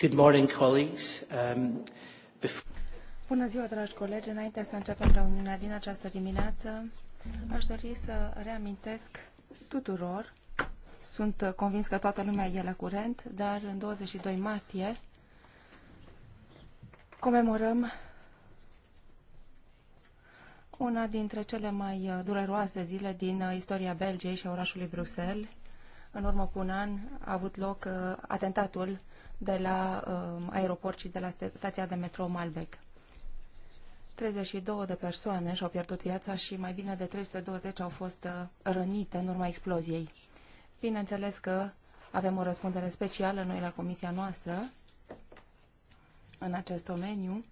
Good morning, colleagues. Um, before... Bună ziua, dragi colegi. Înainte să începem reuniunea din această dimineață, aș dori să reamintesc tuturor, sunt convins că toată lumea e la curent, dar în 22 martie comemorăm una dintre cele mai dureroase zile din istoria Belgiei și orașului Bruxelles, în urmă cu un an a avut loc uh, atentatul de la uh, aeroport și de la stația de metrou Malbec. 32 de persoane și-au pierdut viața și mai bine de 320 au fost uh, rănite în urma exploziei. Bineînțeles că avem o răspundere specială noi la comisia noastră în acest domeniu,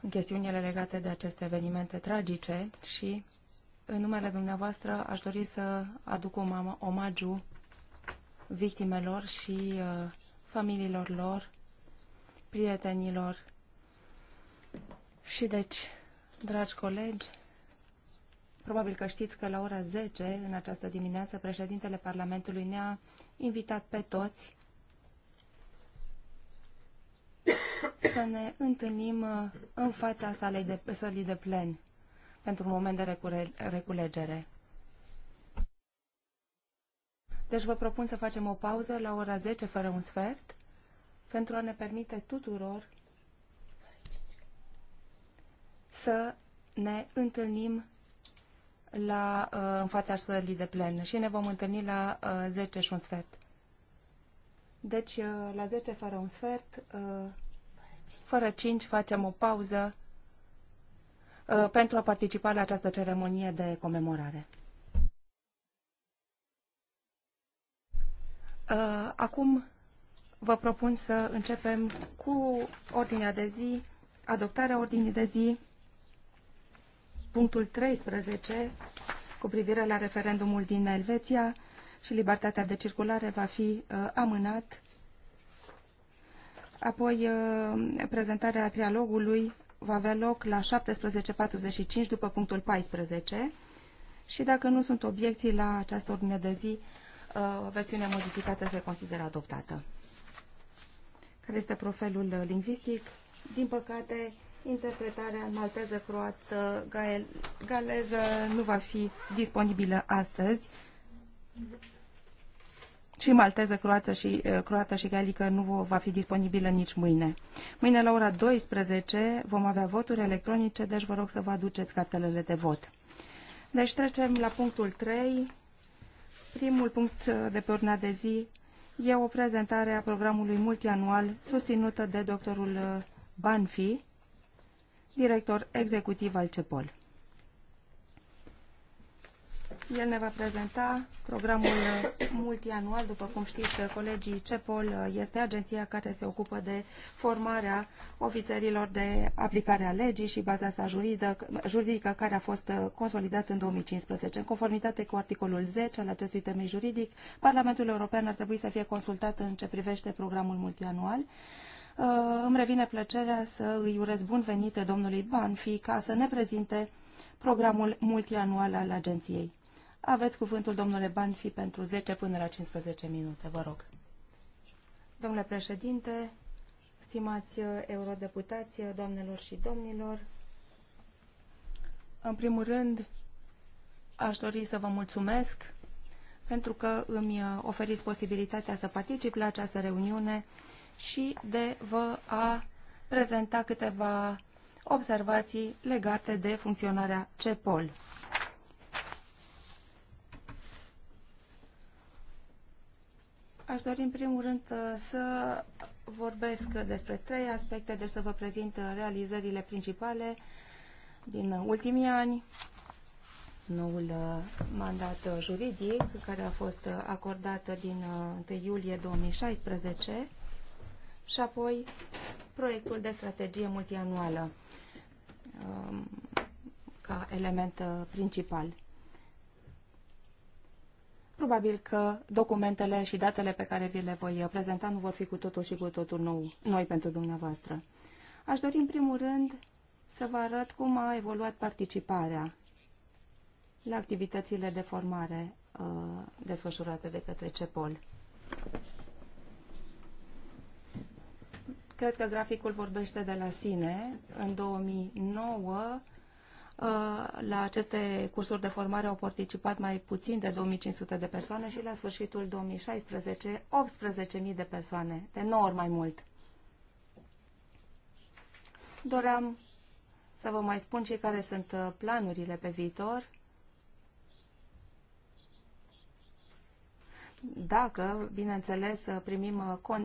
în chestiunile legate de aceste evenimente tragice și în numele dumneavoastră aș dori să aduc un omagiu victimelor și uh, familiilor lor, prietenilor. Și deci, dragi colegi, probabil că știți că la ora 10 în această dimineață președintele Parlamentului ne-a invitat pe toți să ne întâlnim uh, în fața salei de, sălii de plen pentru un moment de reculegere. Deci vă propun să facem o pauză la ora 10 fără un sfert pentru a ne permite tuturor să ne întâlnim la, uh, în fața sălii de plen și ne vom întâlni la 10 uh, și un sfert. Deci uh, la 10 fără un sfert, fără 5 facem o pauză Uh, pentru a participa la această ceremonie de comemorare. Uh, acum vă propun să începem cu ordinea de zi, adoptarea ordinii de zi, punctul 13 cu privire la referendumul din Elveția și libertatea de circulare va fi uh, amânat. Apoi, uh, prezentarea trialogului va avea loc la 17.45 după punctul 14 și dacă nu sunt obiecții la această ordine de zi, uh, versiunea modificată se consideră adoptată. Care este profilul lingvistic? Din păcate, interpretarea în malteză, croată, galeză nu va fi disponibilă astăzi și malteză, croată și, croată și galică nu va fi disponibilă nici mâine. Mâine la ora 12 vom avea voturi electronice, deci vă rog să vă aduceți cartelele de vot. Deci trecem la punctul 3. Primul punct de pe urna de zi e o prezentare a programului multianual susținută de doctorul Banfi, director executiv al CEPOL. El ne va prezenta programul multianual. După cum știți, colegii CEPOL este agenția care se ocupă de formarea ofițerilor de aplicare a legii și baza sa juridică care a fost consolidată în 2015. În conformitate cu articolul 10 al acestui temei juridic, Parlamentul European ar trebui să fie consultat în ce privește programul multianual. Uh, îmi revine plăcerea să îi urez bun venit domnului Banfi ca să ne prezinte programul multianual al agenției. Aveți cuvântul, domnule Banfi, pentru 10 până la 15 minute, vă rog. Domnule președinte, stimați uh, eurodeputați, uh, doamnelor și domnilor, în primul rând, aș dori să vă mulțumesc pentru că îmi uh, oferiți posibilitatea să particip la această reuniune și de vă a prezenta câteva observații legate de funcționarea CEPOL. Aș dori în primul rând uh, să vorbesc despre trei aspecte, deci să vă prezint uh, realizările principale din uh, ultimii ani, noul mandat juridic care a fost acordat din 1 iulie 2016 și apoi proiectul de strategie multianuală um, ca element principal. Probabil că documentele și datele pe care vi le voi prezenta nu vor fi cu totul și cu totul nou, noi pentru dumneavoastră. Aș dori în primul rând să vă arăt cum a evoluat participarea la activitățile de formare uh, desfășurate de către CEPOL. Cred că graficul vorbește de la sine. În 2009 Uh, la aceste cursuri de formare au participat mai puțin de 2500 de persoane și la sfârșitul 2016 18.000 de persoane, de 9 ori mai mult. Doream să vă mai spun cei care sunt uh, planurile pe viitor dacă, bineînțeles, primim uh,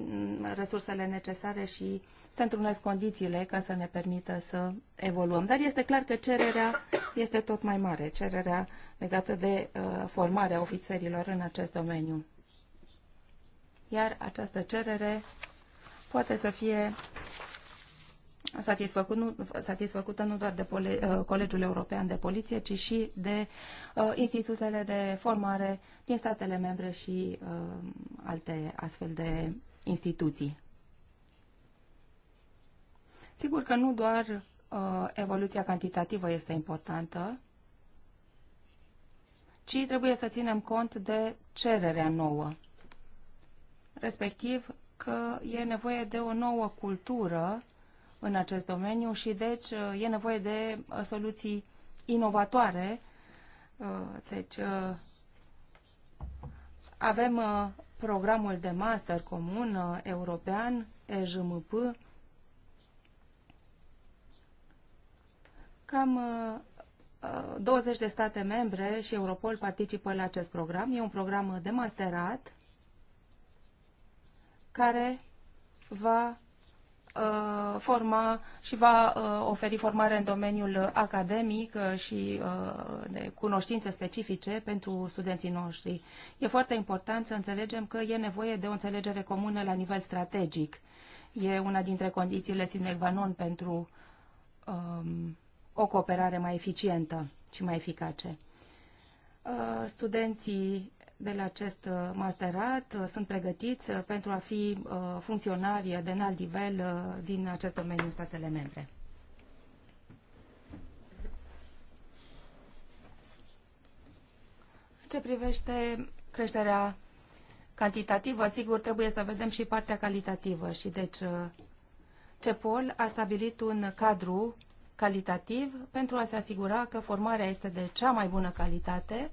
resursele necesare și se întrunesc condițiile ca să ne permită să evoluăm. Dar este clar că cererea este tot mai mare, cererea legată de uh, formarea ofițerilor în acest domeniu. Iar această cerere poate să fie satisfăcut, nu, satisfăcută nu doar de pole, uh, Colegiul European de Poliție, ci și de uh, institutele de formare din statele membre și uh, alte astfel de instituții. Sigur că nu doar uh, evoluția cantitativă este importantă, ci trebuie să ținem cont de cererea nouă, respectiv că e nevoie de o nouă cultură în acest domeniu și deci e nevoie de uh, soluții inovatoare. Uh, deci uh, avem programul de master comun european, EJMP, cam 20 de state membre și Europol participă la acest program. E un program de masterat care va Uh, forma și va uh, oferi formare în domeniul academic uh, și de cunoștințe specifice pentru studenții noștri. E foarte important să înțelegem că e nevoie de o înțelegere comună la nivel strategic. E una dintre condițiile sine qua non pentru um, o cooperare mai eficientă și mai eficace. Uh, studenții de la acest uh, masterat uh, sunt pregătiți uh, pentru a fi funcționari de înalt nivel din acest domeniu în statele membre. ce privește creșterea cantitativă, sigur, trebuie să vedem și partea calitativă. Și deci CEPOL a stabilit un cadru calitativ pentru a se asigura că formarea este de cea mai bună calitate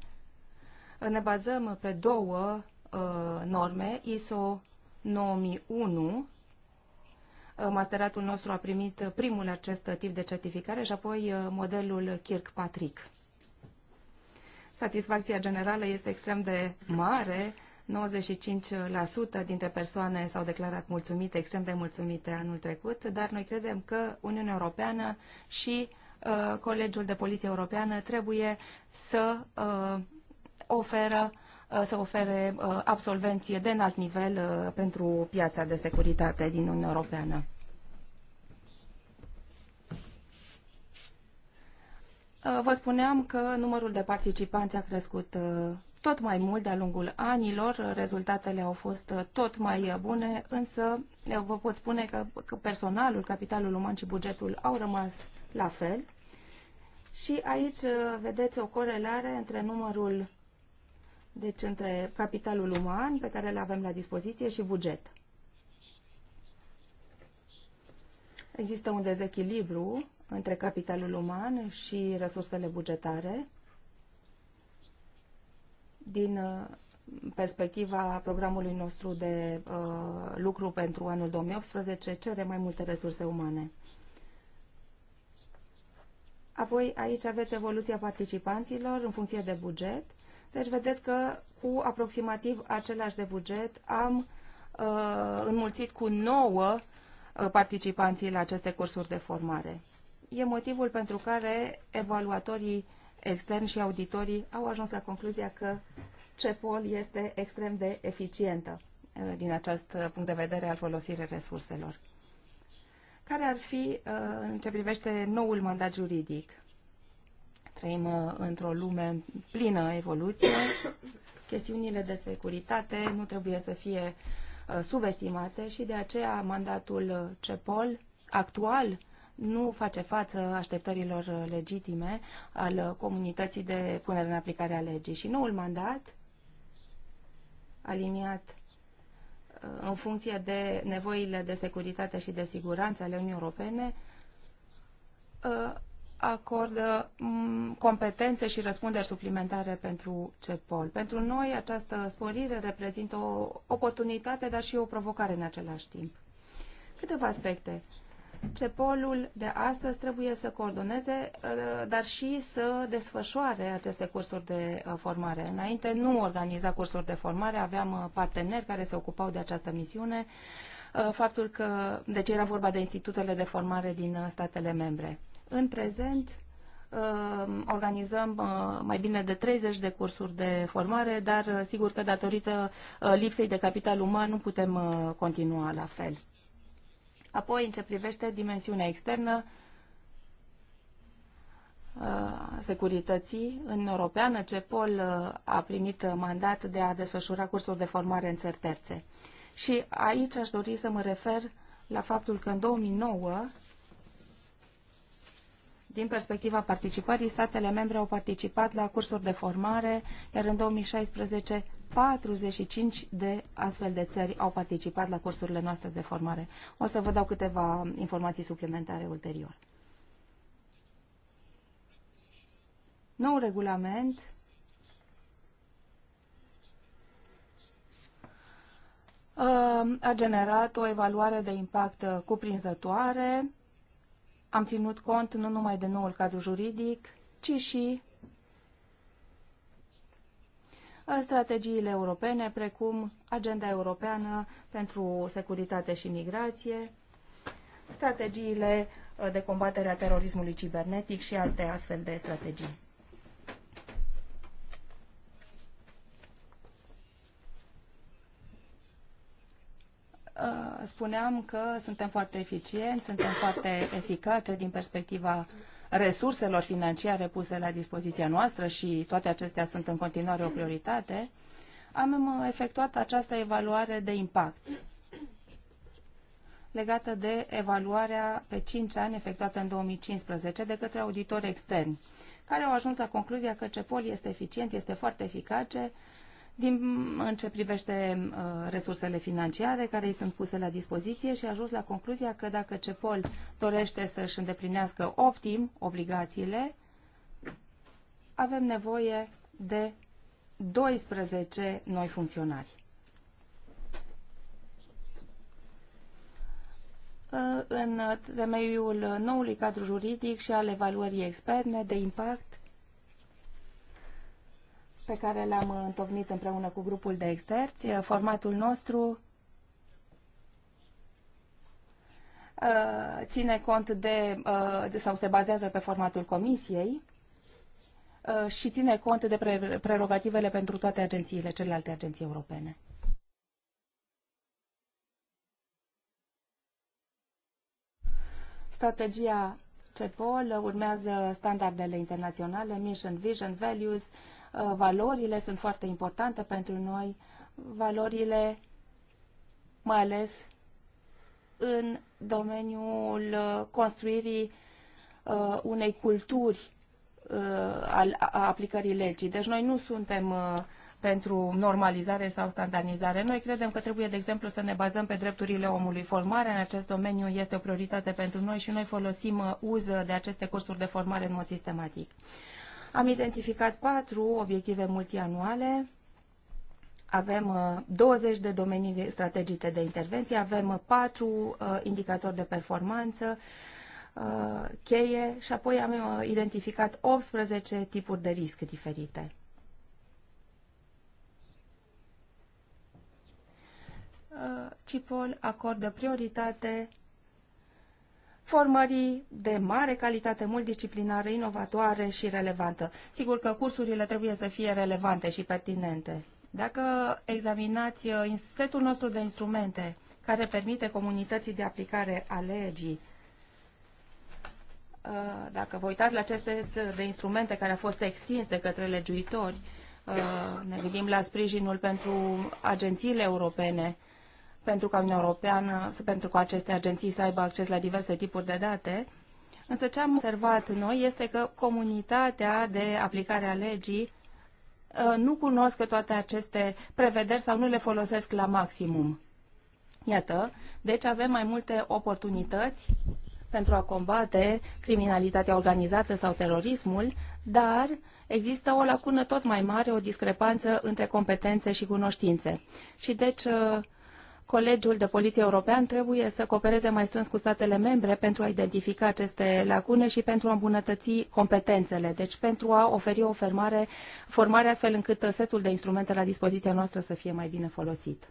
ne bazăm pe două uh, norme, ISO 9001, uh, masteratul nostru a primit primul acest tip de certificare și apoi uh, modelul Kirkpatrick. Satisfacția generală este extrem de mare, 95% dintre persoane s-au declarat mulțumite, extrem de mulțumite anul trecut, dar noi credem că Uniunea Europeană și uh, Colegiul de Poliție Europeană trebuie să uh, oferă uh, să ofere uh, absolvenție de înalt nivel uh, pentru piața de securitate din Uniunea Europeană. Vă spuneam că numărul de participanți a crescut tot mai mult de-a lungul anilor, rezultatele au fost tot mai bune, însă vă pot spune că personalul, capitalul uman și bugetul au rămas la fel. Și aici vedeți o corelare între numărul deci între capitalul uman pe care îl avem la dispoziție și buget. Există un dezechilibru între capitalul uman și resursele bugetare din uh, perspectiva programului nostru de uh, lucru pentru anul 2018 cere mai multe resurse umane. Apoi aici aveți evoluția participanților în funcție de buget deci vedeți că cu aproximativ același de buget am uh, înmulțit cu 9 uh, participanții la aceste cursuri de formare. E motivul pentru care evaluatorii externi și auditorii au ajuns la concluzia că CEPOL este extrem de eficientă uh, din acest punct de vedere al folosirii resurselor. Care ar fi, uh, în ce privește noul mandat juridic? Trăim uh, într-o lume plină evoluție. Chestiunile de securitate nu trebuie să fie uh, subestimate și de aceea mandatul uh, CEPOL actual nu face față așteptărilor legitime al comunității de punere în aplicare a legii. Și noul mandat, aliniat în funcție de nevoile de securitate și de siguranță ale Uniunii Europene, acordă mm, competențe și răspunderi suplimentare pentru CEPOL. Pentru noi această sporire reprezintă o oportunitate, dar și o provocare în același timp. Câteva aspecte. CEPOL-ul de astăzi trebuie să coordoneze, uh, dar și să desfășoare aceste cursuri de uh, formare. Înainte nu organiza cursuri de formare, aveam uh, parteneri care se ocupau de această misiune, faptul că, deci era vorba de institutele de formare din statele membre. În prezent uh, organizăm uh, mai bine de 30 de cursuri de formare, dar uh, sigur că datorită lipsei de capital uman nu putem continua la fel. Apoi, în ce privește dimensiunea externă, securității în europeană, CEPOL a primit mandat de a desfășura cursuri de formare în țări terțe. Și aici aș dori să mă refer la faptul că în 2009 din perspectiva participării, statele membre au participat la cursuri de formare, iar în 2016 45 de astfel de țări au participat la cursurile noastre de formare. O să vă dau câteva informații suplimentare ulterior. Nou regulament a generat o evaluare de impact cuprinzătoare am ținut cont nu numai de noul cadru juridic, ci și strategiile europene, precum Agenda Europeană pentru Securitate și Migrație, strategiile de combatere a terorismului cibernetic și alte astfel de strategii. Uh, spuneam că suntem foarte eficienți, suntem foarte eficace din perspectiva resurselor financiare puse la dispoziția noastră și toate acestea sunt în continuare o prioritate, am uh, efectuat această evaluare de impact legată de evaluarea pe 5 ani efectuată în 2015 de către auditori externi, care au ajuns la concluzia că CEPOL este eficient, este foarte eficace, din, în ce privește uh, resursele financiare care îi sunt puse la dispoziție și a ajuns la concluzia că dacă CEPOL dorește să-și îndeplinească optim obligațiile, avem nevoie de 12 noi funcționari. Uh, în temeiul noului cadru juridic și al evaluării externe de impact, pe care l-am întocmit împreună cu grupul de experți. Formatul nostru ține cont de, sau se bazează pe formatul comisiei și ține cont de prerogativele pentru toate agențiile, celelalte agenții europene. Strategia CEPOL urmează standardele internaționale, Mission Vision Values, Uh, valorile sunt foarte importante pentru noi, valorile mai ales în domeniul uh, construirii uh, unei culturi al aplicării legii. Deci noi nu suntem pentru normalizare sau standardizare. Noi credem că trebuie, de exemplu, să ne bazăm pe drepturile omului. Formarea în acest domeniu este o prioritate pentru noi și noi folosim uz de aceste cursuri de formare în mod sistematic. Am identificat patru obiective multianuale. Avem 20 uh, de domenii strategice de intervenție, avem uh, patru uh, indicatori de performanță cheie și apoi am identificat 18 tipuri de risc diferite. CIPOL acordă prioritate formării de mare calitate, multidisciplinară, inovatoare și relevantă. Sigur că cursurile trebuie să fie relevante și pertinente. Dacă examinați uh, setul nostru de instrumente care permite comunității de aplicare a legii, uh, dacă vă uitați la acest de instrumente care a fost extins de către legiuitori, uh, ne gândim la sprijinul pentru agențiile europene, pentru ca Uniunea Europeană, pentru ca aceste agenții să aibă acces la diverse tipuri de date, însă ce am observat noi este că comunitatea de aplicare a legii uh, nu cunosc toate aceste prevederi sau nu le folosesc la maximum. Iată, deci avem mai multe oportunități pentru a combate criminalitatea organizată sau terorismul, dar există o lacună tot mai mare, o discrepanță între competențe și cunoștințe. Și deci uh, Colegiul de Poliție European trebuie să coopereze mai strâns cu statele membre pentru a identifica aceste lacune și pentru a îmbunătăți competențele, deci pentru a oferi o formare, formare astfel încât setul de instrumente la dispoziția noastră să fie mai bine folosit.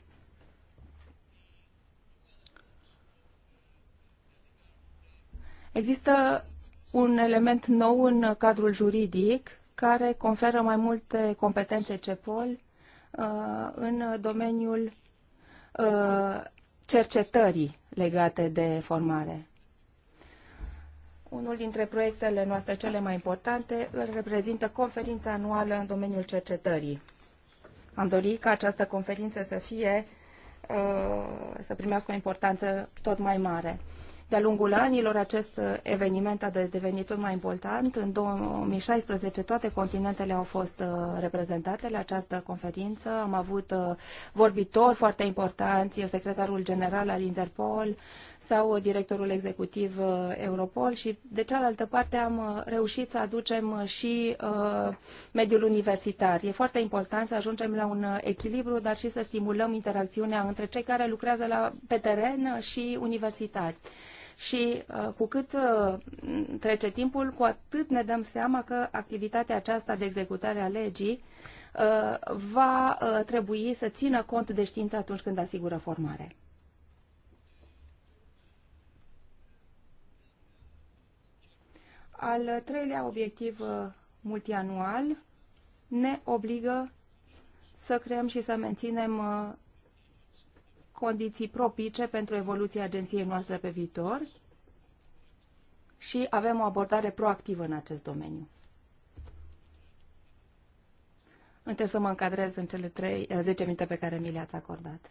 Există un element nou în cadrul juridic care conferă mai multe competențe CEPOL uh, în domeniul Uh, cercetării legate de formare. Unul dintre proiectele noastre cele mai importante îl reprezintă conferința anuală în domeniul cercetării. Am dorit ca această conferință să fie uh, să primească o importanță tot mai mare. De-a lungul anilor, acest eveniment a devenit tot mai important. În 2016 toate continentele au fost uh, reprezentate la această conferință. Am avut uh, vorbitori foarte importanți, secretarul general al Interpol sau directorul executiv uh, Europol și de cealaltă parte am reușit să aducem și mediul universitar. E foarte important să ajungem la un echilibru, dar și să stimulăm interacțiunea între cei care lucrează la, pe teren și universitari și uh, cu cât uh, trece timpul, cu atât ne dăm seama că activitatea aceasta de executare a legii uh, va trebui să țină cont de știință atunci când asigură formare. Al treilea obiectiv multianual ne obligă să creăm și să menținem condiții propice pentru evoluția agenției noastre pe viitor și avem o abordare proactivă în acest domeniu. Încerc să mă încadrez în cele 3, 10 eh, minute pe care mi le-ați acordat.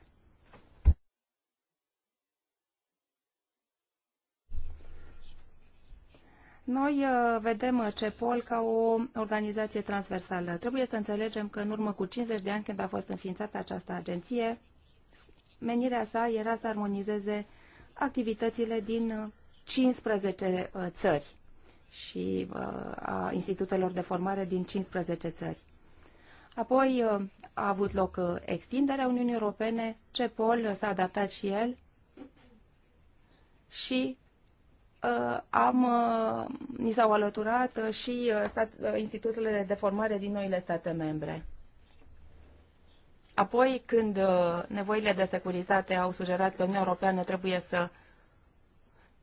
Noi eh, vedem CEPOL ca o organizație transversală. Trebuie să înțelegem că în urmă cu 50 de ani, când a fost înființată această agenție, menirea sa era să armonizeze activitățile din 15 uh, uh, țări și uh, a institutelor de formare din 15 țări. Apoi a avut loc extinderea Uniunii Europene, CEPOL s-a adaptat și el și am, ni s-au alăturat și stat, institutele de formare din noile state membre. Apoi, când uh, nevoile de securitate au sugerat că Uniunea Europeană trebuie să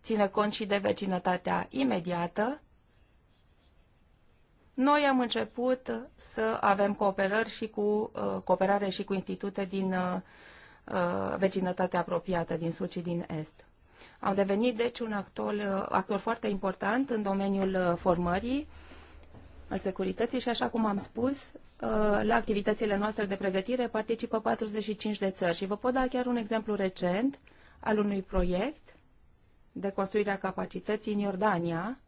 țină cont și de vecinătatea imediată, noi am început să avem cooperări și cu, uh, cooperare și cu institute din uh, vecinătatea apropiată, din Sud și din Est. Am devenit, deci, un actor, actor foarte important în domeniul formării, al securității și, așa cum am spus, uh, la activitățile noastre de pregătire participă 45 de țări și vă pot da chiar un exemplu recent al unui proiect de construire a capacității în Iordania,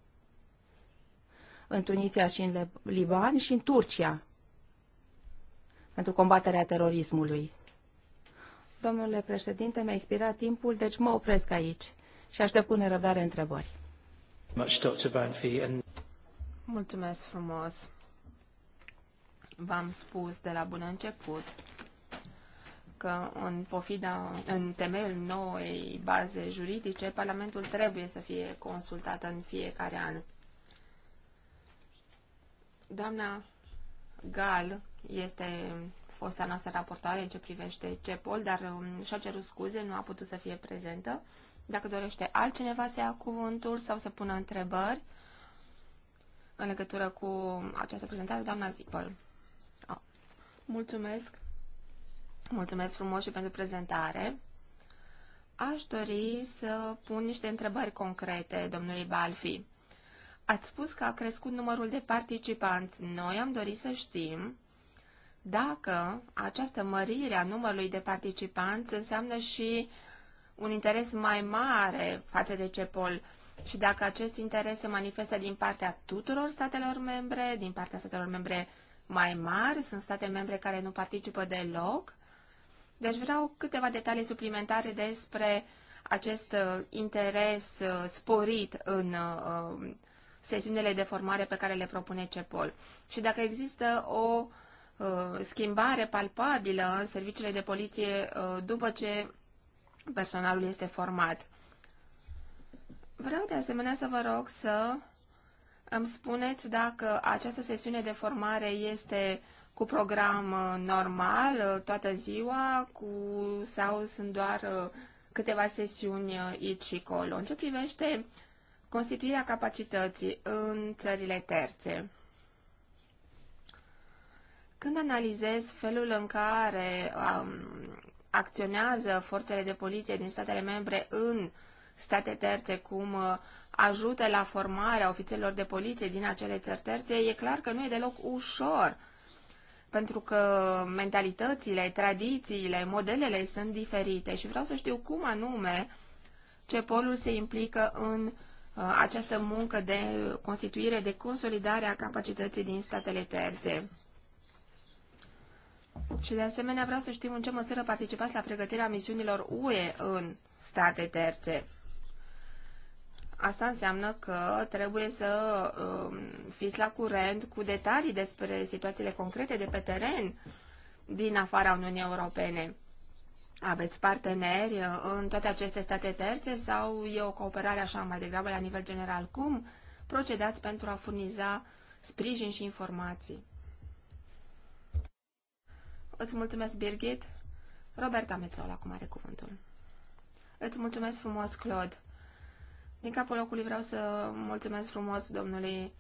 în Tunisia și în Liban și în Turcia pentru combaterea terorismului. Domnule președinte, mi-a expirat timpul, deci mă opresc aici și aștept cu nerăbdare întrebări. Mulțumesc frumos! V-am spus de la bun început că în pofida, în temeiul noi baze juridice, Parlamentul trebuie să fie consultat în fiecare an. Doamna Gal este fosta noastră raportoare în ce privește CEPOL, dar um, și-a cerut scuze, nu a putut să fie prezentă. Dacă dorește altcineva să ia cuvântul sau să pună întrebări, în legătură cu această prezentare, doamna Zipăl. Oh. Mulțumesc! Mulțumesc frumos și pentru prezentare. Aș dori să pun niște întrebări concrete, domnului Balfi. Ați spus că a crescut numărul de participanți. Noi am dorit să știm dacă această mărire a numărului de participanți înseamnă și un interes mai mare față de CEPOL și dacă acest interes se manifestă din partea tuturor statelor membre, din partea statelor membre mai mari, sunt state membre care nu participă deloc. Deci vreau câteva detalii suplimentare despre acest uh, interes uh, sporit în uh, um, sesiunile de formare pe care le propune CEPOL. Și dacă există o schimbare palpabilă în serviciile de poliție după ce personalul este format. Vreau de asemenea să vă rog să îmi spuneți dacă această sesiune de formare este cu program uh, normal uh, toată ziua cu, sau sunt doar uh, câteva sesiuni aici și acolo. În ce privește constituirea capacității în țările terțe. Când analizez felul în care um, acționează forțele de poliție din statele membre în uh, state terțe, cum uh, ajută la formarea ofițerilor de poliție din acele țări terțe, e clar că nu e deloc ușor, pentru că mentalitățile, tradițiile, modelele sunt diferite și vreau să știu cum anume CEPOL-ul se implică în uh, această muncă de constituire, de consolidare a capacității din statele terțe. Și de asemenea vreau să știm în ce măsură participați la pregătirea misiunilor UE în state terțe. Asta înseamnă că trebuie să uh, fiți la curent cu detalii despre situațiile concrete de pe teren din afara Uniunii Europene. Aveți parteneri uh, în toate aceste state terțe sau e o cooperare așa mai degrabă la nivel general? Cum procedați pentru a furniza sprijin și informații? Îți mulțumesc, Birgit. Roberta Mețola, acum are cuvântul. Îți mulțumesc frumos, Claude. Din capul locului vreau să mulțumesc frumos domnului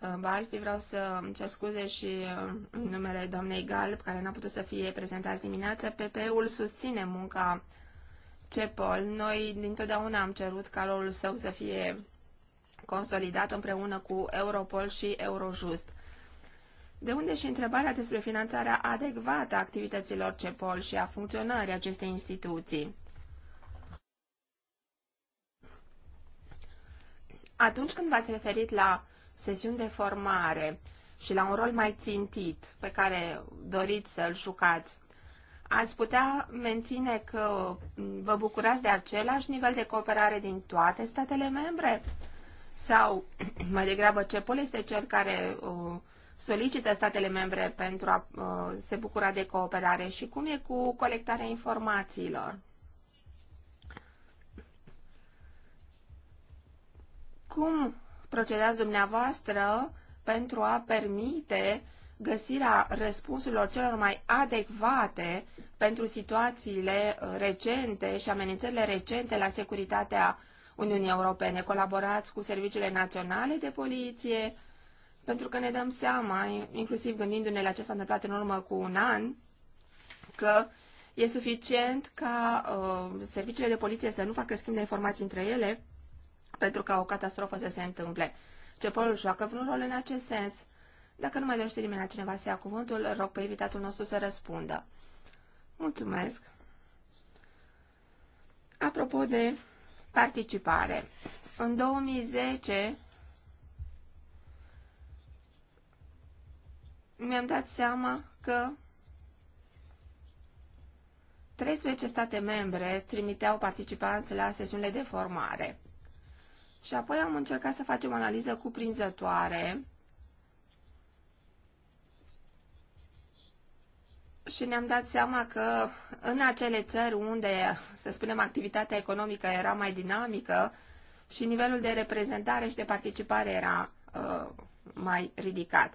uh, Balfi, vreau să cer scuze și uh, numele doamnei Galb, care n-a putut să fie prezentă azi dimineață. PP-ul susține munca CEPOL. Noi dintotdeauna am cerut ca rolul său să fie consolidat împreună cu Europol și Eurojust. De unde și întrebarea despre finanțarea adecvată a activităților CEPOL și a funcționării acestei instituții. Atunci când v-ați referit la sesiuni de formare și la un rol mai țintit pe care doriți să-l jucați, ați putea menține că vă bucurați de același nivel de cooperare din toate statele membre? Sau, mai degrabă, CEPOL este cel care uh, solicită statele membre pentru a uh, se bucura de cooperare și cum e cu colectarea informațiilor? Cum procedați dumneavoastră pentru a permite găsirea răspunsurilor celor mai adecvate pentru situațiile uh, recente și amenințările recente la securitatea Uniunii Europene. Colaborați cu serviciile naționale de poliție, pentru că ne dăm seama, inclusiv gândindu-ne la ce s-a întâmplat în urmă cu un an, că e suficient ca uh, serviciile de poliție să nu facă schimb de informații între ele pentru ca o catastrofă să se întâmple. polul joacă vreun rol în acest sens? Dacă nu mai dorește nimeni la cineva să ia cuvântul, rog pe invitatul nostru să răspundă. Mulțumesc! Apropo de participare, în 2010 mi-am dat seama că 13 state membre trimiteau participanți la sesiunile de formare. Și apoi am încercat să facem o analiză cuprinzătoare și ne-am dat seama că în acele țări unde, să spunem, activitatea economică era mai dinamică și nivelul de reprezentare și de participare era uh, mai ridicat.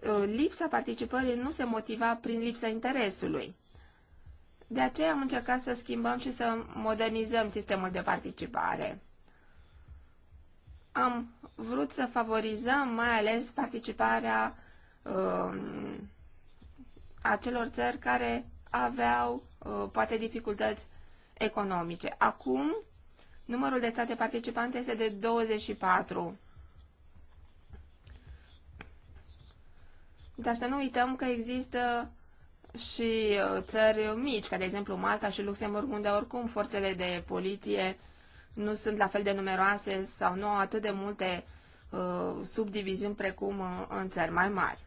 Uh, lipsa participării nu se motiva prin lipsa interesului. De aceea am încercat să schimbăm și să modernizăm sistemul de participare am vrut să favorizăm mai ales participarea uh, acelor țări care aveau uh, poate dificultăți economice. Acum, numărul de state participante este de 24. Dar să nu uităm că există și uh, țări mici, ca de exemplu Malta și Luxemburg, unde oricum forțele de poliție uh, nu sunt la fel de numeroase sau nu au atât de multe uh, subdiviziuni precum uh, în țări mai mari.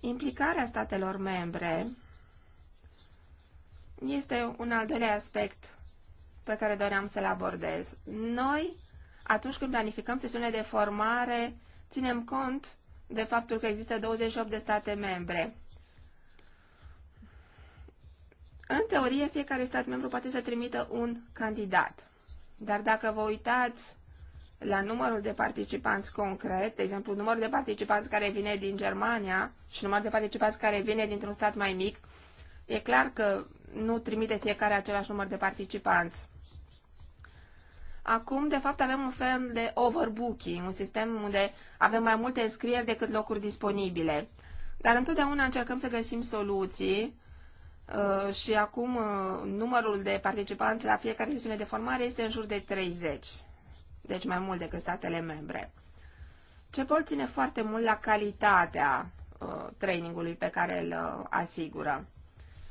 Implicarea statelor membre este un al doilea aspect pe care doream să-l abordez. Noi, atunci când planificăm sesiunea de formare, ținem cont de faptul că există 28 de state membre în teorie, fiecare stat membru poate să trimită un candidat. Dar dacă vă uitați la numărul de participanți concret, de exemplu, numărul de participanți care vine din Germania și numărul de participanți care vine dintr-un stat mai mic, e clar că nu trimite fiecare același număr de participanți. Acum, de fapt, avem un fel de overbooking, un sistem unde avem mai multe înscrieri decât locuri disponibile. Dar întotdeauna încercăm să găsim soluții Uh, și acum uh, numărul de participanți la fiecare sesiune de formare este în jur de 30, deci mai mult decât statele membre. CEPOL ține foarte mult la calitatea uh, trainingului pe care îl asigură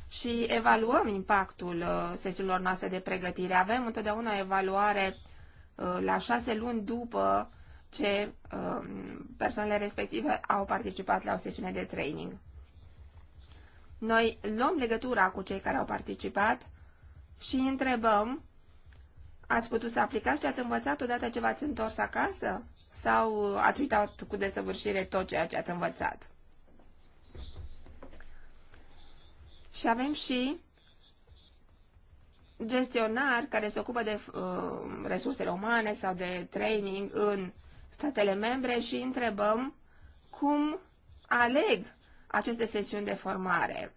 și evaluăm impactul sesiunilor noastre de pregătire. Avem întotdeauna o evaluare la șase luni după ce persoanele respective au participat la o sesiune de training. Noi luăm legătura cu cei care au participat și întrebăm, ați putut să aplicați ce ați învățat odată ce v-ați întors acasă? Sau ați uitat cu desăvârșire tot ceea ce ați învățat? Și avem și gestionari care se ocupă de uh, resursele umane sau de training în statele membre și întrebăm cum aleg aceste sesiuni de formare.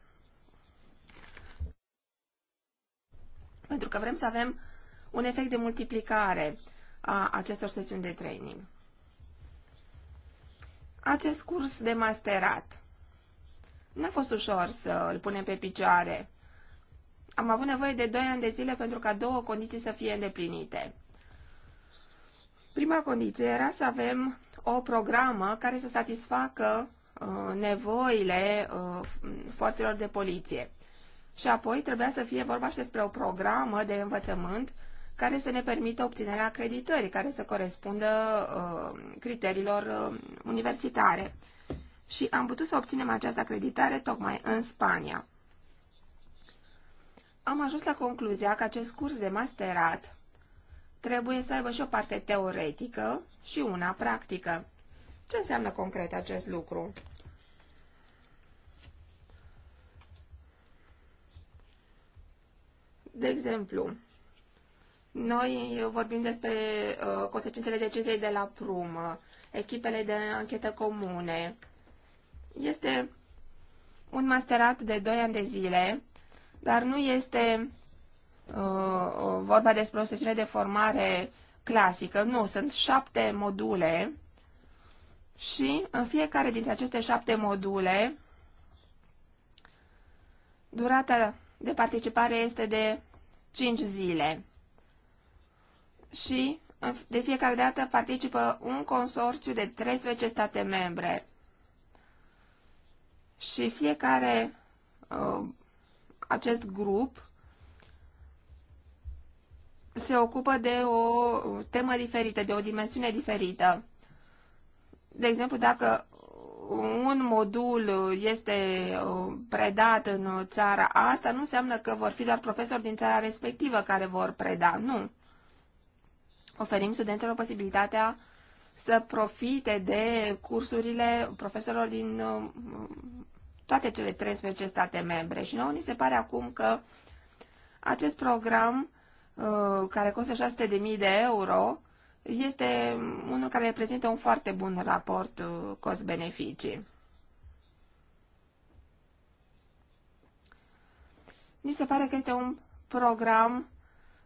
Pentru că vrem să avem un efect de multiplicare a acestor sesiuni de training. Acest curs de masterat n-a fost ușor să îl punem pe picioare. Am avut nevoie de 2 ani de zile pentru ca două condiții să fie îndeplinite. Prima condiție era să avem o programă care să satisfacă Uh, nevoile uh, forțelor de poliție. Și apoi trebuia să fie vorba și despre o programă de învățământ care să ne permită obținerea acreditării, care să corespundă uh, criteriilor universitare. Și am putut să obținem această acreditare tocmai în Spania. Am ajuns la concluzia că acest curs de masterat trebuie să aibă și o parte teoretică și una practică. Ce înseamnă concret acest lucru? De exemplu, noi vorbim despre uh, consecințele deciziei de la prumă, echipele de anchetă comune. Este un masterat de 2 ani de zile, dar nu este uh, vorba despre o sesiune de formare clasică. Nu, sunt șapte module și în fiecare dintre aceste șapte module, durata de participare este de 5 zile. Și de fiecare dată participă un consorțiu de 13 state membre. Și fiecare uh, acest grup se ocupă de o temă diferită, de o dimensiune diferită de exemplu, dacă un modul este uh, predat în țara asta, nu înseamnă că vor fi doar profesori din țara respectivă care vor preda. Nu. Oferim studenților posibilitatea să profite de cursurile profesorilor din uh, toate cele 13 state membre. Și nouă ni se pare acum că acest program, uh, care costă 600.000 de euro, este unul care reprezintă un foarte bun raport uh, cost-beneficii. Mi se pare că este un program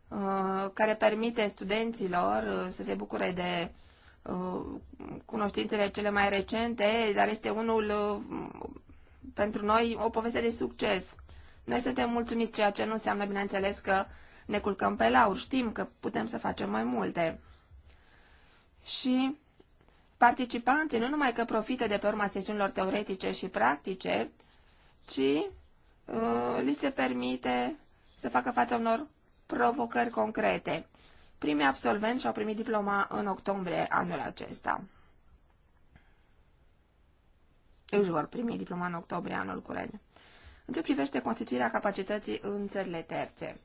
uh, care permite studenților uh, să se bucure de uh, cunoștințele cele mai recente, dar este unul uh, pentru noi o poveste de succes. Noi suntem mulțumiți, ceea ce nu înseamnă, bineînțeles, că ne culcăm pe laur. Știm că putem să facem mai multe și participanții nu numai că profită de pe urma sesiunilor teoretice și practice, ci uh, li se permite să facă față unor provocări concrete. Primii absolvenți și-au primit diploma în octombrie anul acesta. Își vor primi diploma în octombrie anul curent. În ce privește constituirea capacității în țările terțe?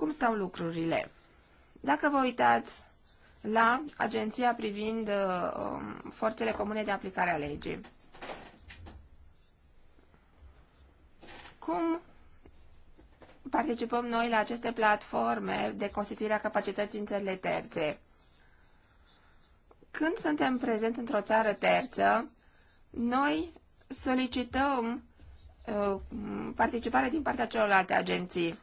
Cum stau lucrurile? Dacă vă uitați la agenția privind uh, um, forțele comune de aplicare a legii, cum participăm noi la aceste platforme de constituire a capacității în țările terțe? Când suntem prezenți într-o țară terță, noi solicităm uh, participare din partea celorlalte agenții.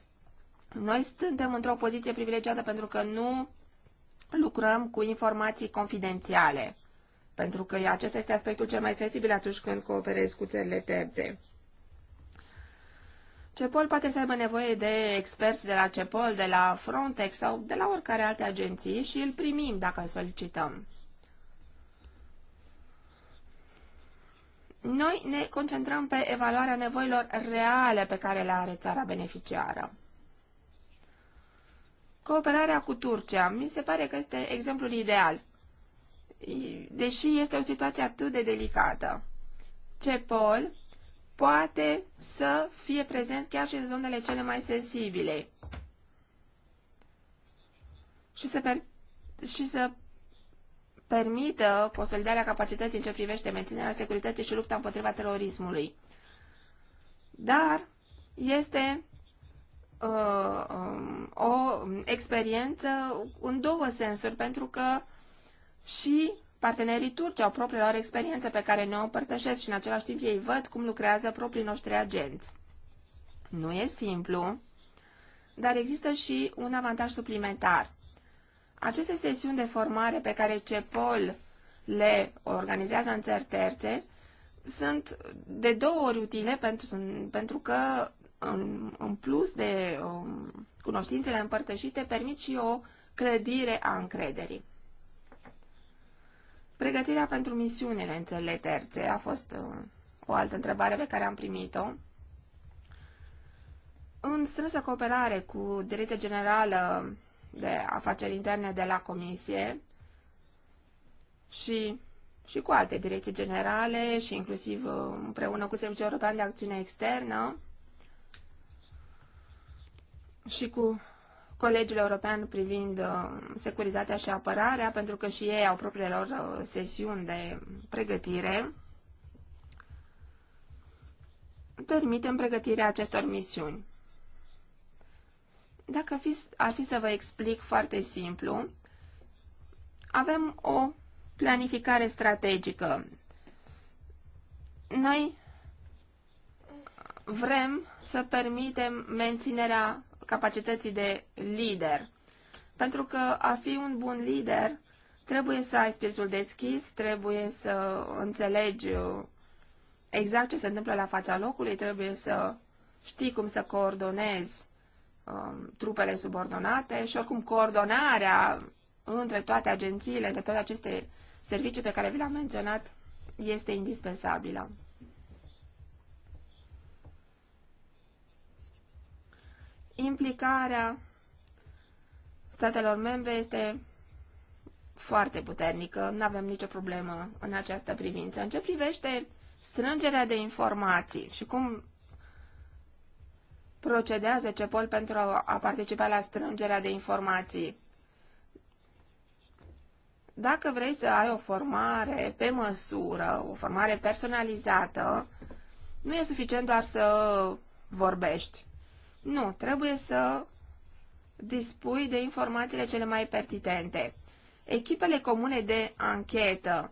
Noi suntem într-o poziție privilegiată pentru că nu lucrăm cu informații confidențiale, pentru că acesta este aspectul cel mai sensibil atunci când cooperezi cu țările terțe. CEPOL poate să aibă nevoie de experți de la CEPOL, de la Frontex sau de la oricare alte agenții și îl primim dacă îl solicităm. Noi ne concentrăm pe evaluarea nevoilor reale pe care le are țara beneficiară. Cooperarea cu Turcia mi se pare că este exemplul ideal, deși este o situație atât de delicată. CEPOL poate să fie prezent chiar și în zonele cele mai sensibile și să, per- și să permită consolidarea capacității în ce privește menținerea securității și lupta împotriva terorismului. Dar este uh, um, o experiență în două sensuri, pentru că și partenerii turci au propria lor experiență pe care ne-o împărtășesc și în același timp ei văd cum lucrează proprii noștri agenți. Nu e simplu, dar există și un avantaj suplimentar. Aceste sesiuni de formare pe care CEPOL le organizează în țări terțe sunt de două ori utile pentru, pentru că în, în plus de um, cunoștințele împărtășite, permit și o clădire a încrederii. Pregătirea pentru misiunile în țările terțe a fost uh, o altă întrebare pe care am primit-o. În strânsă cooperare cu Direcția Generală de Afaceri Interne de la Comisie și, și cu alte direcții generale și inclusiv uh, împreună cu Serviciul European de Acțiune Externă, și cu Colegiul European privind uh, securitatea și apărarea, pentru că și ei au propriile lor uh, sesiuni de pregătire, permitem pregătirea acestor misiuni. Dacă ar fi, ar fi să vă explic foarte simplu, avem o planificare strategică. Noi vrem să permitem menținerea capacității de lider. Pentru că a fi un bun lider trebuie să ai spiritul deschis, trebuie să înțelegi uh, exact ce se întâmplă la fața locului, trebuie să știi cum să coordonezi um, trupele subordonate și oricum coordonarea între toate agențiile, de toate aceste servicii pe care vi le-am menționat, este indispensabilă. implicarea statelor membre este foarte puternică, nu avem nicio problemă în această privință. În ce privește strângerea de informații și cum procedează CEPOL pentru a participa la strângerea de informații. Dacă vrei să ai o formare pe măsură, o formare personalizată, nu e suficient doar să vorbești. Nu, trebuie să dispui de informațiile cele mai pertinente. Echipele comune de anchetă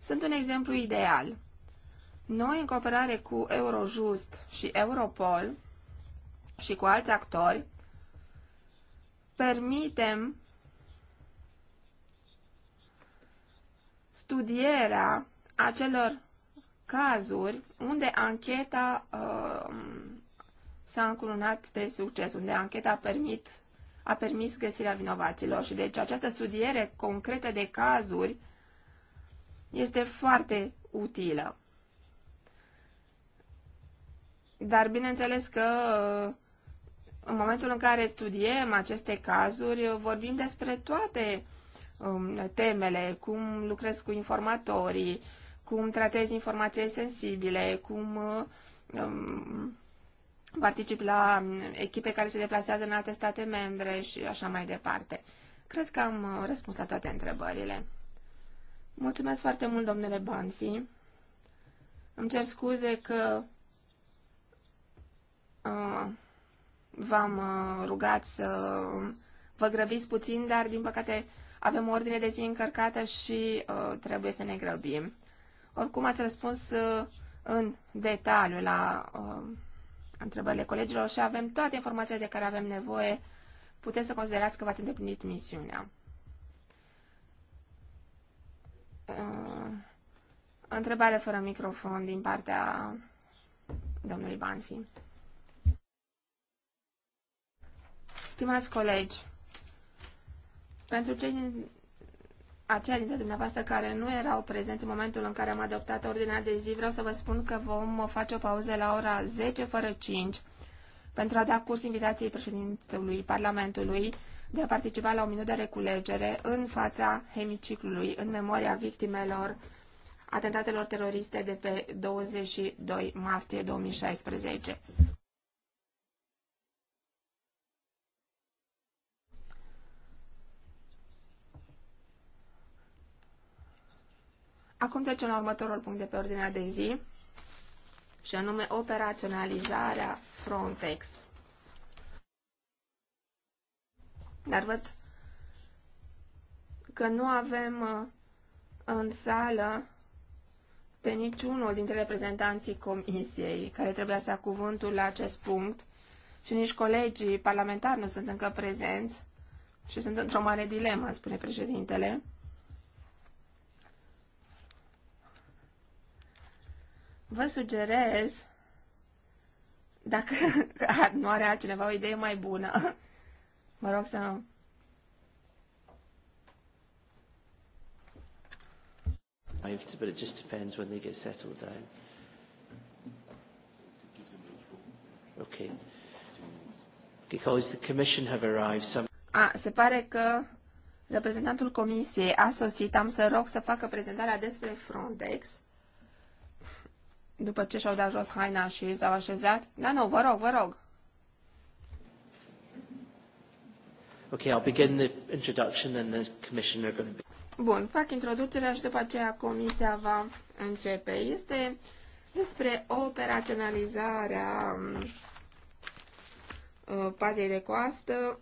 sunt un exemplu ideal. Noi, în cooperare cu Eurojust și Europol și cu alți actori, permitem studierea acelor cazuri unde ancheta uh, s-a încurunat de succes, unde ancheta a, permit, a permis găsirea vinovaților. Și deci această studiere concretă de cazuri este foarte utilă. Dar bineînțeles că în momentul în care studiem aceste cazuri, vorbim despre toate um, temele, cum lucrez cu informatorii, cum tratezi informații sensibile, cum um, particip la mm, echipe care se deplasează în alte state membre și așa mai departe. Cred că am uh, răspuns la toate întrebările. Mulțumesc foarte mult, domnule Banfi. Îmi cer scuze că uh, v-am uh, rugat să vă grăbiți puțin, dar din păcate avem o ordine de zi încărcată și uh, trebuie să ne grăbim. Oricum ați răspuns uh, în detaliu la uh, întrebările colegilor și avem toate informațiile de care avem nevoie. Puteți să considerați că v-ați îndeplinit misiunea. Uh, întrebare fără microfon din partea domnului Banfi. Stimați colegi, pentru cei din aceia dintre dumneavoastră care nu erau prezenți în momentul în care am adoptat ordinea de zi, vreau să vă spun că vom face o pauză la ora 10 fără 5 pentru a da curs invitației președintelui Parlamentului de a participa la o minut de reculegere în fața hemiciclului, în memoria victimelor atentatelor teroriste de pe 22 martie 2016. Acum trecem la următorul punct de pe ordinea de zi, și anume operaționalizarea Frontex. Dar văd că nu avem uh, în sală pe niciunul dintre reprezentanții comisiei care trebuia să ia cuvântul la acest punct și nici colegii parlamentari nu sunt încă prezenți și sunt într-o mare dilemă, spune președintele. vă sugerez, dacă nu are altcineva o idee mai bună, mă rog să... But it just depends when they get settled down. Okay. Because the commission have arrived. Some... A, se pare că reprezentantul comisiei a sosit. Am să rog să facă prezentarea despre Frontex după ce și-au dat jos haina și s-au așezat. Da, nu, vă rog, vă rog. Okay, I'll begin the introduction and the commissioner going to be... Bun, fac introducerea și după aceea comisia va începe. Este despre operaționalizarea um, uh, pazei de coastă.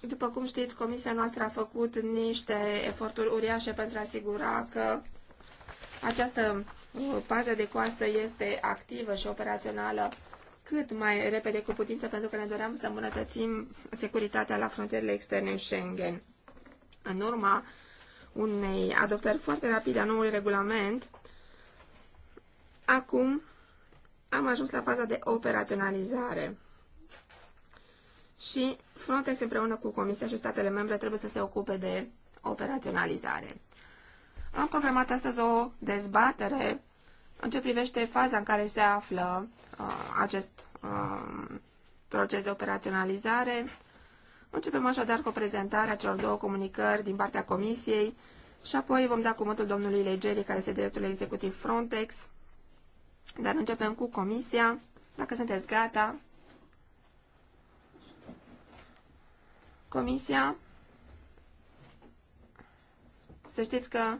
După cum știți, comisia noastră a făcut niște eforturi uriașe pentru a asigura că această paza de coastă este activă și operațională cât mai repede cu putință, pentru că ne doream să îmbunătățim securitatea la frontierele externe Schengen. În urma unei adoptări foarte rapide a noului regulament, acum am ajuns la faza de operaționalizare. Și Frontex împreună cu Comisia și statele membre trebuie să se ocupe de operaționalizare. Am programat astăzi o dezbatere în ce privește faza în care se află uh, acest uh, proces de operaționalizare. Începem așadar cu prezentarea celor două comunicări din partea Comisiei și apoi vom da cuvântul domnului Legeri, care este directorul executiv Frontex. Dar începem cu Comisia. Dacă sunteți gata, Comisia, să știți că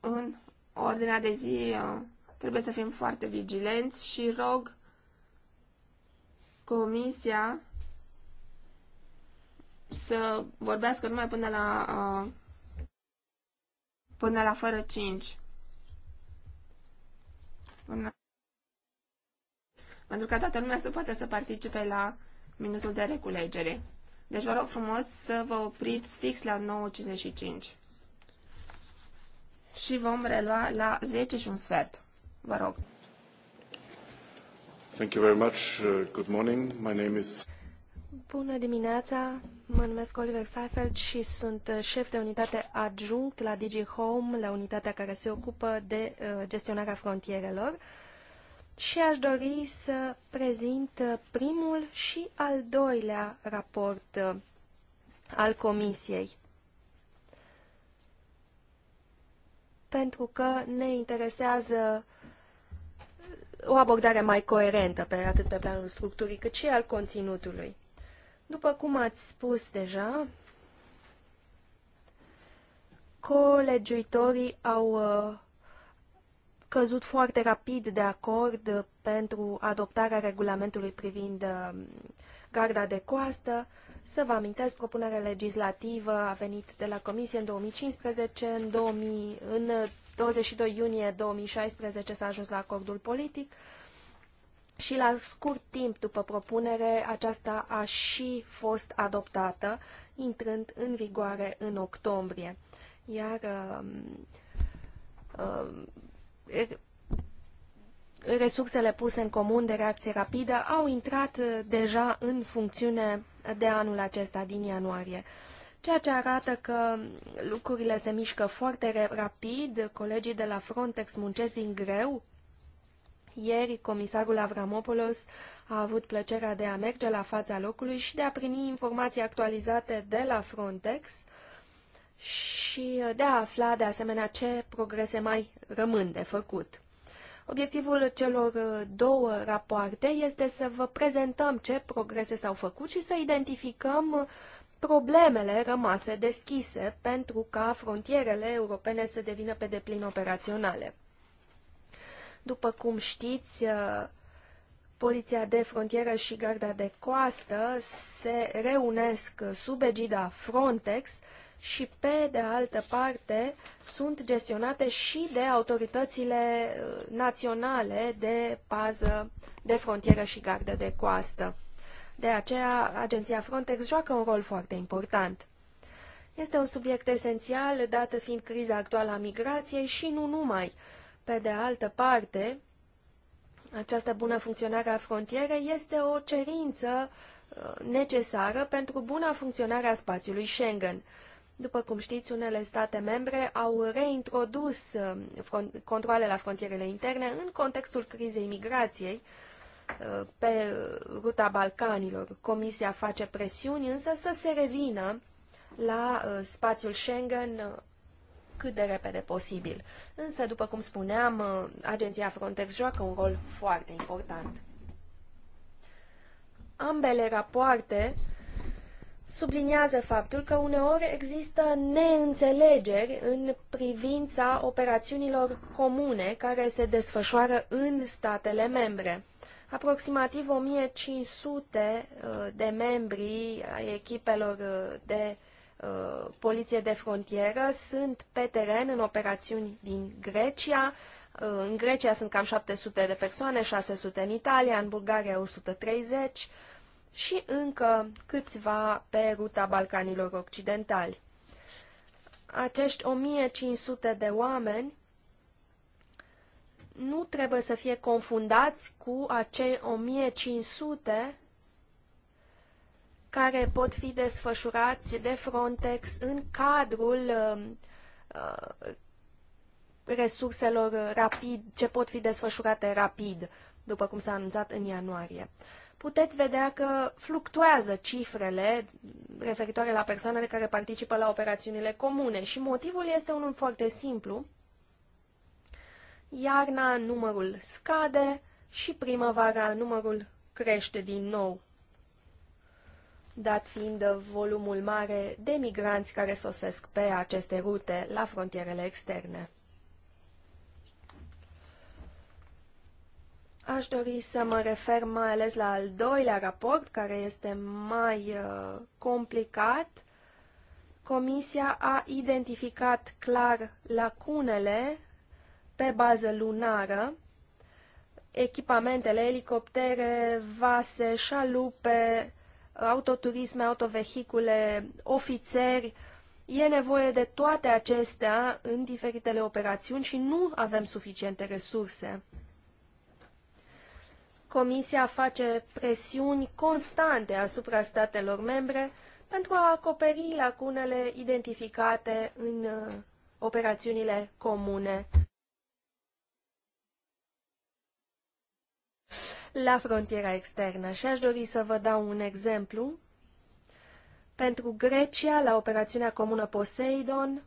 în ordinea de zi uh, trebuie să fim foarte vigilenți și rog comisia să vorbească numai până la uh, până la fără 5. Până... Pentru ca toată lumea să poată să participe la minutul de reculegere. Deci vă rog frumos să vă opriți fix la 9.55 și vom relua la 10 și un sfert. Vă rog. Thank you very much. Uh, good morning. My name is Bună dimineața! Mă numesc Oliver Seifeld și sunt șef de unitate adjunct la DG Home, la unitatea care se ocupă de uh, gestionarea frontierelor. Și aș dori să prezint uh, primul și al doilea raport al Comisiei. pentru că ne interesează o abordare mai coerentă, pe, atât pe planul structurii, cât și al conținutului. După cum ați spus deja, colegiuitorii au uh, căzut foarte rapid de acord pentru adoptarea regulamentului privind uh, garda de coastă, să vă amintesc, propunerea legislativă a venit de la Comisie în 2015, în, 2000, în 22 iunie 2016 s-a ajuns la acordul politic și la scurt timp după propunere aceasta a și fost adoptată, intrând în vigoare în octombrie. Iar uh, uh, resursele puse în comun de reacție rapidă au intrat uh, deja în funcțiune de anul acesta, din ianuarie. Ceea ce arată că lucrurile se mișcă foarte rapid, colegii de la Frontex muncesc din greu. Ieri, comisarul Avramopoulos a avut plăcerea de a merge la fața locului și de a primi informații actualizate de la Frontex și uh, de a afla, de asemenea, ce progrese mai rămân de făcut. Obiectivul celor uh, două rapoarte este să vă prezentăm ce progrese s-au făcut și să identificăm uh, problemele rămase deschise pentru ca frontierele europene să devină pe deplin operaționale. După cum știți, uh, Poliția de frontieră și Garda de coastă se reunesc sub egida Frontex și, pe de altă parte, sunt gestionate și de autoritățile uh, naționale de pază de frontieră și gardă de coastă. De aceea, agenția Frontex joacă un rol foarte important. Este un subiect esențial, dată fiind criza actuală a migrației și nu numai. Pe de altă parte, această bună funcționare a frontierei este o cerință uh, necesară pentru buna funcționare a spațiului Schengen. După cum știți, unele state membre au reintrodus uh, controle la frontierele interne în contextul crizei migrației uh, pe ruta Balcanilor. Comisia face presiuni însă să se revină la uh, spațiul Schengen cât de repede posibil. Însă, după cum spuneam, agenția Frontex joacă un rol foarte important. Ambele rapoarte subliniază faptul că uneori există neînțelegeri în privința operațiunilor comune care se desfășoară în statele membre. Aproximativ 1500 uh, de membri ai echipelor uh, de uh, poliție de frontieră sunt pe teren în operațiuni din Grecia. În Grecia sunt cam 700 de persoane, 600 în Italia, în Bulgaria 130, și încă câțiva pe ruta Balcanilor Occidentali. Acești 1500 de oameni nu trebuie să fie confundați cu acei 1500 care pot fi desfășurați de Frontex în cadrul um, uh, resurselor rapid, ce pot fi desfășurate rapid, după cum s-a anunțat în ianuarie puteți vedea că fluctuează cifrele referitoare la persoanele care participă la operațiunile comune și motivul este unul foarte simplu. Iarna numărul scade și primăvara numărul crește din nou, dat fiind volumul mare de migranți care sosesc pe aceste rute la frontierele externe. Aș dori să mă refer mai ales la al doilea raport, care este mai uh, complicat. Comisia a identificat clar lacunele pe bază lunară, echipamentele, elicoptere, vase, șalupe, autoturisme, autovehicule, ofițeri. E nevoie de toate acestea în diferitele operațiuni și nu avem suficiente resurse. Comisia face presiuni constante asupra statelor membre pentru a acoperi lacunele identificate în uh, operațiunile comune la frontiera externă. Și aș dori să vă dau un exemplu. Pentru Grecia, la operațiunea comună Poseidon,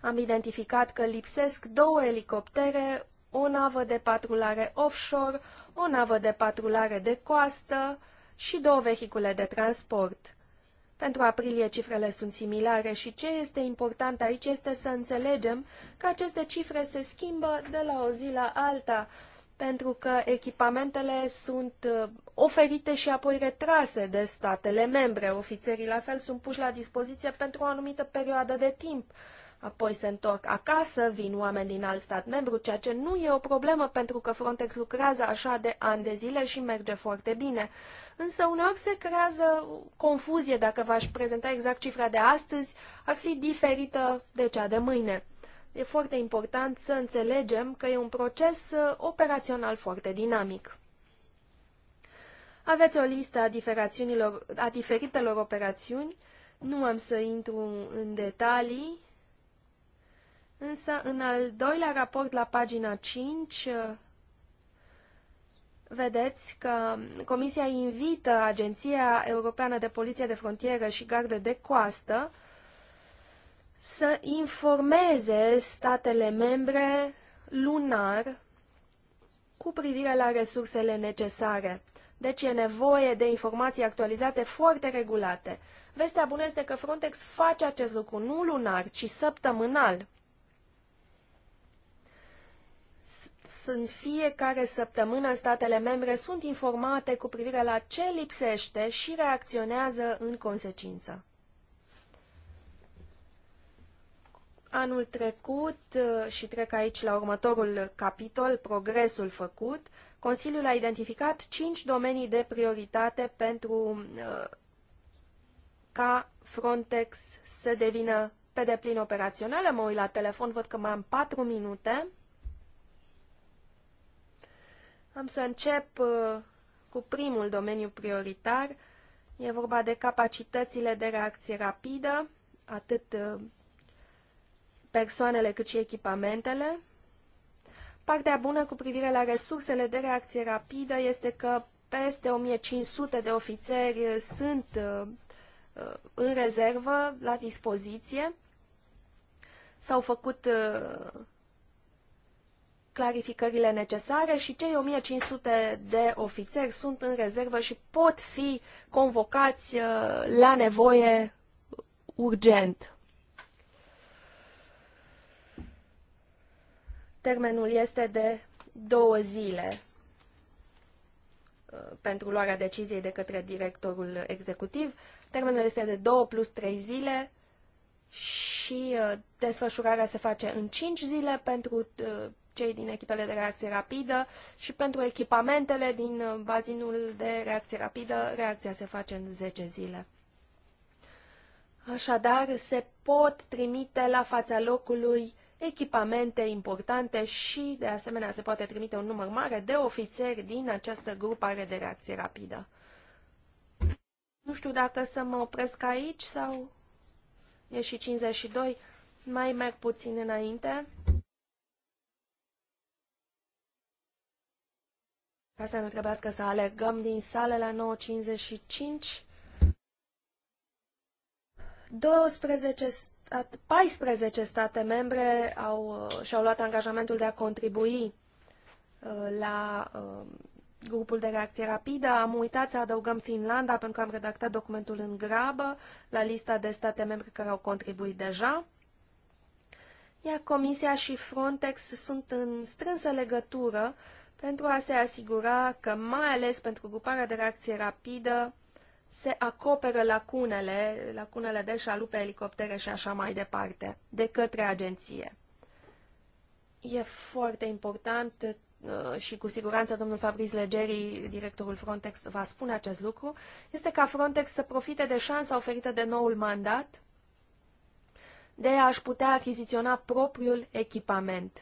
am identificat că lipsesc două elicoptere, o navă de patrulare offshore, o navă de patrulare de coastă și două vehicule de transport. Pentru aprilie cifrele sunt similare și ce este important aici este să înțelegem că aceste cifre se schimbă de la o zi la alta, pentru că echipamentele sunt uh, oferite și apoi retrase de statele membre. Ofițerii la fel sunt puși la dispoziție pentru o anumită perioadă de timp apoi se întorc acasă, vin oameni din alt stat membru, ceea ce nu e o problemă pentru că Frontex lucrează așa de ani de zile și merge foarte bine. Însă uneori se creează confuzie dacă v-aș prezenta exact cifra de astăzi, ar fi diferită de cea de mâine. E foarte important să înțelegem că e un proces uh, operațional foarte dinamic. Aveți o listă a, a diferitelor operațiuni, nu am să intru în detalii, Însă, în al doilea raport, la pagina 5, vedeți că Comisia invită Agenția Europeană de Poliție de Frontieră și Garde de Coastă să informeze statele membre lunar cu privire la resursele necesare. Deci e nevoie de informații actualizate foarte regulate. Vestea bună este că Frontex face acest lucru nu lunar, ci săptămânal. în fiecare săptămână statele membre sunt informate cu privire la ce lipsește și reacționează în consecință. Anul trecut, uh, și trec aici la următorul capitol, progresul făcut, Consiliul a identificat cinci domenii de prioritate pentru uh, ca Frontex să devină pe deplin operațională. Mă uit la telefon, văd că mai am patru minute. Am să încep uh, cu primul domeniu prioritar. E vorba de capacitățile de reacție rapidă, atât uh, persoanele cât și echipamentele. Partea bună cu privire la resursele de reacție rapidă este că peste 1500 de ofițeri uh, sunt în rezervă, la dispoziție. S-au făcut uh, clarificările necesare și cei 1500 de ofițeri sunt în rezervă și pot fi convocați uh, la nevoie urgent. Termenul este de două zile uh, pentru luarea deciziei de către directorul executiv. Termenul este de 2 plus 3 zile și uh, desfășurarea se face în 5 zile pentru cei din echipele de reacție rapidă și pentru echipamentele din bazinul de reacție rapidă, reacția se face în 10 zile. Așadar, se pot trimite la fața locului echipamente importante și, de asemenea, se poate trimite un număr mare de ofițeri din această grupare de reacție rapidă. Nu știu dacă să mă opresc aici sau... E și 52. Mai merg puțin înainte. ca să nu trebuiască să alegăm din sale la 9.55. 12 14 state membre au, uh, și-au luat angajamentul de a contribui uh, la uh, grupul de reacție rapidă. Am uitat să adăugăm Finlanda pentru că am redactat documentul în grabă la lista de state membre care au contribuit deja. Iar Comisia și Frontex sunt în strânsă legătură uh, pentru a se asigura că, mai ales pentru gruparea de reacție rapidă, se acoperă lacunele, lacunele de șalupe, elicoptere și așa mai departe, de către agenție. E foarte important uh, și cu siguranță domnul Fabriz Legeri, directorul Frontex, va spune acest lucru, este ca Frontex să profite de șansa oferită de noul mandat de a-și putea achiziționa propriul echipament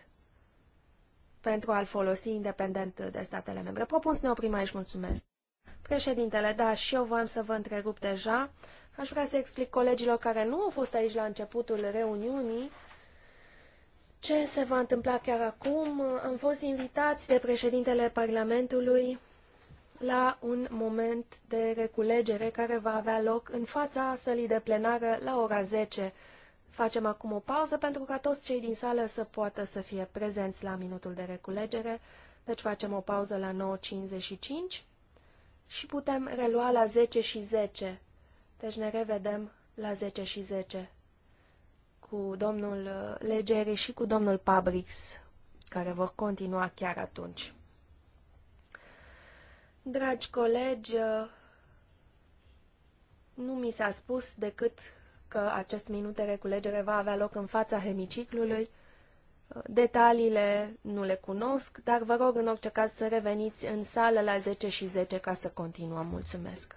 pentru a-l folosi independent de statele membre. Propun să ne oprim aici, mulțumesc. Președintele, da, și eu voiam să vă întrerup deja. Aș vrea să explic colegilor care nu au fost aici la începutul reuniunii ce se va întâmpla chiar acum. Am fost invitați de președintele Parlamentului la un moment de reculegere care va avea loc în fața sălii de plenară la ora 10 Facem acum o pauză pentru ca toți cei din sală să poată să fie prezenți la minutul de reculegere. Deci facem o pauză la 9.55 și putem relua la 10 și 10. Deci ne revedem la 10 și 10 cu domnul uh, Legeri și cu domnul Pabrix, care vor continua chiar atunci. Dragi colegi, uh, nu mi s-a spus decât că acest minut de reculegere va avea loc în fața hemiciclului. Detaliile nu le cunosc, dar vă rog în orice caz să reveniți în sală la 10 și 10 ca să continuăm. Mulțumesc!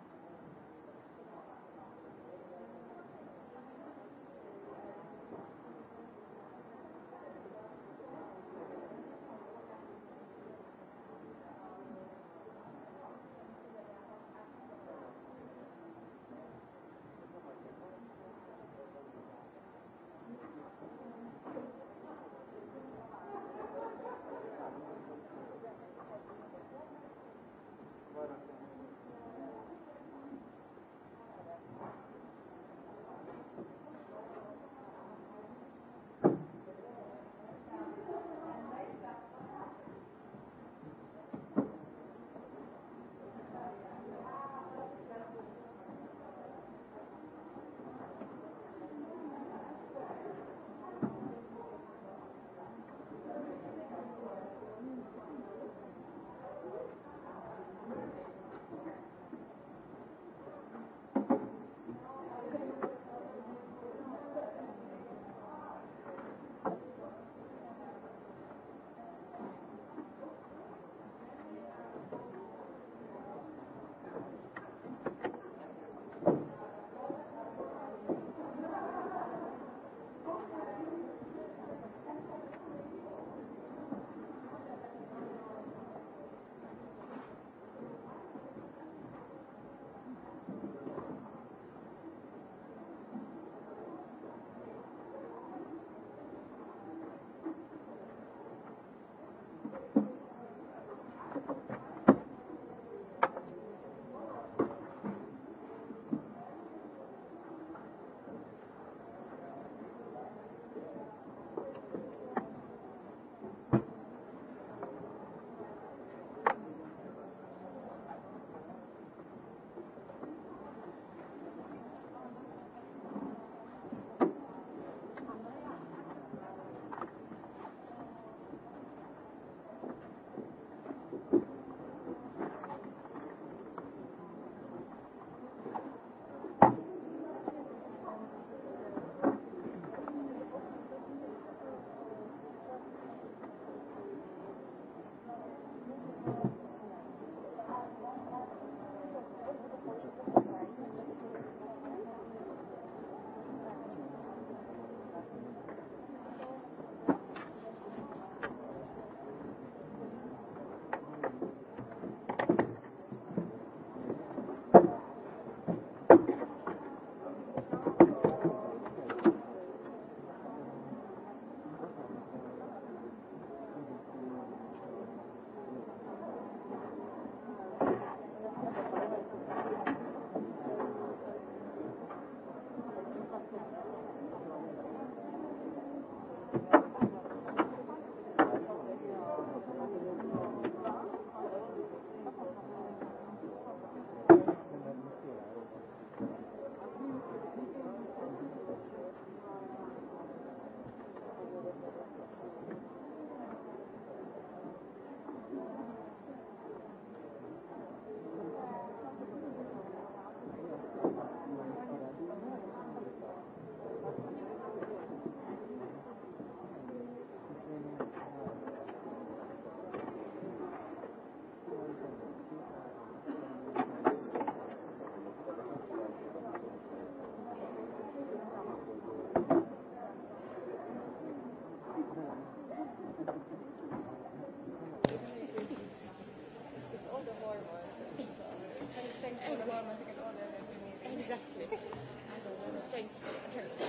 Exactly. I'm just I'm trying to stay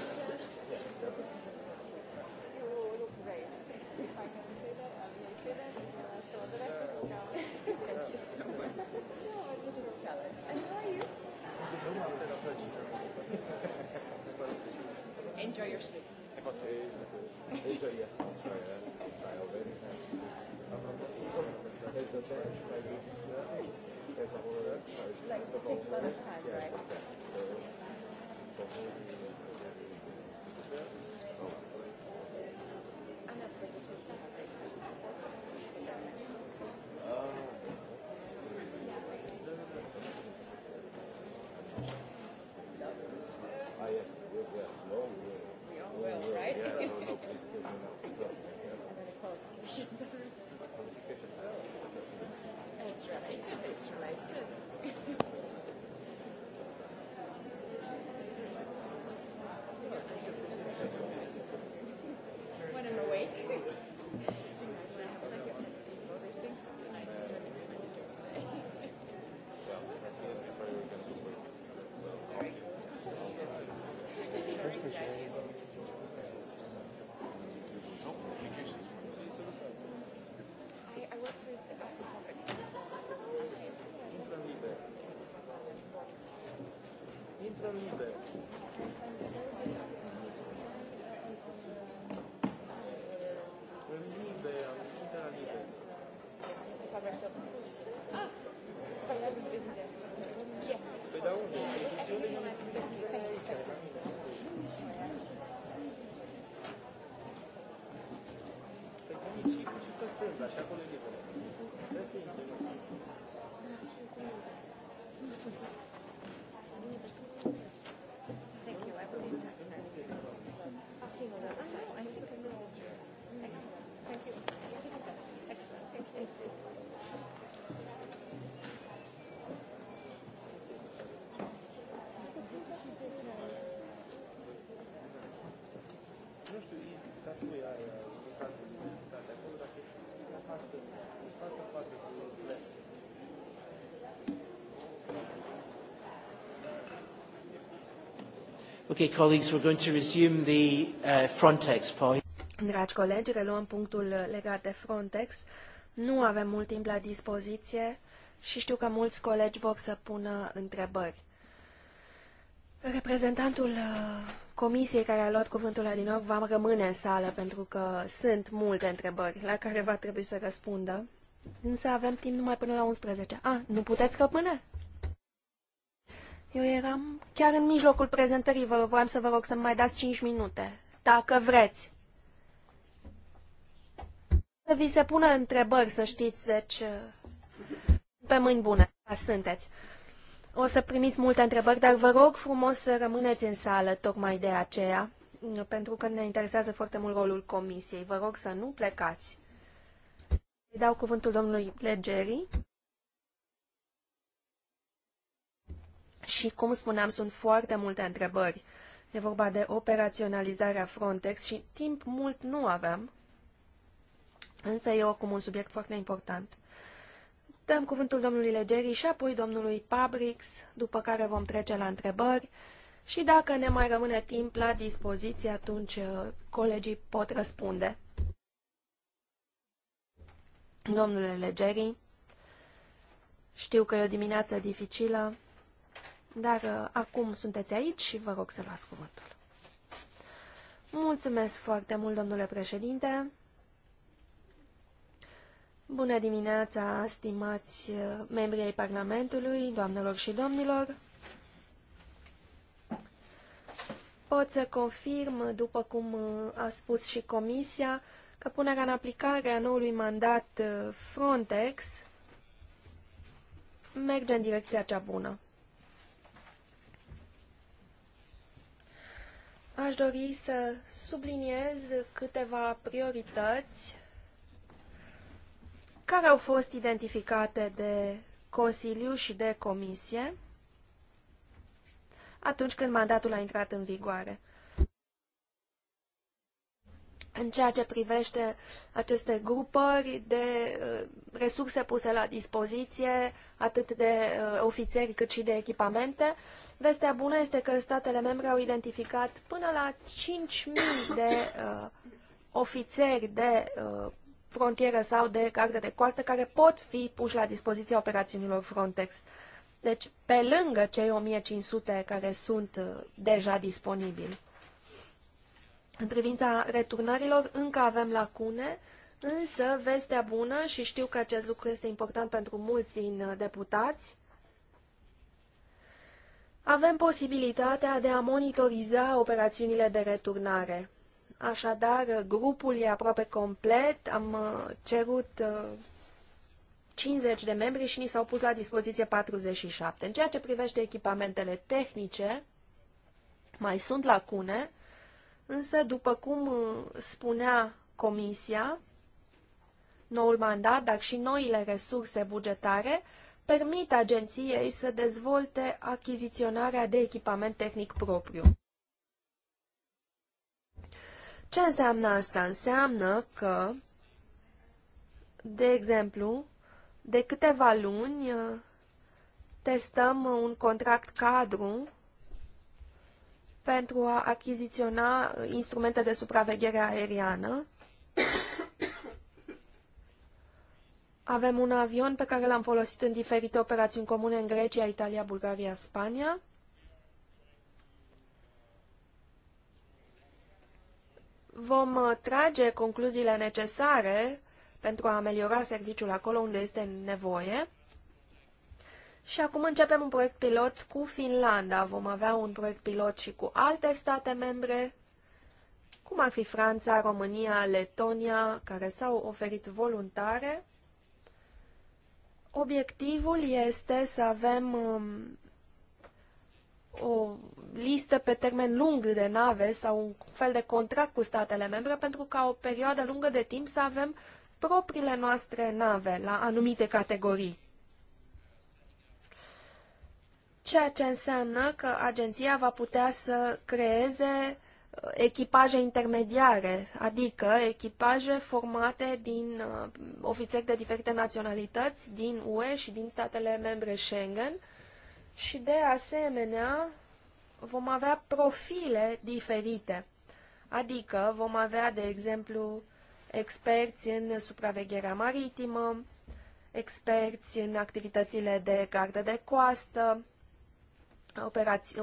Thank you so much. No, I'm just challenged. And Enjoy your sleep. Like, takes a time, right? știu, institutul ea, în cazul acolo, dacă ești față, față, față cu lent. Okay, colleagues, we're going to resume the uh, Frontex point. Dragi colegi, reluăm punctul legat de Frontex. Nu avem mult timp la dispoziție și știu că mulți colegi vor să pună întrebări. Reprezentantul uh, comisiei care a luat cuvântul la din nou va rămâne în sală pentru că sunt multe întrebări la care va trebui să răspundă. Însă avem timp numai până la 11. A, ah, nu puteți că Eu eram chiar în mijlocul prezentării, vă voiam să vă rog să mai dați 5 minute, dacă vreți. Să vi se pună întrebări, să știți, deci uh, pe mâini bune da, sunteți. O să primiți multe întrebări, dar vă rog frumos să rămâneți în sală tocmai de aceea, pentru că ne interesează foarte mult rolul comisiei. Vă rog să nu plecați. Îi dau cuvântul domnului Legeri. Și, cum spuneam, sunt foarte multe întrebări. E vorba de operaționalizarea Frontex și timp mult nu avem, însă e oricum un subiect foarte important. Dăm cuvântul domnului Legeri și apoi domnului Pabrix, după care vom trece la întrebări. Și dacă ne mai rămâne timp la dispoziție, atunci uh, colegii pot răspunde. Domnule Legeri, știu că e o dimineață dificilă, dar uh, acum sunteți aici și vă rog să luați cuvântul. Mulțumesc foarte mult, domnule președinte. Bună dimineața, stimați uh, membri ai Parlamentului, doamnelor și domnilor. Pot să confirm, după cum uh, a spus și Comisia, că punerea în aplicare a noului mandat uh, Frontex merge în direcția cea bună. Aș dori să subliniez câteva priorități care au fost identificate de Consiliu și de Comisie atunci când mandatul a intrat în vigoare. În ceea ce privește aceste grupări de uh, resurse puse la dispoziție, atât de uh, ofițeri cât și de echipamente, vestea bună este că statele membre au identificat până la 5.000 de uh, ofițeri de frontieră sau de garde de coastă care pot fi puși la dispoziția operațiunilor Frontex. Deci, pe lângă cei 1500 care sunt uh, deja disponibili. În privința returnărilor, încă avem lacune, însă vestea bună, și știu că acest lucru este important pentru mulți din uh, deputați, avem posibilitatea de a monitoriza operațiunile de returnare. Așadar, grupul e aproape complet. Am uh, cerut 50 uh, de membri și ni s-au pus la dispoziție 47. În ceea ce privește echipamentele tehnice, mai sunt lacune, însă, după cum uh, spunea Comisia, noul mandat, dar și noile resurse bugetare, permit agenției să dezvolte achiziționarea de echipament tehnic propriu. Ce înseamnă asta? Înseamnă că, de exemplu, de câteva luni uh, testăm un contract cadru pentru a achiziționa uh, instrumente de supraveghere aeriană. Avem un avion pe care l-am folosit în diferite operațiuni comune în Grecia, Italia, Bulgaria, Spania. vom uh, trage concluziile necesare pentru a ameliora serviciul acolo unde este nevoie. Și acum începem un proiect pilot cu Finlanda. Vom avea un proiect pilot și cu alte state membre, cum ar fi Franța, România, Letonia, care s-au oferit voluntare. Obiectivul este să avem um, o listă pe termen lung de nave sau un fel de contract cu statele membre pentru ca o perioadă lungă de timp să avem propriile noastre nave la anumite categorii. Ceea ce înseamnă că agenția va putea să creeze uh, echipaje intermediare, adică echipaje formate din uh, ofițeri de diferite naționalități, din UE și din statele membre Schengen și de asemenea vom avea profile diferite. Adică vom avea, de exemplu, experți în supravegherea maritimă, experți în activitățile de gardă de coastă,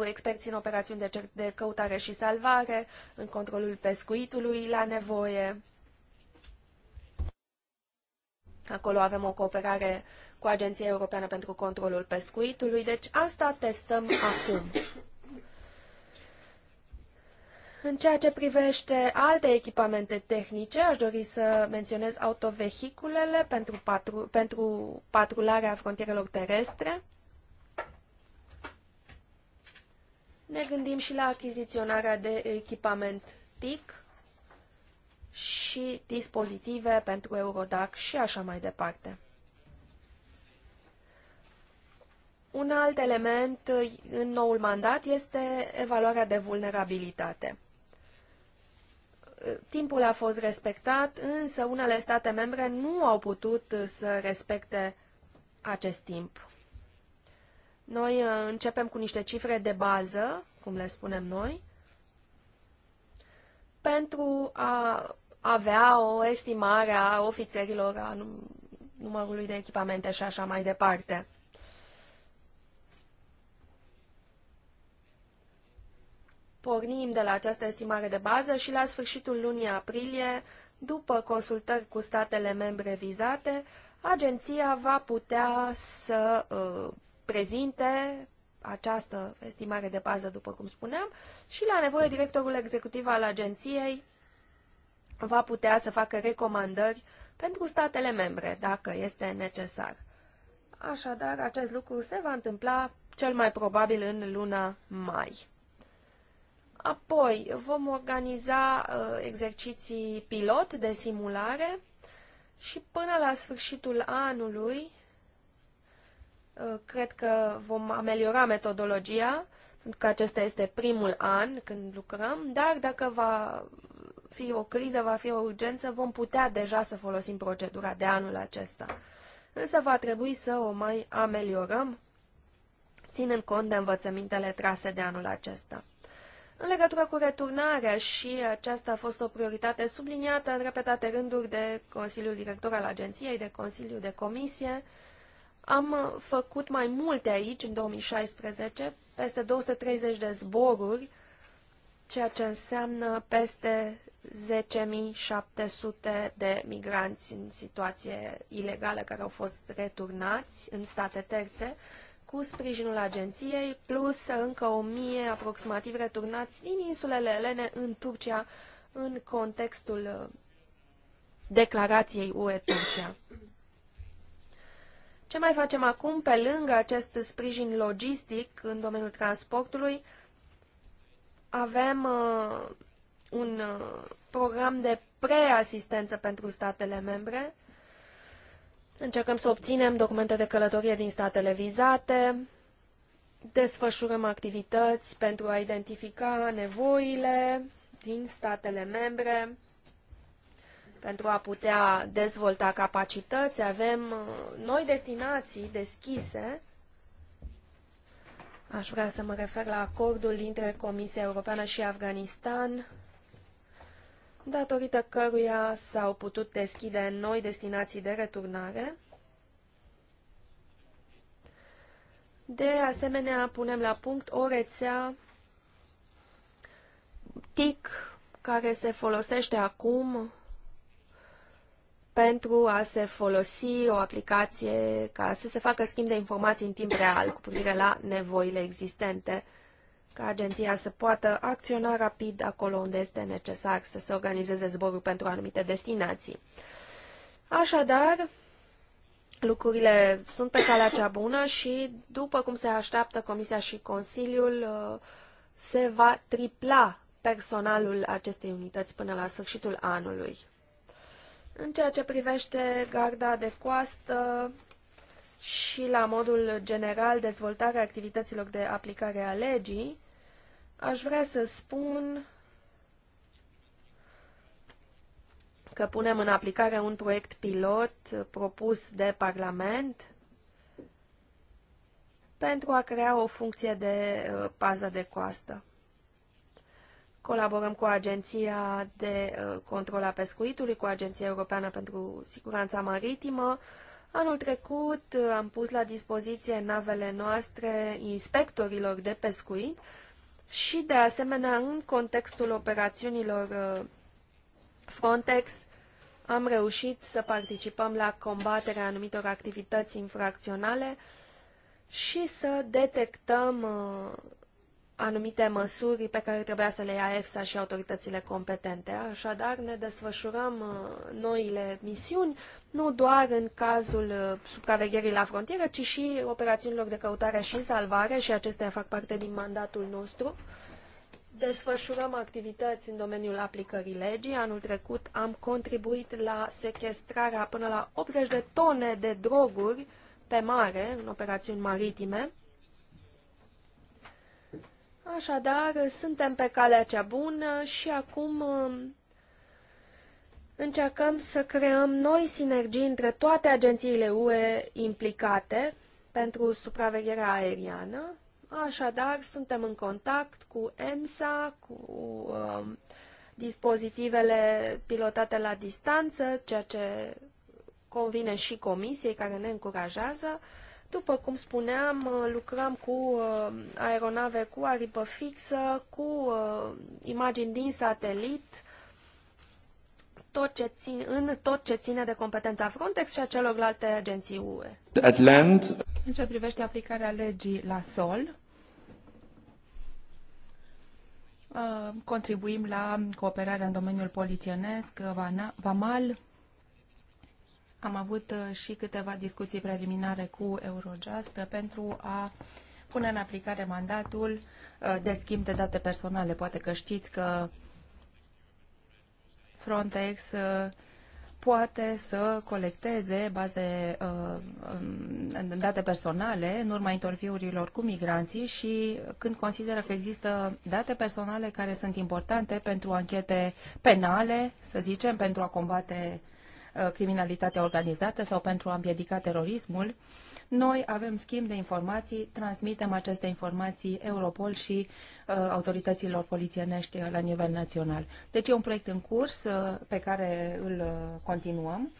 experți în operațiuni de, de căutare și salvare, în controlul pescuitului la nevoie. Acolo avem o cooperare cu Agenția Europeană pentru Controlul Pescuitului, deci asta testăm acum. În ceea ce privește alte echipamente tehnice, aș dori să menționez autovehiculele pentru, patru, pentru patrularea frontierelor terestre. Ne gândim și la achiziționarea de echipament TIC și dispozitive pentru Eurodac și așa mai departe. Un alt element în noul mandat este evaluarea de vulnerabilitate timpul a fost respectat, însă unele state membre nu au putut să respecte acest timp. Noi uh, începem cu niște cifre de bază, cum le spunem noi, pentru a avea o estimare a ofițerilor, a numărului de echipamente și așa mai departe. Pornim de la această estimare de bază și la sfârșitul lunii aprilie, după consultări cu statele membre vizate, agenția va putea să uh, prezinte această estimare de bază, după cum spuneam, și la nevoie directorul executiv al agenției va putea să facă recomandări pentru statele membre, dacă este necesar. Așadar, acest lucru se va întâmpla cel mai probabil în luna mai. Apoi vom organiza uh, exerciții pilot de simulare și până la sfârșitul anului uh, cred că vom ameliora metodologia, pentru că acesta este primul an când lucrăm, dar dacă va fi o criză, va fi o urgență, vom putea deja să folosim procedura de anul acesta. Însă va trebui să o mai ameliorăm, ținând cont de învățămintele trase de anul acesta. În legătură cu returnarea și aceasta a fost o prioritate subliniată în repetate rânduri de Consiliul Director al Agenției, de Consiliul de Comisie, am făcut mai multe aici în 2016, peste 230 de zboruri, ceea ce înseamnă peste 10.700 de migranți în situație ilegală care au fost returnați în state terțe cu sprijinul agenției, plus încă o mie aproximativ returnați din insulele Elene în Turcia, în contextul uh, declarației UE-Turcia. Ce mai facem acum, pe lângă acest sprijin logistic în domeniul transportului, avem uh, un uh, program de preasistență pentru statele membre, Încercăm să obținem documente de călătorie din statele vizate, desfășurăm activități pentru a identifica nevoile din statele membre, pentru a putea dezvolta capacități. Avem uh, noi destinații deschise. Aș vrea să mă refer la acordul dintre Comisia Europeană și Afganistan datorită căruia s-au putut deschide noi destinații de returnare. De asemenea, punem la punct o rețea TIC care se folosește acum pentru a se folosi o aplicație ca să se facă schimb de informații în timp real cu privire la nevoile existente ca agenția să poată acționa rapid acolo unde este necesar să se organizeze zboruri pentru anumite destinații. Așadar, lucrurile sunt pe calea cea bună și, după cum se așteaptă Comisia și Consiliul, uh, se va tripla personalul acestei unități până la sfârșitul anului. În ceea ce privește garda de coastă și la modul general dezvoltarea activităților de aplicare a legii, Aș vrea să spun că punem în aplicare un proiect pilot propus de Parlament pentru a crea o funcție de uh, pază de coastă. Colaborăm cu Agenția de uh, Control a Pescuitului, cu Agenția Europeană pentru Siguranța Maritimă. Anul trecut uh, am pus la dispoziție navele noastre inspectorilor de pescuit și, de asemenea, în contextul operațiunilor uh, Frontex, am reușit să participăm la combaterea anumitor activități infracționale și să detectăm uh, anumite măsuri pe care trebuia să le ia EFSA și autoritățile competente. Așadar, ne desfășurăm uh, noile misiuni, nu doar în cazul uh, supravegherii la frontieră, ci și operațiunilor de căutare și salvare, și acestea fac parte din mandatul nostru. Desfășurăm activități în domeniul aplicării legii. Anul trecut am contribuit la sequestrarea până la 80 de tone de droguri pe mare, în operațiuni maritime Așadar, suntem pe calea cea bună și acum um, încercăm să creăm noi sinergii între toate agențiile UE implicate pentru supravegherea aeriană. Așadar, suntem în contact cu EMSA, cu uh, dispozitivele pilotate la distanță, ceea ce convine și comisiei care ne încurajează, uh, după cum spuneam, uh, lucrăm cu uh, aeronave cu aripă fixă, cu uh, imagini din satelit, tot ce țin, în tot ce ține de competența Frontex și a celorlalte agenții UE. Atlant. În ce privește aplicarea legii la sol, contribuim la cooperarea în domeniul polițienesc, vamal, am avut uh, și câteva discuții preliminare cu Eurojust uh, pentru a pune în aplicare mandatul uh, de schimb de date personale. Poate că știți că Frontex poate să colecteze baze um, date personale în urma interviurilor cu migranții și când consideră că există date personale care sunt importante pentru anchete penale, să zicem, pentru a combate uh, Uh, criminalitatea organizată sau pentru a împiedica terorismul. Noi avem schimb de informații, transmitem aceste informații Europol și uh, autorităților polițienești la nivel național. Deci e un proiect în curs uh, pe care îl uh, continuăm.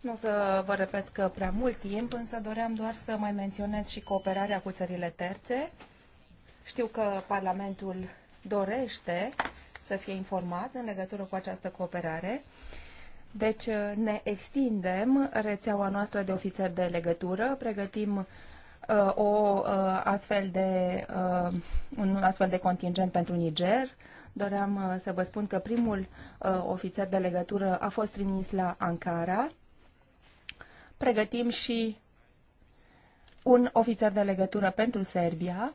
Nu o să vă repesc prea mult timp, însă doream doar să mai menționez și cooperarea cu țările terțe. Știu că Parlamentul dorește să fie informat în legătură cu această cooperare. Uh, deci uh, ne extindem rețeaua noastră de ofițeri de legătură, pregătim uh, o uh, astfel de, uh, un astfel de contingent pentru Niger. Doream uh, să vă spun că primul uh, ofițer de legătură a fost trimis la Ankara. Pregătim și un ofițer de legătură pentru Serbia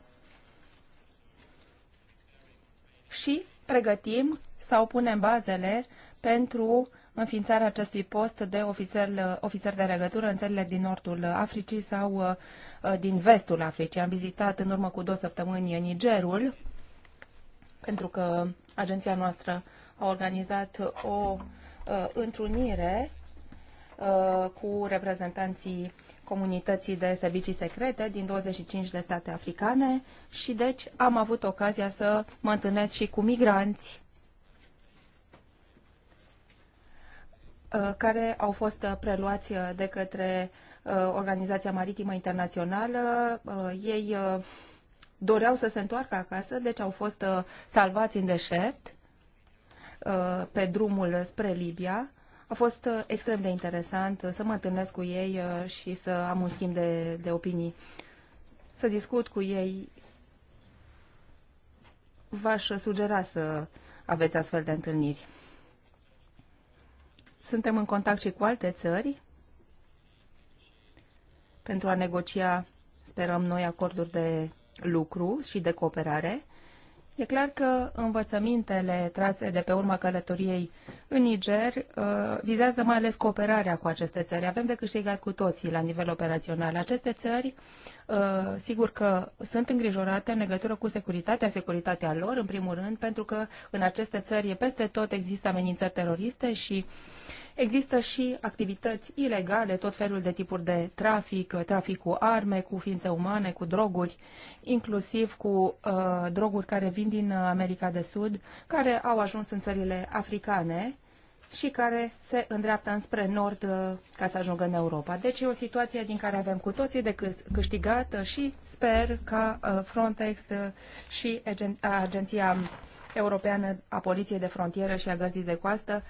și pregătim sau punem bazele pentru uh, înființarea acestui post de ofițer, ofițer de legătură în țările din nordul Africii sau uh, din vestul Africii. Am vizitat în urmă cu două săptămâni Nigerul, pentru că agenția noastră a organizat o uh, întrunire uh, cu reprezentanții comunității de servicii secrete din 25 de state africane și deci am avut ocazia să mă întâlnesc și cu migranți Uh, care au fost uh, preluați uh, de către Organizația Maritimă Internațională. Ei doreau să se întoarcă acasă, deci au fost salvați în deșert pe drumul spre Libia. A fost extrem de interesant să mă întâlnesc cu ei și să am un schimb de, de opinii, să discut cu ei. V-aș sugera să aveți astfel de întâlniri. Suntem în contact și cu alte țări pentru a negocia, sperăm noi, acorduri de lucru și de cooperare E clar că învățămintele trase de pe urma călătoriei în Niger uh, vizează mai ales cooperarea cu aceste țări. Avem de câștigat cu toții la nivel operațional. Aceste țări, uh, sigur că sunt îngrijorate în legătură cu securitatea, securitatea lor, în primul rând, pentru că în aceste țări peste tot există amenințări teroriste și uh, Există și activități ilegale, tot felul de tipuri de trafic, trafic cu arme, cu ființe umane, cu droguri, inclusiv cu uh, droguri care vin din America de Sud, care au ajuns în țările africane și care se îndreaptă înspre nord uh, ca să ajungă în Europa. Deci e o situație din care avem cu toții de câștigat și sper ca uh, Frontex uh, și Agenția Europeană a Poliției de Frontieră și a Găzii de Coastă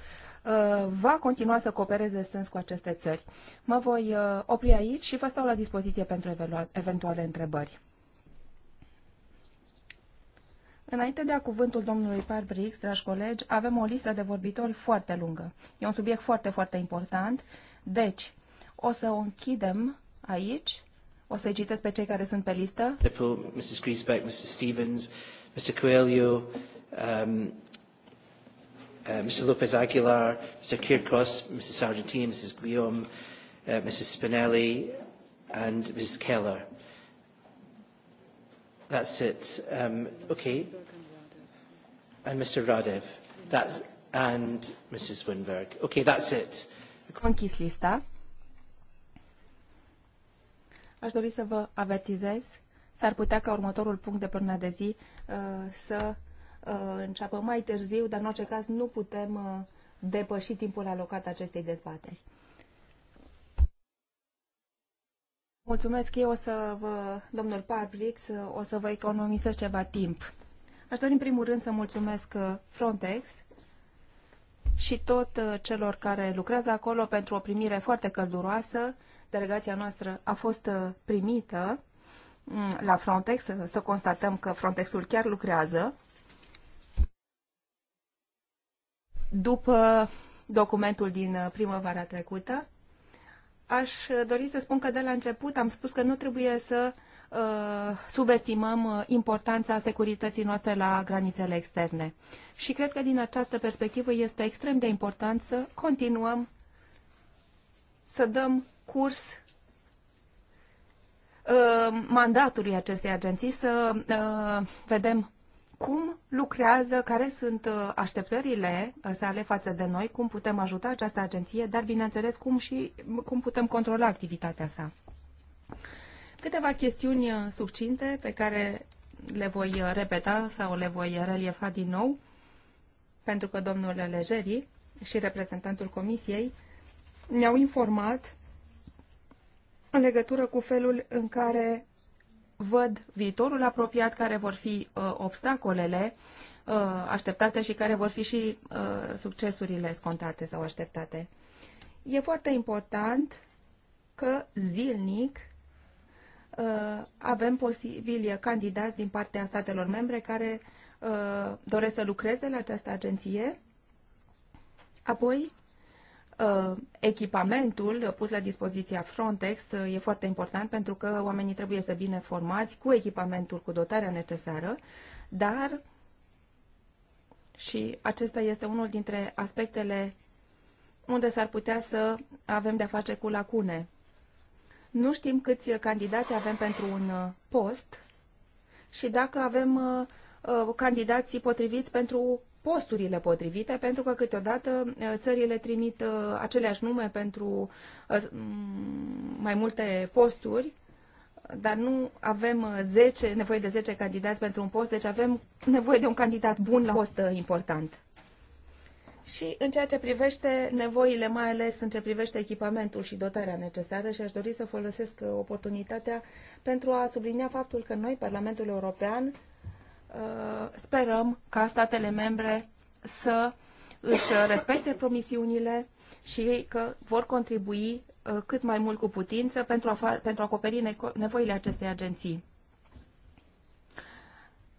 Uh, va continua să coopereze strâns cu aceste țări. Mă voi uh, opri aici și vă stau la dispoziție pentru eventuale întrebări. Înainte de a cuvântul domnului Parbrix, dragi colegi, avem o listă de vorbitori foarte lungă. E un subiect foarte, foarte important. Deci, o să o închidem aici. O să-i citesc pe cei care sunt pe listă. Mrs. Griesbeck, Mrs. Stevens, Mr. Coelho, um, Uh, Mr Lopez Aguilar, Mr Kirkos, Mrs Sargentini, Mrs Guillaume, uh, Mrs Spinelli and Mrs Keller. That's it. Um, okay. And Mr Radev. That's, and Mrs Winberg. Okay, that's it. Conchis lista. Aș dori să vă avertizez. S-ar putea ca următorul punct de până de zi uh, să Uh, înceapă mai târziu, dar în orice caz nu putem uh, depăși timpul alocat acestei dezbateri. Mulțumesc, eu o să vă, domnul Parbrix, uh, o să vă economisesc ceva timp. Aș dori în primul rând să mulțumesc Frontex și tot celor care lucrează acolo pentru o primire foarte călduroasă. Delegația noastră a fost primită mm, la Frontex, să constatăm că Frontexul chiar lucrează după documentul din uh, primăvara trecută. Aș uh, dori să spun că de la început am spus că nu trebuie să uh, subestimăm importanța securității noastre la granițele externe. Și cred că din această perspectivă este extrem de important să continuăm să dăm curs mandatului acestei agenții, să vedem cum lucrează, care sunt uh, așteptările uh, sale față de noi, cum putem ajuta această agenție, dar bineînțeles cum și cum putem controla activitatea sa. Câteva chestiuni uh, succinte pe care le voi repeta sau le voi reliefa din nou, pentru că domnul Lejerii și reprezentantul comisiei ne-au informat în legătură cu felul în care văd viitorul apropiat, care vor fi uh, obstacolele uh, așteptate și care vor fi și uh, succesurile scontate sau așteptate. E foarte important că zilnic uh, avem posibili candidați din partea statelor membre care uh, doresc să lucreze la această agenție. Apoi, Uh, echipamentul pus la dispoziția Frontex uh, e foarte important pentru că oamenii trebuie să bine formați cu echipamentul, cu dotarea necesară, dar și acesta este unul dintre aspectele unde s-ar putea să avem de-a face cu lacune. Nu știm câți candidați avem pentru un uh, post și dacă avem candidații potriviți pentru posturile potrivite, pentru că câteodată uh, țările trimit uh, aceleași nume pentru uh, mm, mai multe posturi, dar nu avem 10, nevoie de 10 candidați pentru un post, deci avem nevoie de un candidat bun la post important. Și în ceea ce privește nevoile, mai ales în ce privește echipamentul și dotarea necesară, și aș dori să folosesc oportunitatea pentru a sublinia faptul că noi, Parlamentul European, Uh, sperăm ca statele membre să își respecte promisiunile și că vor contribui uh, cât mai mult cu putință pentru a, pentru a acoperi nevoile acestei agenții.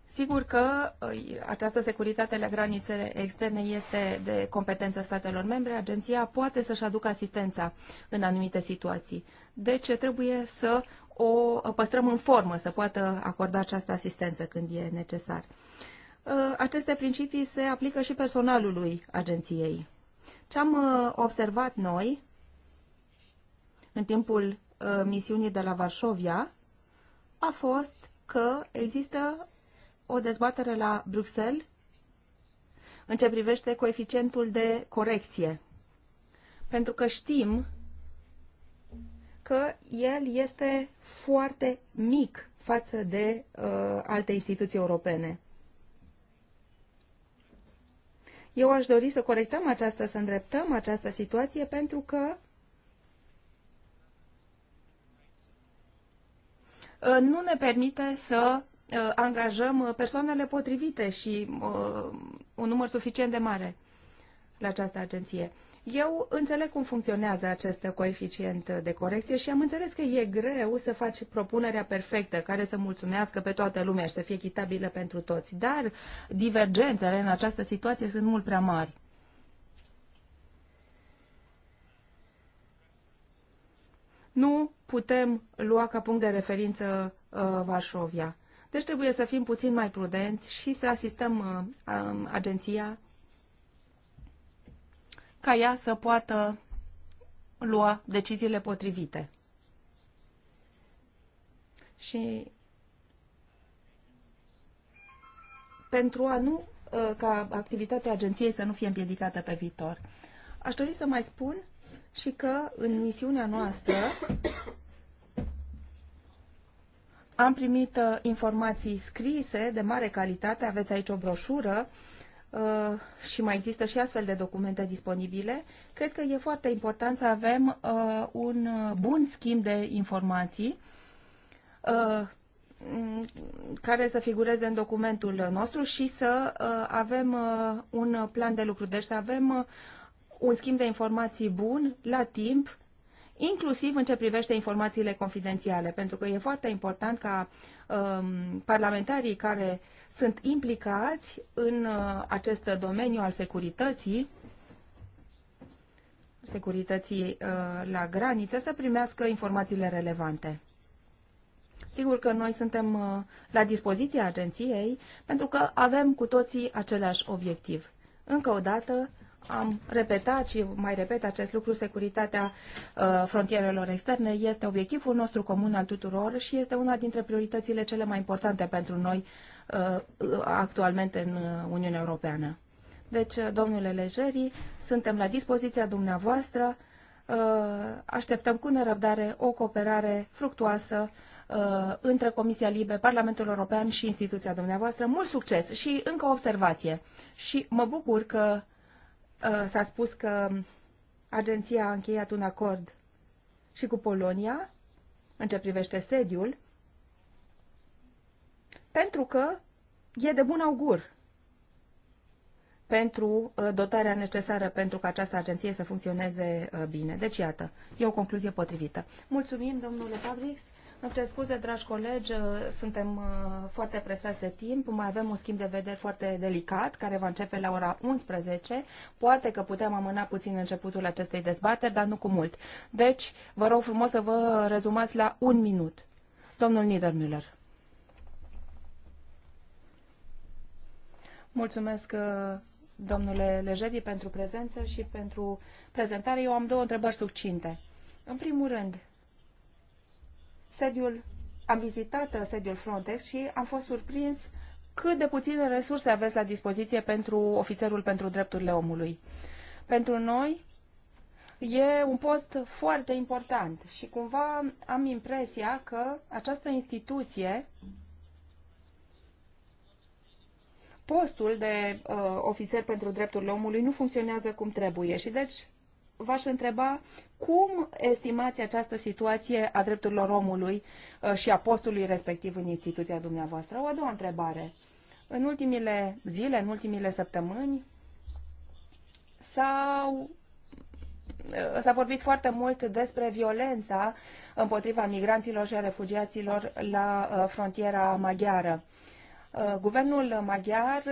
Sigur că uh, această securitate la granițele externe este de competență statelor membre. Agenția poate să-și aducă asistența în anumite situații. Deci trebuie să o păstrăm în formă, să poată acorda această asistență când e necesar. Uh, aceste principii se aplică și personalului agenției. Ce am uh, observat noi în timpul uh, misiunii de la Varșovia a fost că există o dezbatere la Bruxelles în ce privește coeficientul de corecție. Pentru că știm că el este foarte mic față de uh, alte instituții europene. Eu aș dori să corectăm această, să îndreptăm această situație pentru că uh, nu ne permite să uh, angajăm persoanele potrivite și uh, un număr suficient de mare la această agenție. Eu înțeleg cum funcționează acest coeficient de corecție și am înțeles că e greu să faci propunerea perfectă care să mulțumească pe toată lumea și să fie echitabilă pentru toți, dar divergențele în această situație sunt mult prea mari. Nu putem lua ca punct de referință uh, Varșovia. Deci trebuie să fim puțin mai prudenți și să asistăm uh, um, agenția ca ea să poată lua deciziile potrivite. Și pentru a nu uh, ca activitatea agenției să nu fie împiedicată pe viitor. Aș dori să mai spun și că în misiunea noastră am primit uh, informații scrise de mare calitate, aveți aici o broșură Uh, și mai există și astfel de documente disponibile, cred că e foarte important să avem uh, un uh, bun schimb de informații care să figureze în documentul nostru și să avem un plan de lucru. Deci să avem un schimb de informații bun, la timp, inclusiv în ce privește informațiile confidențiale, pentru că e foarte important ca um, parlamentarii care sunt implicați în uh, acest domeniu al securității, securității uh, la graniță, să primească informațiile relevante. Sigur că noi suntem uh, la dispoziția agenției pentru că avem cu toții același obiectiv. Încă o dată, am repetat și mai repet acest lucru, securitatea uh, frontierelor externe este obiectivul nostru comun al tuturor și este una dintre prioritățile cele mai importante pentru noi uh, actualmente în Uniunea Europeană. Deci, uh, domnule Lejerii, suntem la dispoziția dumneavoastră, așteptăm cu nerăbdare o cooperare fructuoasă între Comisia Libe, Parlamentul European și instituția dumneavoastră. Mult succes și încă o observație. Și mă bucur că Uh, s-a spus că agenția a încheiat un acord și cu Polonia în ce privește sediul, pentru că e de bun augur pentru uh, dotarea necesară pentru ca această agenție să funcționeze uh, bine. Deci, iată, e o concluzie potrivită. Mulțumim, domnule Fabrix. Îmi cer scuze, dragi colegi, suntem uh, foarte presați de timp. Mai avem un schimb de vederi foarte delicat, care va începe la ora 11. Poate că putem amâna puțin începutul acestei dezbateri, dar nu cu mult. Deci, vă rog frumos să vă rezumați la un minut. Domnul Niedermüller. Mulțumesc, uh, domnule Lejeri, pentru prezență și pentru prezentare. Eu am două întrebări succinte. În primul rând, sediul, am vizitat uh, sediul Frontex și am fost surprins cât de puține resurse aveți la dispoziție pentru ofițerul pentru drepturile omului. Pentru noi e un post foarte important și cumva am impresia că această instituție postul de uh, ofițer pentru drepturile omului nu funcționează cum trebuie și deci v-aș întreba cum estimați această situație a drepturilor omului uh, și a postului respectiv în instituția dumneavoastră? O a doua întrebare. În ultimile zile, în ultimile săptămâni, s-au uh, s-a vorbit foarte mult despre violența împotriva migranților și a refugiaților la uh, frontiera maghiară. Guvernul maghiar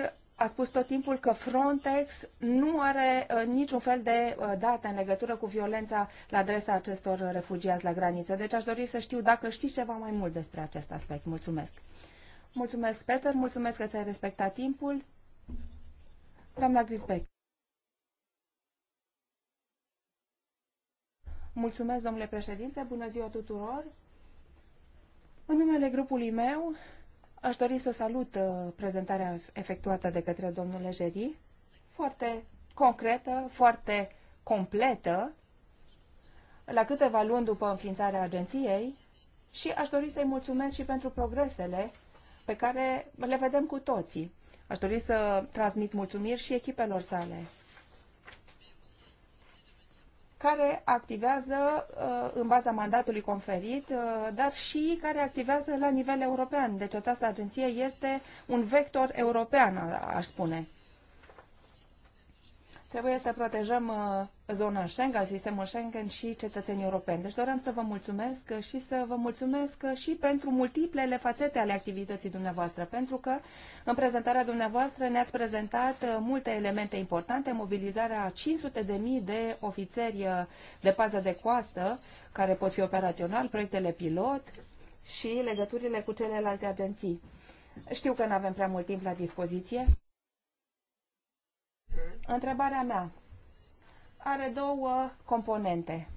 a spus tot timpul că Frontex nu are uh, niciun fel de uh, date în legătură cu violența la adresa acestor refugiați la graniță. Deci aș dori să știu dacă știți ceva mai mult despre acest aspect. Mulțumesc. Mulțumesc, Peter. Mulțumesc că ți-ai respectat timpul. Doamna Grisbeck. Mulțumesc, domnule președinte. Bună ziua tuturor. În numele grupului meu, Aș dori să salut uh, prezentarea efectuată de către domnul Lejeri, foarte concretă, foarte completă, la câteva luni după înființarea agenției și aș dori să-i mulțumesc și pentru progresele pe care le vedem cu toții. Aș dori să transmit mulțumiri și echipelor sale care activează uh, în baza mandatului conferit, uh, dar și care activează la nivel european. Deci această agenție este un vector european, aș spune. Trebuie să protejăm uh, zona Schengen, sistemul Schengen și cetățenii europeni. Deci doream să vă mulțumesc și să vă mulțumesc și pentru multiplele fațete ale activității dumneavoastră, pentru că în prezentarea dumneavoastră ne-ați prezentat uh, multe elemente importante, mobilizarea 500.000 de ofițeri uh, de pază de coastă care pot fi operațional, proiectele pilot și legăturile cu celelalte agenții. Știu că nu avem prea mult timp la dispoziție. Întrebarea mea are două componente.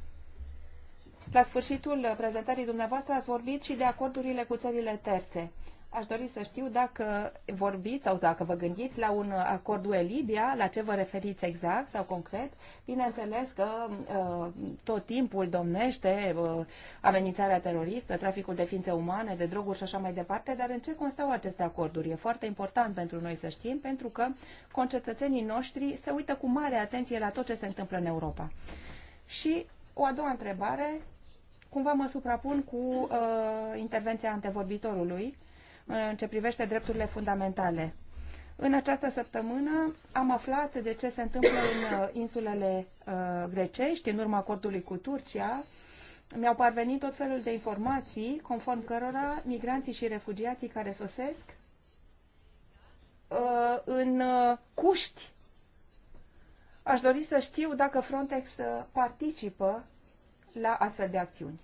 La sfârșitul prezentării dumneavoastră ați vorbit și de acordurile cu țările terțe. Aș dori să știu dacă vorbiți sau dacă vă gândiți la un acord UE-Libia, la ce vă referiți exact sau concret. Bineînțeles că uh, tot timpul domnește uh, amenințarea teroristă, traficul de ființe umane, de droguri și așa mai departe, dar în ce constau aceste acorduri? E foarte important pentru noi să știm, pentru că concetățenii noștri se uită cu mare atenție la tot ce se întâmplă în Europa. Și o a doua întrebare, cumva mă suprapun cu uh, intervenția antevorbitorului în ce privește drepturile fundamentale. În această săptămână am aflat de ce se întâmplă în uh, insulele uh, grecești, în urma acordului cu Turcia. Mi-au parvenit tot felul de informații conform cărora migranții și refugiații care sosesc uh, în cuști. Aș dori să știu dacă Frontex participă la astfel de acțiuni.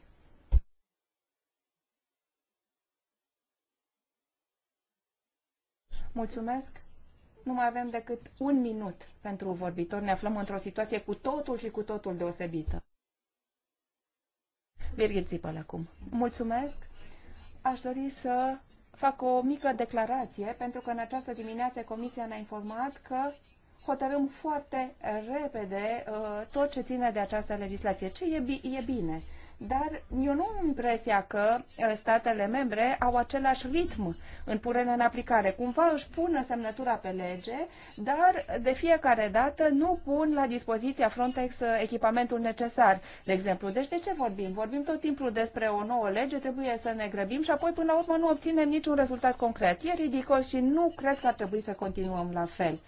Mulțumesc. Nu mai avem decât un minut pentru vorbitor. Ne aflăm într-o situație cu totul și cu totul deosebită. Birgit Zipăl acum. Mulțumesc. Aș dori să fac o mică declarație, pentru că în această dimineață Comisia ne-a informat că hotărâm foarte repede uh, tot ce ține de această legislație. Ce e, bi- e bine? dar eu nu am impresia că statele membre au același ritm în punerea în aplicare. Cumva își pun semnătura pe lege, dar de fiecare dată nu pun la dispoziția Frontex echipamentul necesar, de exemplu. Deci de ce vorbim? Vorbim tot timpul despre o nouă lege, trebuie să ne grăbim și apoi până la urmă nu obținem niciun rezultat concret. E ridicol și nu cred că ar trebui să continuăm la fel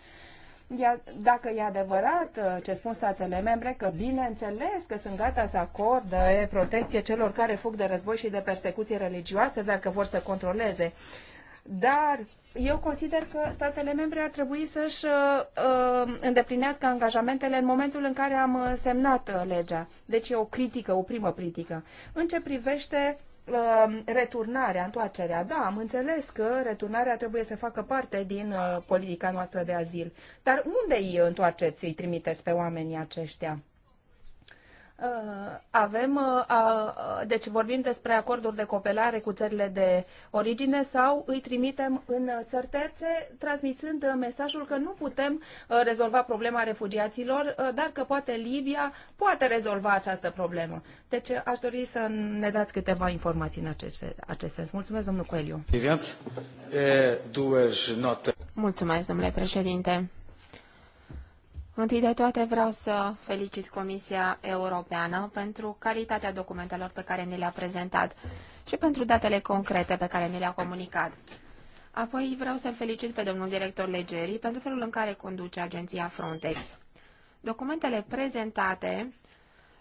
dacă e adevărat uh, ce spun statele membre, că bineînțeles că sunt gata să acorde protecție celor care fug de război și de persecuții religioase, dacă vor să controleze. Dar eu consider că statele membre ar trebui să-și uh, uh îndeplinească angajamentele în momentul în care am uh, semnat legea. Deci e o critică, o primă critică. În ce privește Um, returnarea, întoarcerea. Da, am înțeles că returnarea trebuie să facă parte din uh, politica noastră de azil. Dar unde îi întoarceți, îi trimiteți pe oamenii aceștia? Uh, avem, uh, uh, deci vorbim despre acorduri de cooperare cu țările de origine sau îi trimitem în țări terțe, transmisând mesajul că nu putem rezolva problema refugiaților, dar că poate Libia poate rezolva această problemă. Deci aș dori să ne dați câteva informații în acest, acest sens. Mulțumesc, domnul Coeliu. Eh, Mulțumesc, domnule președinte. Întâi de toate vreau să felicit Comisia Europeană pentru calitatea documentelor pe care ni le-a prezentat și pentru datele concrete pe care ni le-a comunicat. Apoi vreau să felicit pe domnul director Legerii pentru felul în care conduce agenția Frontex. Documentele prezentate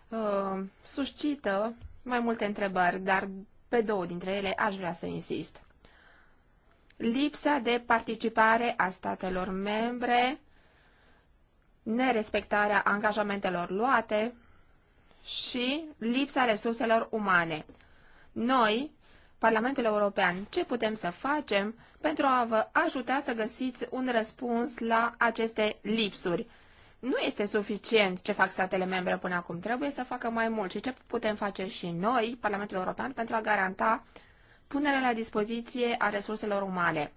uh, suscită mai multe întrebări, dar pe două dintre ele aș vrea să insist. Lipsa de participare a statelor membre nerespectarea angajamentelor luate și lipsa resurselor umane. Noi, Parlamentul European, ce putem să facem pentru a vă ajuta să găsiți un răspuns la aceste lipsuri? Nu este suficient ce fac statele membre până acum, trebuie să facă mai mult și ce putem face și noi, Parlamentul European, pentru a garanta punerea la dispoziție a resurselor umane.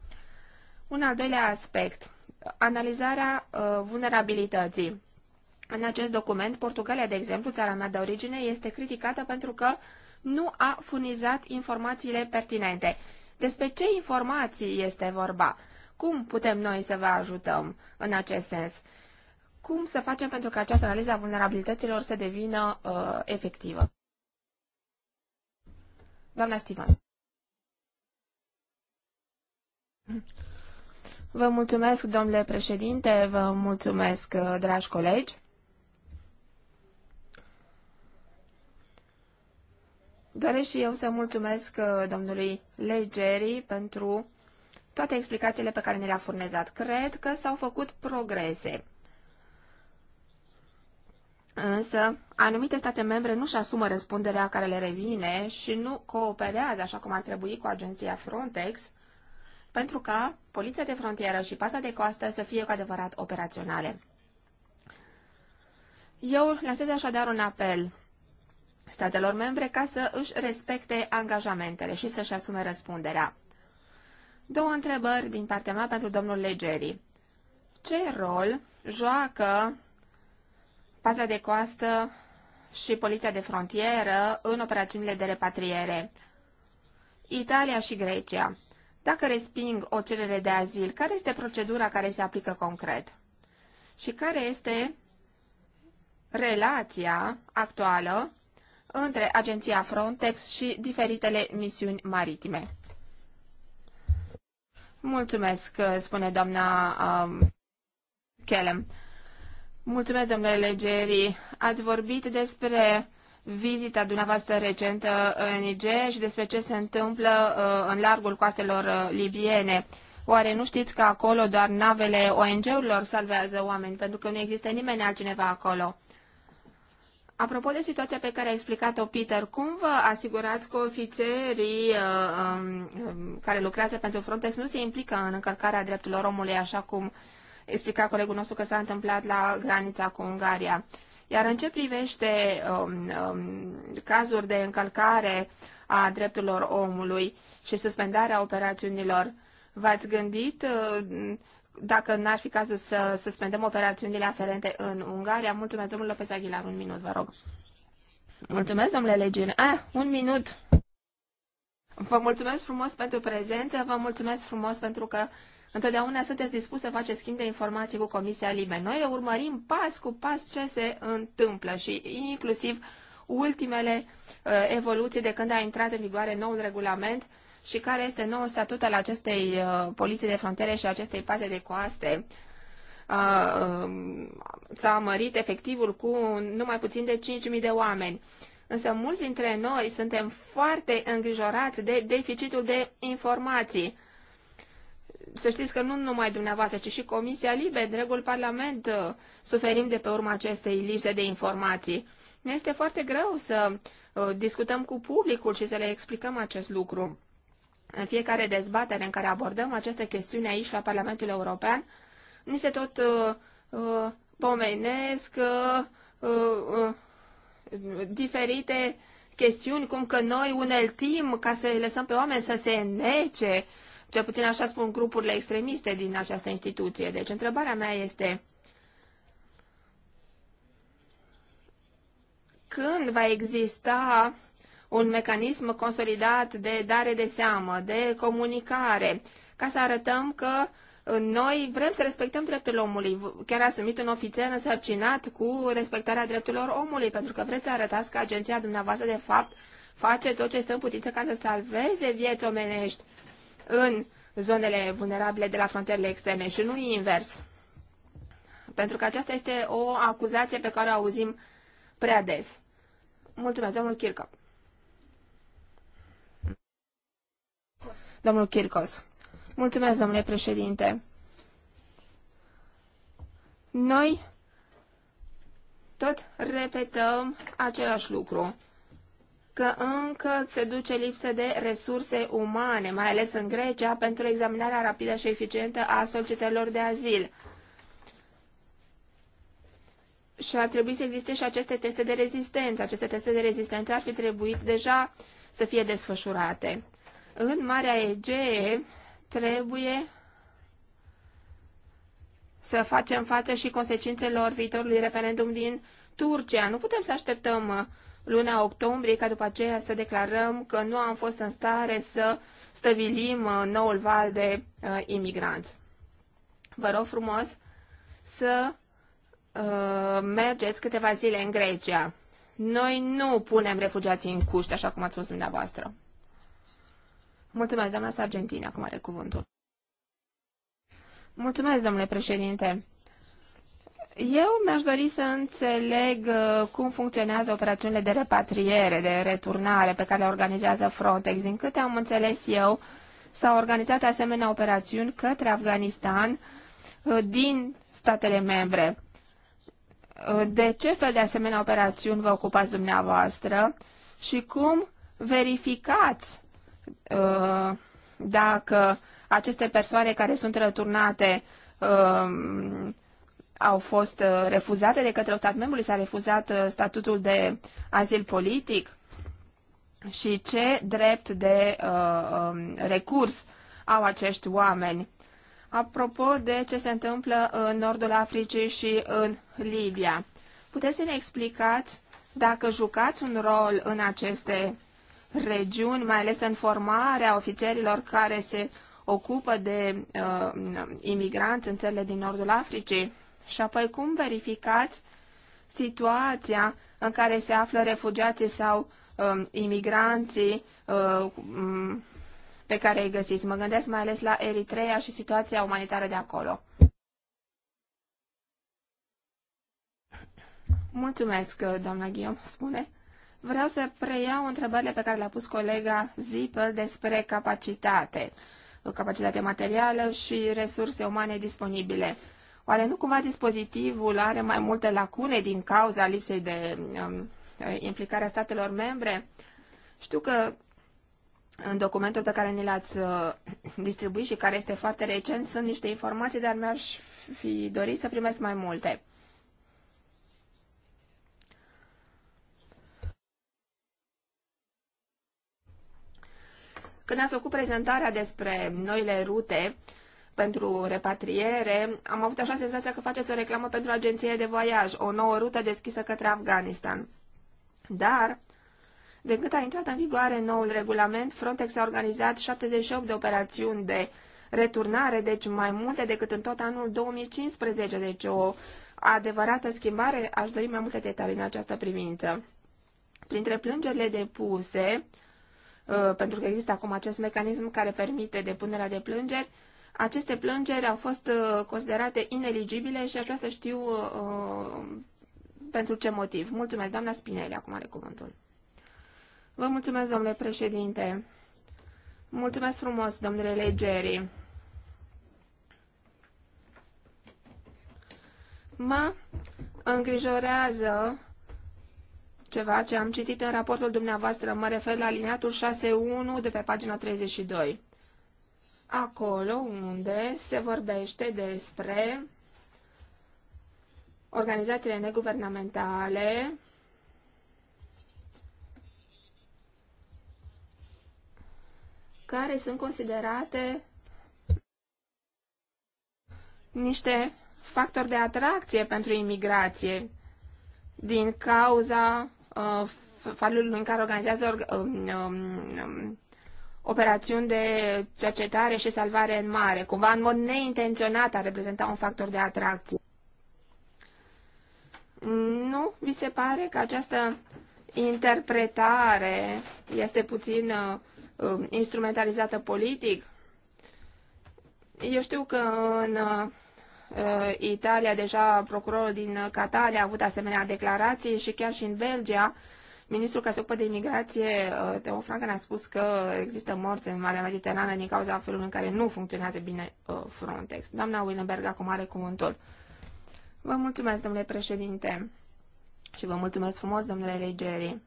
Un al doilea aspect. Analizarea uh, vulnerabilității. În acest document, Portugalia, de exemplu, țara mea de origine, este criticată pentru că nu a furnizat informațiile pertinente. Despre ce informații este vorba? Cum putem noi să vă ajutăm în acest sens? Cum să facem pentru ca această analiză a vulnerabilităților să devină uh, efectivă? Doamna Stevens. Vă mulțumesc, domnule președinte, vă mulțumesc, uh, dragi colegi. Doresc și eu să mulțumesc uh, domnului Legeri pentru toate explicațiile pe care ne le-a furnizat. Cred că s-au făcut progrese. Însă, anumite state membre nu-și asumă răspunderea care le revine și nu cooperează așa cum ar trebui cu agenția Frontex pentru ca Poliția de Frontieră și Pasa de Coastă să fie cu adevărat operaționale. Eu lansez așadar un apel statelor membre ca să își respecte angajamentele și să-și asume răspunderea. Două întrebări din partea mea pentru domnul Legeri. Ce rol joacă Paza de Coastă și Poliția de Frontieră în operațiunile de repatriere? Italia și Grecia dacă resping o cerere de azil, care este procedura care se aplică concret? Și care este relația actuală între agenția Frontex și diferitele misiuni maritime? Mulțumesc, spune doamna um, Kellem. Mulțumesc, domnule Legeri. Ați vorbit despre vizita dumneavoastră recentă în Niger și despre ce se întâmplă uh, în largul coastelor uh, libiene. Oare nu știți că acolo doar navele ONG-urilor salvează oameni, pentru că nu există nimeni altcineva acolo? Apropo de situația pe care a explicat-o Peter, cum vă asigurați că ofițerii uh, um, um care lucrează pentru Frontex nu se implică în încălcarea drepturilor omului, așa cum explica colegul nostru că s-a întâmplat la granița cu Ungaria? Uh, iar în ce privește um, um, cazuri de încălcare a drepturilor omului și suspendarea operațiunilor, v-ați gândit uh, dacă n-ar fi cazul să suspendăm operațiunile aferente în Ungaria? Mulțumesc, domnul Lopez Aguilar, un minut, vă rog. Mulțumesc, domnule Legiune. Ah, un minut. Vă mulțumesc frumos pentru prezență, vă mulțumesc frumos pentru că Întotdeauna sunteți dispus să faceți schimb de informații cu Comisia Libe. Noi urmărim pas cu pas ce se întâmplă și inclusiv ultimele uh, evoluții de când a intrat în vigoare noul regulament și care este nou statut al acestei uh, poliții de frontiere și acestei paze de coaste. Uh, um, S-a mărit efectivul cu numai puțin de 5.000 de oameni. Însă mulți dintre noi suntem foarte îngrijorați de deficitul de informații să știți că nu numai dumneavoastră, ci și Comisia Libe, întregul Parlament, uh, suferim de pe urma acestei lipse de informații. Ne este foarte greu să uh, discutăm cu publicul și să le explicăm acest lucru. În fiecare dezbatere în care abordăm aceste chestiuni aici la Parlamentul European, ni se tot uh, uh, pomenesc uh, uh, uh, diferite chestiuni, cum că noi uneltim ca să lăsăm pe oameni să se nece, cel puțin așa spun grupurile extremiste din această instituție. Deci întrebarea mea este când va exista un mecanism consolidat de dare de seamă, de comunicare, ca să arătăm că noi vrem să respectăm drepturile omului. Chiar a sumit un ofițer însărcinat cu respectarea drepturilor omului, pentru că vreți să arătați că agenția dumneavoastră, de fapt, face tot ce stă în putință ca să salveze vieți omenești în zonele vulnerabile de la frontierele externe și nu invers. Pentru că aceasta este o acuzație pe care o auzim prea des. Mulțumesc, domnul Kirchhoff. Domnul Kirkos. Mulțumesc, domnule președinte. Noi tot repetăm același lucru că încă se duce lipsă de resurse umane, mai ales în Grecia, pentru examinarea rapidă și eficientă a solicitărilor de azil. Și ar trebui să existe și aceste teste de rezistență. Aceste teste de rezistență ar fi trebuit deja să fie desfășurate. În Marea Egee trebuie să facem față și consecințelor viitorului referendum din Turcia. Nu putem să așteptăm luna octombrie, ca după aceea să declarăm că nu am fost în stare să stăvilim uh, noul val de uh, imigranți. Vă rog frumos să uh, mergeți câteva zile în Grecia. Noi nu punem refugiații în cuști, așa cum ați spus dumneavoastră. Mulțumesc, doamna Sargentini, acum are cuvântul. Mulțumesc, domnule președinte. Eu mi-aș dori să înțeleg uh, cum funcționează operațiunile de repatriere, de returnare pe care le organizează Frontex. Din câte am înțeles eu, s-au organizat asemenea operațiuni către Afganistan uh, din statele membre. Uh, de ce fel de asemenea operațiuni vă ocupați dumneavoastră și cum verificați dacă aceste persoane care sunt returnate au fost uh, refuzate de către un stat membru, s-a refuzat uh, statutul de azil politic și ce drept de uh, um, recurs au acești oameni. Apropo de ce se întâmplă în nordul Africii și în Libia, puteți să ne explicați dacă jucați un rol în aceste regiuni, mai ales în formarea ofițerilor care se ocupă de uh, imigranți în țările din nordul Africii? Și apoi cum verificați situația în care se află refugiații sau um, imigranții uh, um, pe care îi găsiți? Mă gândesc mai ales la Eritrea și situația umanitară de acolo. Mulțumesc, uh, doamna Ghiom, spune. Vreau să preiau întrebările pe care le-a pus colega Zipel despre capacitate, capacitate materială și resurse umane disponibile. Oare nu cumva dispozitivul are mai multe lacune din cauza lipsei de um, eh, implicare a statelor membre? Știu că în documentul pe care ni l-ați uh, distribuit și care este foarte recent sunt niște informații, dar mi-aș fi dorit să primesc mai multe. Când ați făcut prezentarea despre noile rute, pentru repatriere, am avut așa senzația că faceți o reclamă pentru agenție de voiaj, o nouă rută deschisă către Afganistan. Dar, de cât a intrat în vigoare noul regulament, Frontex a organizat 78 de operațiuni de returnare, deci mai multe decât în tot anul 2015, deci o adevărată schimbare. Aș dori mai multe detalii în această privință. Printre plângerile depuse, uh, pentru că există acum acest mecanism care permite depunerea de plângeri, aceste plângeri au fost uh, considerate ineligibile și aș vrea să știu uh, pentru ce motiv. Mulțumesc, doamna Spinelli, acum are cuvântul. Vă mulțumesc, domnule președinte. Mulțumesc frumos, domnule Legeri. Mă îngrijorează ceva ce am citit în raportul dumneavoastră. Mă refer la liniatul 6.1 de pe pagina 32 acolo unde se vorbește despre organizațiile neguvernamentale care sunt considerate niște factori de atracție pentru imigrație din cauza uh, felului în care organizează or, um, um, um operațiuni de cercetare și salvare în mare, cumva în mod neintenționat a reprezenta un factor de atracție. Nu vi se pare că această interpretare este puțin uh, um, instrumentalizată politic? Eu știu că în uh, uh Italia deja procurorul din Catalia a avut asemenea declarații și chiar și în Belgia uh, Ministrul care se ocupă de imigrație, uh, Teo Franca, ne-a spus că există morți în Marea Mediterană din cauza felului în care nu funcționează bine uh, Frontex. Doamna Willenberg acum are cuvântul. Vă mulțumesc, domnule președinte, și vă mulțumesc frumos, domnule Legeri.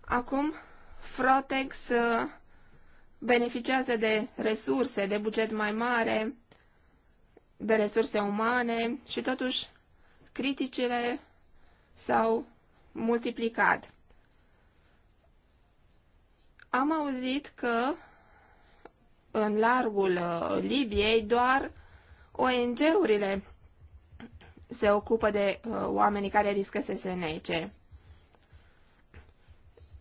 Acum, Frontex uh, beneficiază de resurse, de buget mai mare, de resurse umane și totuși criticile s-au multiplicat. Am auzit că în largul uh, Libiei doar ONG-urile se ocupă de uh, oamenii care riscă să se nece.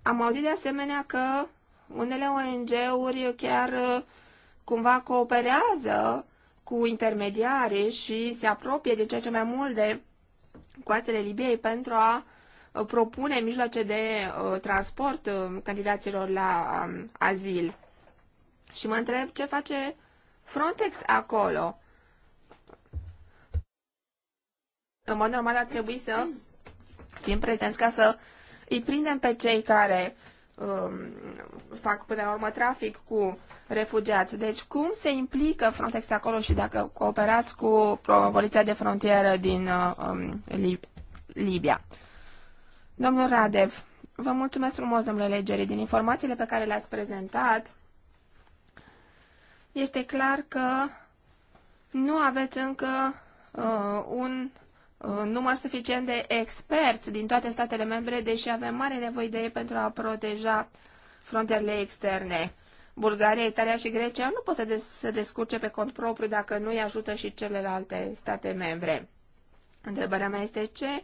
Am auzit de asemenea că unele ONG-uri chiar uh, cumva cooperează cu intermediare și se apropie din ce ce mai mult de coastele Libiei pentru a uh, propune mijloace de uh, transport uh, candidaților la um, azil. Și mă întreb ce face Frontex acolo. În mod normal ar trebui să fim prezenți ca să îi prindem pe cei care uh, Um, fac până la urmă trafic cu refugiați. Deci cum se implică Frontex acolo și dacă cooperați cu poliția de frontieră din uh, um, Lib Libia? Domnul Radev, vă mulțumesc frumos, domnule legere, din informațiile pe care le-ați prezentat. Este clar că nu aveți încă uh, un Uh, număr suficient de experți din toate statele membre, deși avem mare nevoie de ei pentru a proteja frontierele externe. Bulgaria, Italia și Grecia nu pot să, des- descurce pe cont propriu dacă nu îi ajută și celelalte state membre. Întrebarea mea este ce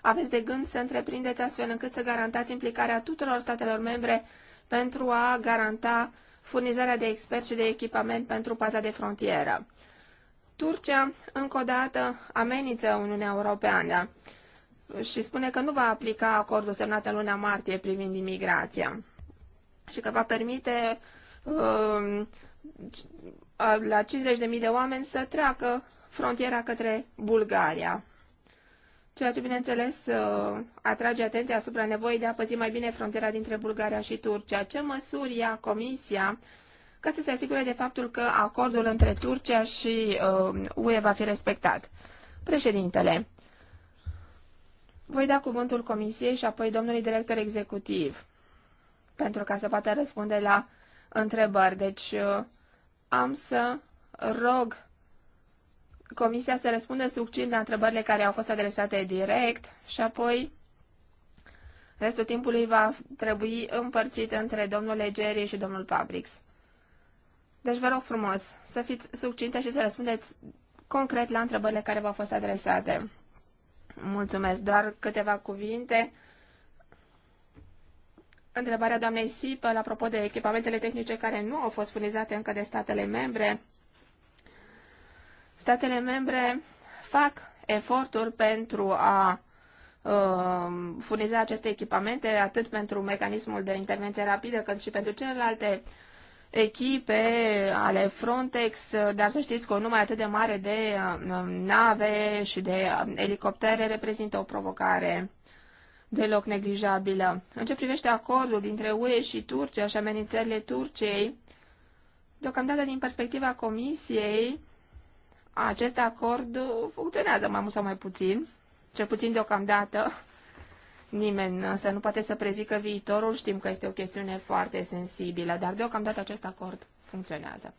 aveți de gând să întreprindeți astfel încât să garantați implicarea tuturor statelor membre pentru a garanta furnizarea de experți și de echipament pentru paza de frontieră. Turcia încă o dată amenință Uniunea Europeană și spune că nu va aplica acordul semnat în luna martie privind imigrația și că va permite uh, la 50.000 de oameni să treacă frontiera către Bulgaria. Ceea ce, bineînțeles, uh, atrage atenția asupra nevoii de a păzi mai bine frontiera dintre Bulgaria și Turcia. Ce măsuri ia Comisia ca să se asigure de faptul că acordul între Turcia și uh, UE va fi respectat. Președintele, voi da cuvântul Comisiei și apoi domnului director executiv, pentru ca să poată răspunde la întrebări. Deci uh, am să rog Comisia să răspundă succint la întrebările care au fost adresate direct și apoi restul timpului va trebui împărțit între domnul Legeri și domnul Pabrix. Deci vă rog frumos să fiți succinte și să răspundeți concret la întrebările care v-au fost adresate. Mulțumesc. Doar câteva cuvinte. Întrebarea doamnei la apropo de echipamentele tehnice care nu au fost furnizate încă de statele membre. Statele membre fac eforturi pentru a uh, furniza aceste echipamente, atât pentru mecanismul de intervenție rapidă, cât și pentru celelalte uh, echipe ale Frontex, dar să știți că un număr atât de mare de um, nave și de um, elicoptere reprezintă o provocare deloc neglijabilă. În ce privește acordul dintre UE și Turcia și amenințările Turciei, deocamdată din perspectiva Comisiei, acest acord funcționează mai mult sau mai puțin, cel puțin deocamdată, Nimeni însă nu poate să prezică viitorul, știm că este o chestiune foarte sensibilă, dar deocamdată acest acord funcționează.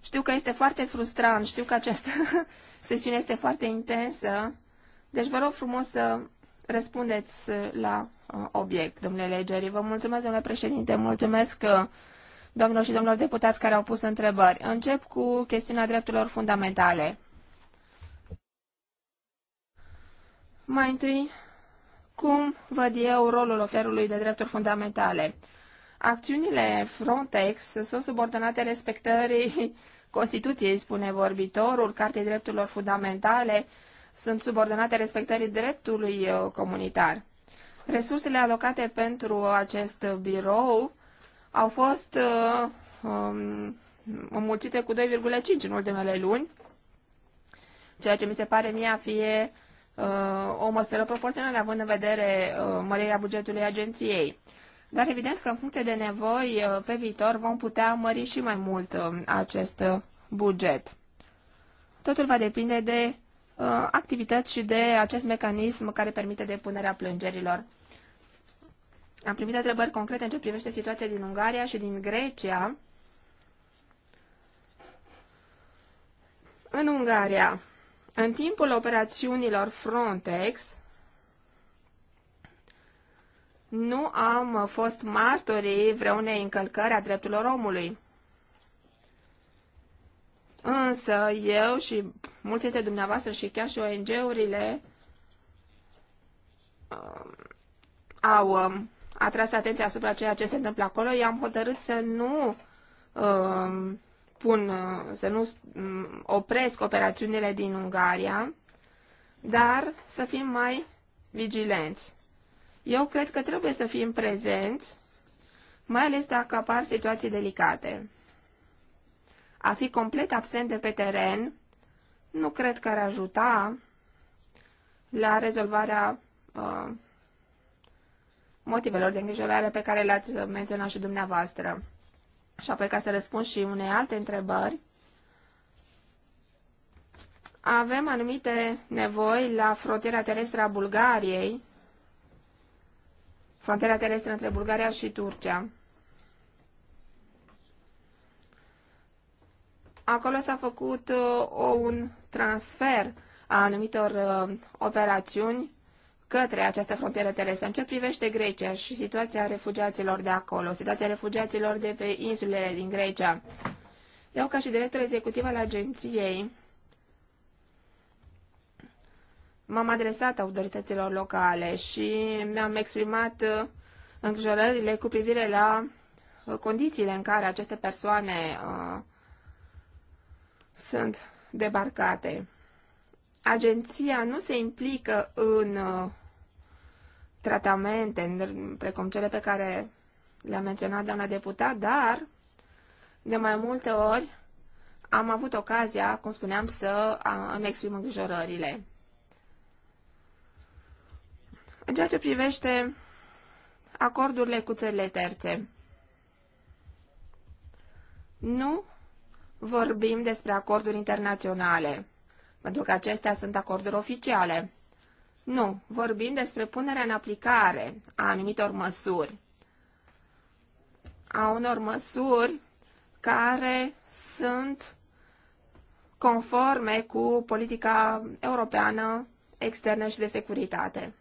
Știu că este foarte frustrant, știu că această sesiune este foarte intensă, deci vă rog frumos să răspundeți la uh, obiect, domnule Legeri. Vă mulțumesc, domnule președinte, mulțumesc că uh, domnilor și domnilor deputați care au pus întrebări. Încep cu chestiunea drepturilor fundamentale. Mai întâi, cum văd eu rolul oferului de drepturi fundamentale? Acțiunile Frontex sunt subordonate respectării Constituției, spune vorbitorul, Cartei Drepturilor Fundamentale, sunt subordonate respectării dreptului uh, comunitar. Resursele alocate pentru acest birou au fost uh, um, înmulțite cu 2,5 în ultimele luni, ceea ce mi se pare mie a fie Uh, o măsură proporțională, având în vedere uh, mărirea bugetului agenției. Dar evident că în funcție de nevoi, uh, pe viitor vom putea mări și mai mult acest buget. Totul va depinde de activități și de acest mecanism care permite depunerea plângerilor. Am primit întrebări concrete în ce privește situația din Ungaria și din Grecia. În Ungaria, în timpul operațiunilor Frontex, nu am fost martorii vreunei încălcări a drepturilor omului. Însă eu și mulți dintre dumneavoastră și chiar și ONG-urile uh, um, au uh, atras atenția asupra ceea ce se întâmplă acolo. Eu am hotărât să nu uh, pun, uh, să nu mm, opresc operațiunile din Ungaria, dar să fim mai vigilenți. Eu cred că trebuie să fim prezenți, mai ales dacă apar situații delicate. A fi complet absent de pe teren nu cred că ar ajuta la rezolvarea uh, motivelor de îngrijorare pe care le-ați menționat și dumneavoastră. Și apoi ca să răspund și unei alte întrebări, avem anumite nevoi la frontiera terestră a Bulgariei, frontiera terestră între Bulgaria și Turcia. Acolo s-a făcut uh, un transfer a anumitor uh, operațiuni către această frontieră terestră. În ce privește Grecia și situația refugiaților de acolo, situația refugiaților de pe insulele din Grecia, eu ca și director executiv al agenției m-am adresat autorităților locale și mi-am exprimat uh, îngrijorările cu privire la uh, condițiile în care aceste persoane uh, sunt debarcate. Agenția nu se implică în uh, tratamente, precum cele pe care le-a menționat doamna deputat, dar de mai multe ori am avut ocazia, cum spuneam, să îmi exprim îngrijorările. În ceea ce privește acordurile cu țările terțe, nu vorbim despre acorduri internaționale, pentru că acestea sunt acorduri oficiale. Nu, vorbim despre punerea în aplicare a anumitor măsuri, a unor măsuri care sunt conforme cu politica europeană externă și de securitate.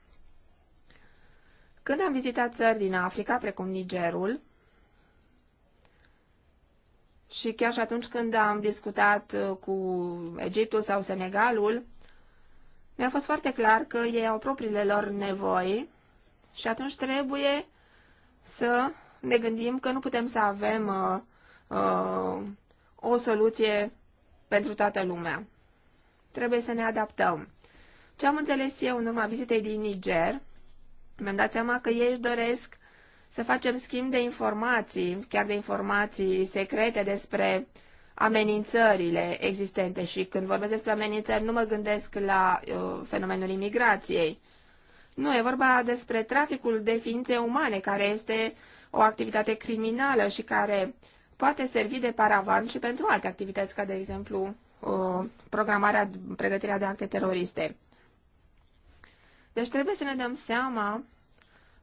Când am vizitat țări din Africa, precum Nigerul, și chiar și atunci când am discutat uh, cu Egiptul sau Senegalul, mi-a fost foarte clar că ei au propriile lor nevoi și atunci trebuie să ne gândim că nu putem să avem uh, uh, o soluție pentru toată lumea. Trebuie să ne adaptăm. Ce am înțeles eu în urma vizitei din Niger, mi-am dat seama că ei își doresc să facem schimb de informații, chiar de informații secrete despre uh, amenințările existente și când vorbesc despre amenințări nu mă gândesc la uh, fenomenul imigrației. Nu, e vorba despre traficul de ființe umane, care este o activitate criminală și care poate servi de paravan și pentru alte activități, ca de exemplu uh, programarea, pregătirea de acte teroriste. Deci trebuie să ne dăm seama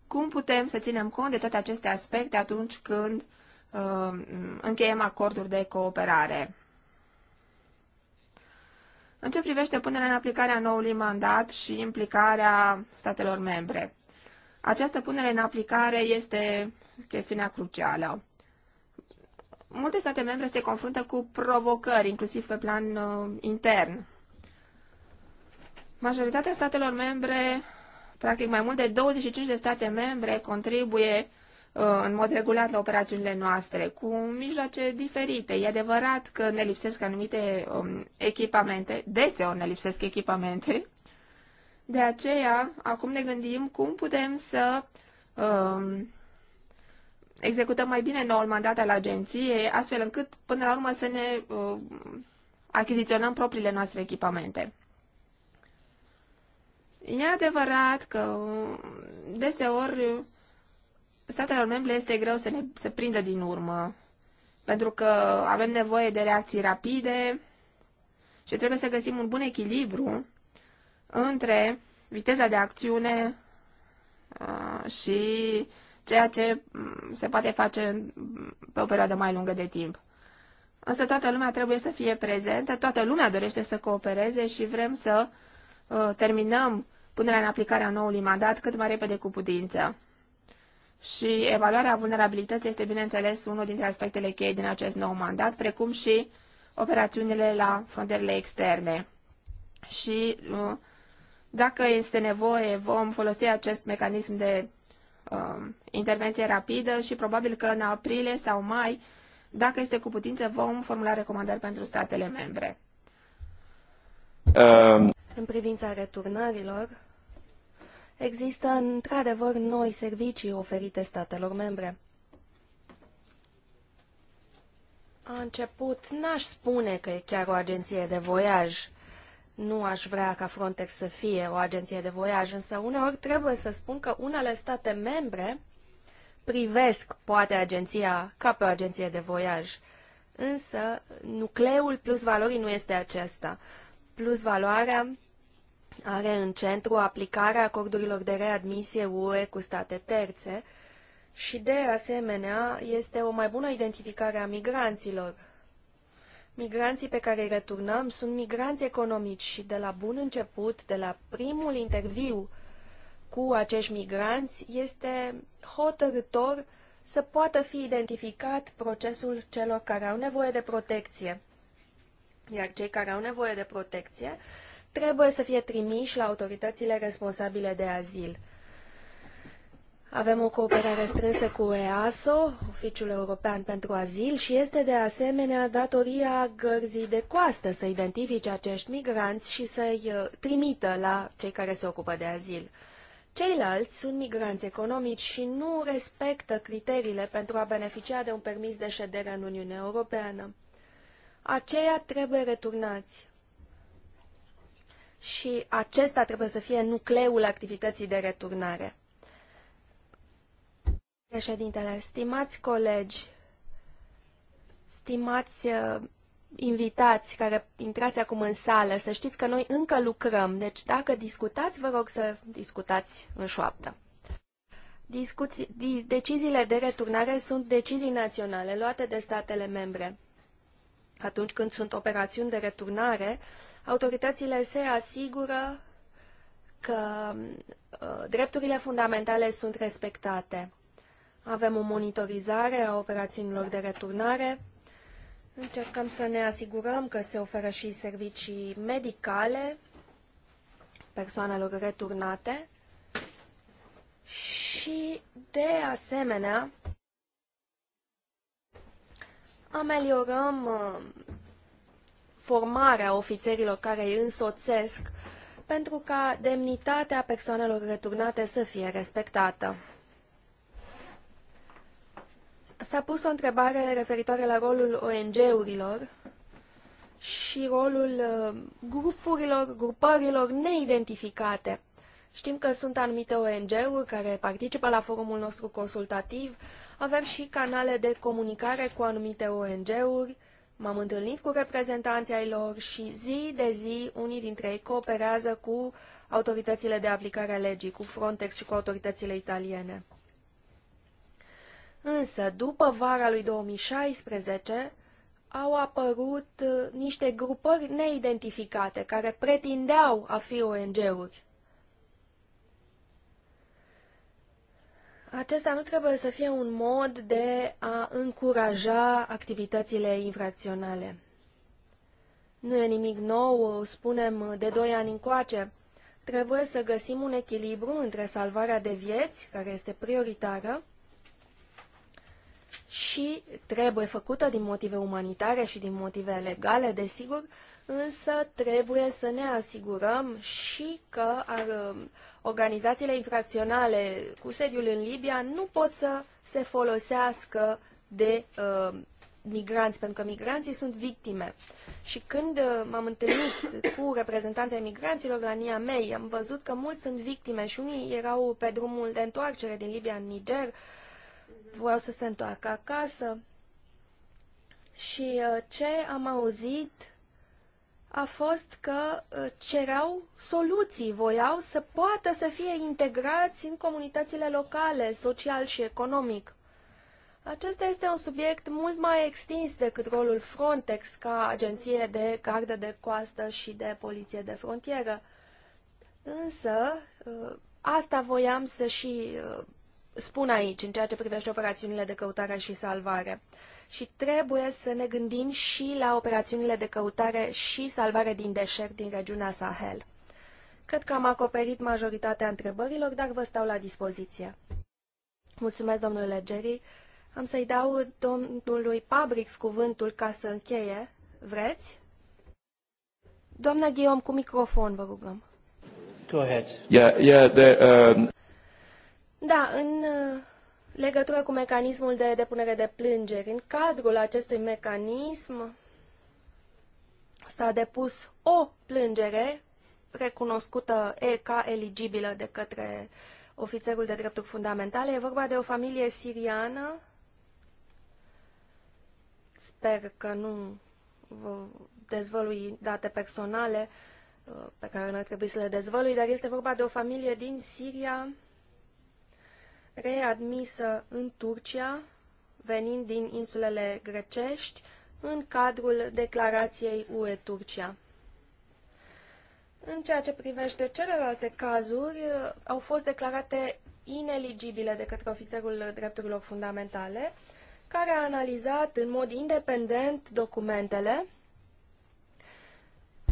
cum putem să ținem cont de toate aceste aspecte atunci când uh, Uh, încheiem acorduri de cooperare. În ce privește punerea în aplicare a noului mandat și implicarea statelor membre? Această punere în aplicare este chestiunea crucială. Multe state membre se confruntă cu provocări, inclusiv pe plan uh, intern. Majoritatea statelor membre, practic mai mult de 25 de state membre, contribuie Uh, în mod regulat la operațiunile noastre, cu mijloace diferite. E adevărat că ne lipsesc anumite um, echipamente, deseori ne lipsesc echipamente, de aceea acum ne gândim cum putem să um, executăm mai bine noul mandat al agenției, astfel încât până la urmă să ne uh, achiziționăm propriile noastre echipamente. E adevărat că uh, deseori statelor membre este greu să ne să prindă din urmă, pentru că avem nevoie de reacții rapide și trebuie să găsim un bun echilibru între viteza de acțiune și ceea ce se poate face pe o perioadă mai lungă de timp. Însă toată lumea trebuie să fie prezentă, toată lumea dorește să coopereze și vrem să uh, terminăm punerea în aplicare a noului mandat cât mai repede cu putință și evaluarea vulnerabilității este, bineînțeles, unul dintre aspectele cheie din acest nou mandat, precum și operațiunile la frontierele externe. Și uh, dacă este nevoie, vom folosi acest mecanism de uh, intervenție rapidă și probabil că în aprilie sau mai, dacă este cu putință, vom formula recomandări pentru statele membre. Um. În privința returnărilor, Există într-adevăr noi servicii oferite statelor membre. A început, n-aș spune că e chiar o agenție de voiaj. Nu aș vrea ca Frontex să fie o agenție de voiaj, însă uneori trebuie să spun că unele state membre privesc, poate, agenția ca pe o agenție de voiaj. Însă, nucleul plus valorii nu este acesta. Plus valoarea are în centru aplicarea acordurilor de readmisie UE cu state terțe și, de asemenea, este o mai bună identificare a migranților. Migranții pe care îi returnăm sunt migranți economici și de la bun început, de la primul interviu cu acești migranți, este hotărător să poată fi identificat procesul celor care au nevoie de protecție. Iar cei care au nevoie de protecție trebuie să fie trimiși la autoritățile responsabile de azil. Avem o cooperare strânsă cu EASO, Oficiul European pentru Azil, și este de asemenea datoria gărzii de coastă să identifice acești migranți și să-i uh, trimită la cei care se ocupă de azil. Ceilalți sunt migranți economici și nu respectă criteriile pentru a beneficia de un permis de ședere în Uniunea Europeană. Aceia trebuie returnați și acesta trebuie să fie nucleul activității de returnare. Președintele, stimați colegi, stimați uh, invitați care intrați acum în sală, să știți că noi încă lucrăm, deci dacă discutați, vă rog să discutați în șoaptă. Discuții, deciziile de returnare sunt decizii naționale luate de statele membre. Atunci când sunt operațiuni de returnare, uh, autoritățile se asigură că uh, drepturile fundamentale sunt respectate. Avem o monitorizare a operațiunilor de returnare, încercăm să ne asigurăm că se oferă și servicii medicale persoanelor returnate și, de asemenea, ameliorăm uh, formarea ofițerilor care îi însoțesc pentru ca demnitatea persoanelor returnate să fie respectată. S-a pus o întrebare referitoare la rolul ONG-urilor și rolul uh, grupurilor, grupărilor neidentificate. Știm că sunt anumite ONG-uri care participă la forumul nostru consultativ, avem și canale de comunicare cu anumite ONG-uri, M-am întâlnit cu reprezentanții ai lor și zi de zi unii dintre ei cooperează cu autoritățile de aplicare a legii, cu Frontex și cu autoritățile italiene. Însă, după vara lui 2016, au apărut uh, niște grupări neidentificate care pretindeau a fi ONG-uri. Acesta nu trebuie să fie un mod de a încuraja activitățile infracționale. Nu e nimic nou, spunem, de doi ani încoace. Trebuie să găsim un echilibru între salvarea de vieți, care este prioritară, și trebuie făcută din motive umanitare și din motive legale, desigur, însă trebuie să ne asigurăm și că ar, um, organizațiile infracționale cu sediul în Libia nu pot să se folosească de uh, migranți, pentru că migranții sunt victime. Și când uh, m-am întâlnit cu reprezentanții migranților la Niamey, am văzut că mulți sunt victime și unii erau pe drumul de întoarcere din Libia în Niger, voiau să se întoarcă acasă. Și uh, ce am auzit a fost că uh, cereau soluții, voiau să poată să fie integrați în comunitățile locale, social și economic. Acesta este un subiect mult mai extins decât rolul Frontex ca agenție de gardă de coastă și de poliție de frontieră. Însă, uh, asta voiam să și uh, spun aici, în ceea ce privește operațiunile de căutare și salvare și trebuie să ne gândim și la operațiunile de căutare și salvare din deșert din regiunea Sahel. Cred că am acoperit majoritatea întrebărilor, dar vă stau la dispoziție. Mulțumesc, domnule Jerry. Am să-i dau domnului Pabrix cuvântul ca să încheie. Vreți? Doamna Ghiom, cu microfon, vă rugăm. Go ahead. Yeah, yeah, the, um... Da, în uh, legătură cu mecanismul de depunere de plângeri. În cadrul acestui mecanism s-a depus o plângere recunoscută e ca eligibilă de către ofițerul de drepturi fundamentale. E vorba de o familie siriană. Sper că nu vă dezvălui date personale uh, pe care nu ar trebui să le dezvălui, dar este vorba de o familie din Siria readmisă în Turcia, venind din insulele grecești, în cadrul declarației UE-Turcia. În ceea ce privește celelalte cazuri, au fost declarate ineligibile de către ofițerul drepturilor fundamentale, care a analizat în mod independent documentele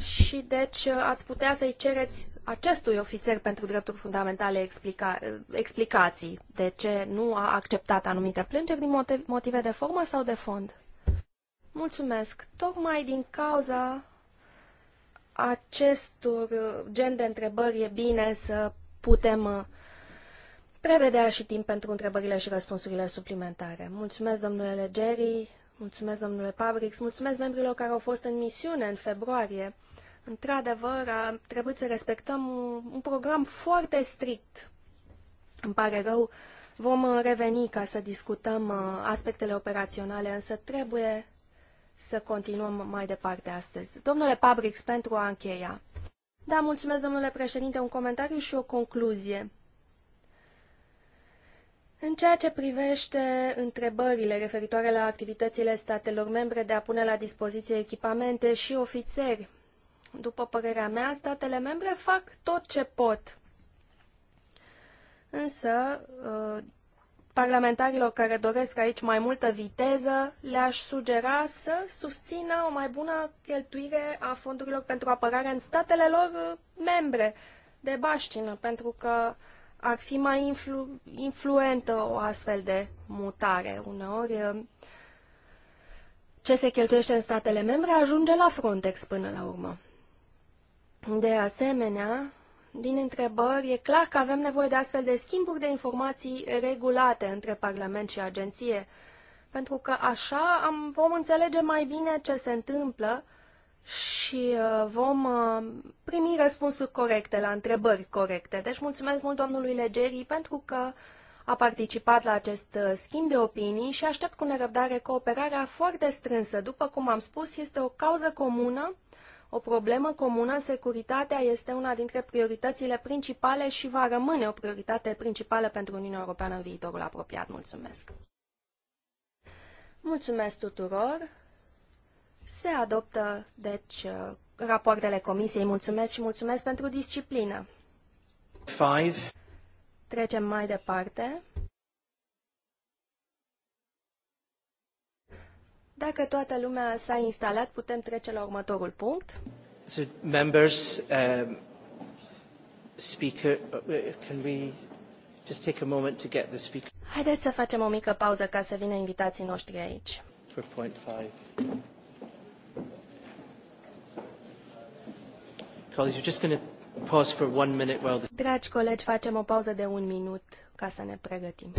și deci ați putea să-i cereți acestui ofițer pentru drepturi fundamentale explica, explicații de ce nu a acceptat anumite plângeri din motive de formă sau de fond? Mulțumesc. Tocmai din cauza acestor uh, gen de întrebări e bine să putem uh, prevedea și timp pentru întrebările și răspunsurile suplimentare. Mulțumesc, domnule Legeri, mulțumesc, domnule Pavrix, mulțumesc membrilor care au fost în misiune în februarie. Într-adevăr, trebuie să respectăm un program foarte strict. Îmi pare rău, vom reveni ca să discutăm uh, aspectele operaționale, însă trebuie să continuăm mai departe astăzi. Domnule Pabrix, pentru a încheia. Da, mulțumesc, domnule președinte, un comentariu și o concluzie. În ceea ce privește întrebările referitoare la activitățile statelor membre de a pune la dispoziție echipamente și ofițeri după părerea mea, statele membre fac tot ce pot. Însă, uh, parlamentarilor care doresc aici mai multă viteză, le-aș sugera să susțină o mai bună cheltuire a fondurilor pentru apărare în statele lor uh, membre de baștină, pentru că ar fi mai influ influentă o astfel de mutare. Uneori, uh, ce se cheltuiește în statele membre ajunge la Frontex până la urmă. De asemenea, din întrebări, e clar că avem nevoie de astfel de schimburi de informații regulate între Parlament și agenție, pentru că așa am, vom înțelege mai bine ce se întâmplă și uh, vom uh, primi răspunsuri corecte la întrebări corecte. Deci mulțumesc mult domnului Legerii pentru că a participat la acest uh, schimb de opinii și aștept cu nerăbdare cooperarea foarte strânsă. După cum am spus, este o cauză comună o problemă comună, securitatea este una dintre prioritățile principale și va rămâne o prioritate principală pentru Uniunea Europeană în viitorul apropiat. Mulțumesc! Mulțumesc tuturor! Se adoptă, deci, rapoartele comisiei. Mulțumesc și mulțumesc pentru disciplină. Five. Trecem mai departe. Dacă toată lumea s-a instalat, putem trece la următorul punct. So, members, um, speaker, uh, can we just take a moment to get the speaker? Haideți să facem o mică pauză ca să vină invitații noștri aici. For point five. Colleagues, we're just going to pause for one minute while the... Dragi colegi, facem o pauză de un minut ca să ne pregătim.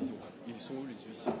Ils, ont, ils sont où les huissiers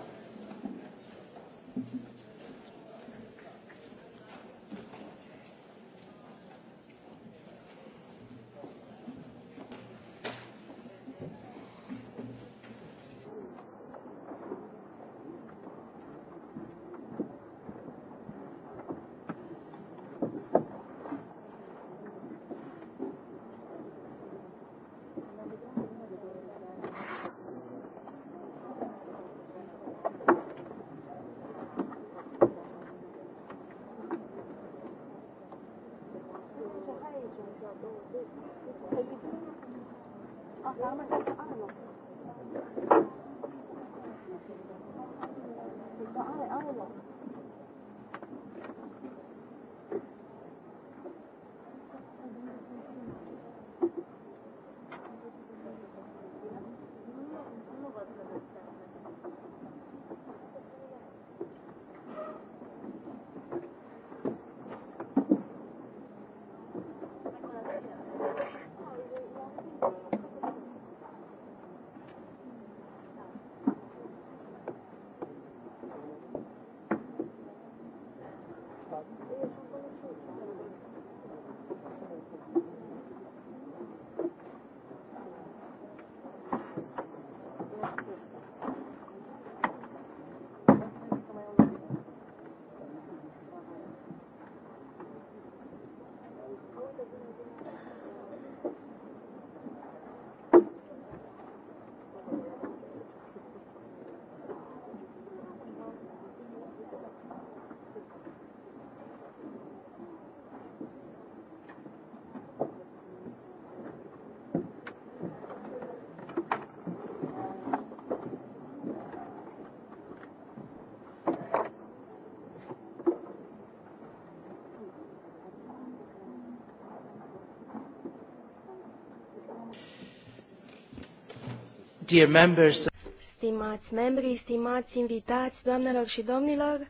dear members. Stimați membri, stimați invitați, doamnelor și domnilor,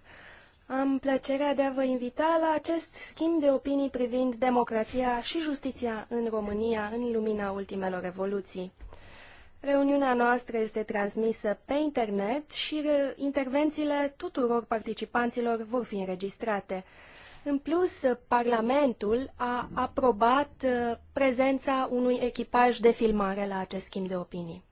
am plăcerea de a vă invita la acest schimb de opinii privind democrația și justiția în România în lumina ultimelor evoluții. Reuniunea noastră este transmisă pe internet și intervențiile tuturor participanților vor fi înregistrate. În plus, Parlamentul a aprobat uh, prezența unui echipaj de filmare la acest schimb de opinii.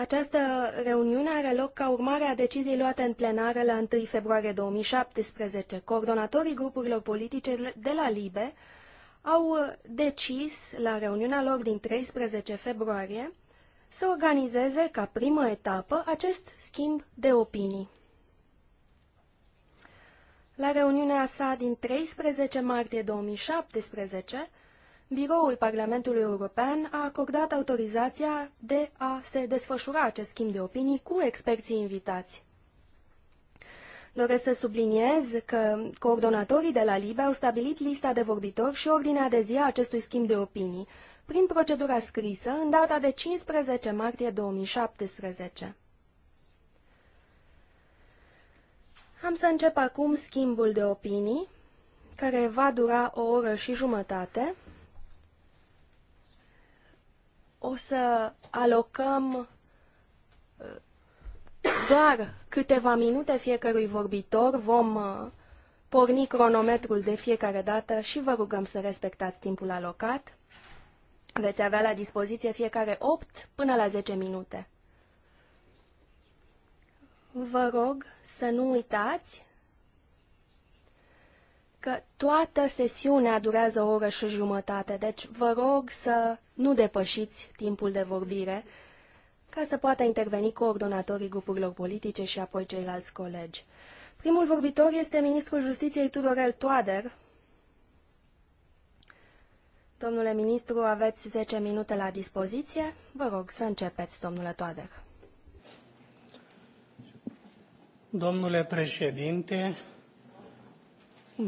Această reuniune are loc ca urmare a deciziei luate în plenară la 1 februarie 2017. Coordonatorii grupurilor politice de la LIBE au decis la reuniunea lor din 13 februarie să organizeze ca primă etapă acest schimb de opinii. La reuniunea sa din 13 martie 2017, Biroul Parlamentului European a acordat autorizația de a se desfășura acest schimb de opinii cu experții invitați. Doresc să subliniez că coordonatorii de la LIBE au stabilit lista de vorbitori și ordinea de zi a acestui schimb de opinii, prin procedura scrisă, în data de 15 martie 2017. Am să încep acum schimbul de opinii, care va dura o oră și jumătate o să alocăm uh, doar câteva minute fiecărui vorbitor. Vom uh, porni cronometrul de fiecare dată și vă rugăm să respectați timpul alocat. Veți avea la dispoziție fiecare 8 până la 10 minute. Vă rog să nu uitați că toată sesiunea durează o oră și jumătate, deci vă rog să nu depășiți timpul de vorbire ca să poată interveni coordonatorii grupurilor politice și apoi ceilalți colegi. Primul vorbitor este ministrul justiției Tudorel Toader. Domnule ministru, aveți 10 minute la dispoziție. Vă rog să începeți, domnule Toader. Domnule președinte,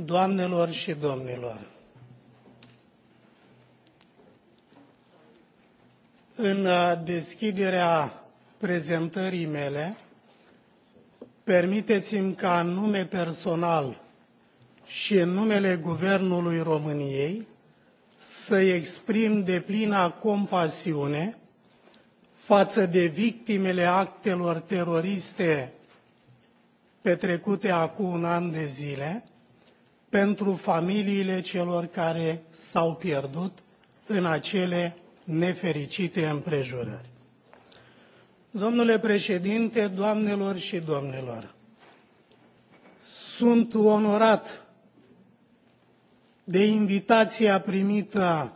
Doamnelor și domnilor, în uh, deschiderea prezentării mele, permiteți-mi ca în nume personal și în numele Guvernului României să exprim plina compasiune față de victimele actelor teroriste petrecute acum un an de zile, pentru familiile celor care s-au pierdut în acele nefericite împrejurări. Domnule președinte, doamnelor și domnilor, sunt onorat de invitația primită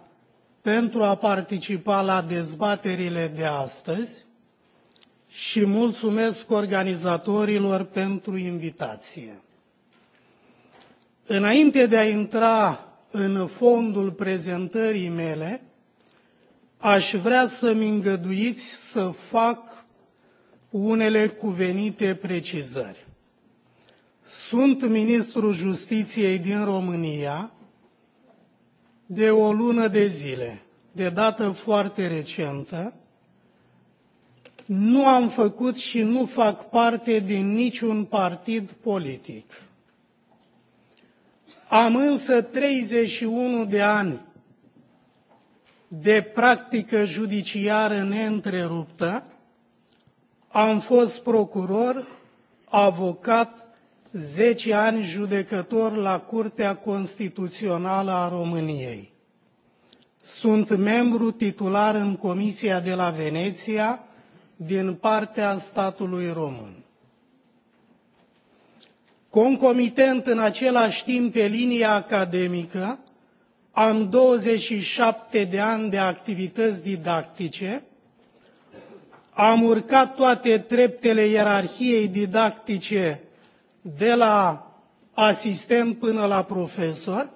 pentru a participa la dezbaterile de astăzi și mulțumesc organizatorilor pentru invitație. Înainte de a intra în fondul prezentării mele, aș vrea să-mi îngăduiți să fac unele cuvenite precizări. Sunt ministrul justiției din România de o lună de zile, de dată foarte recentă. Nu am făcut și nu fac parte din niciun partid politic am însă 31 de ani de practică judiciară neîntreruptă. Am fost procuror, avocat, 10 ani judecător la Curtea Constituțională a României. Sunt membru titular în Comisia de la Veneția din partea statului român. Concomitent în același timp pe linia academică, am 27 de ani de activități didactice, am urcat toate treptele ierarhiei didactice de la asistent până la profesor,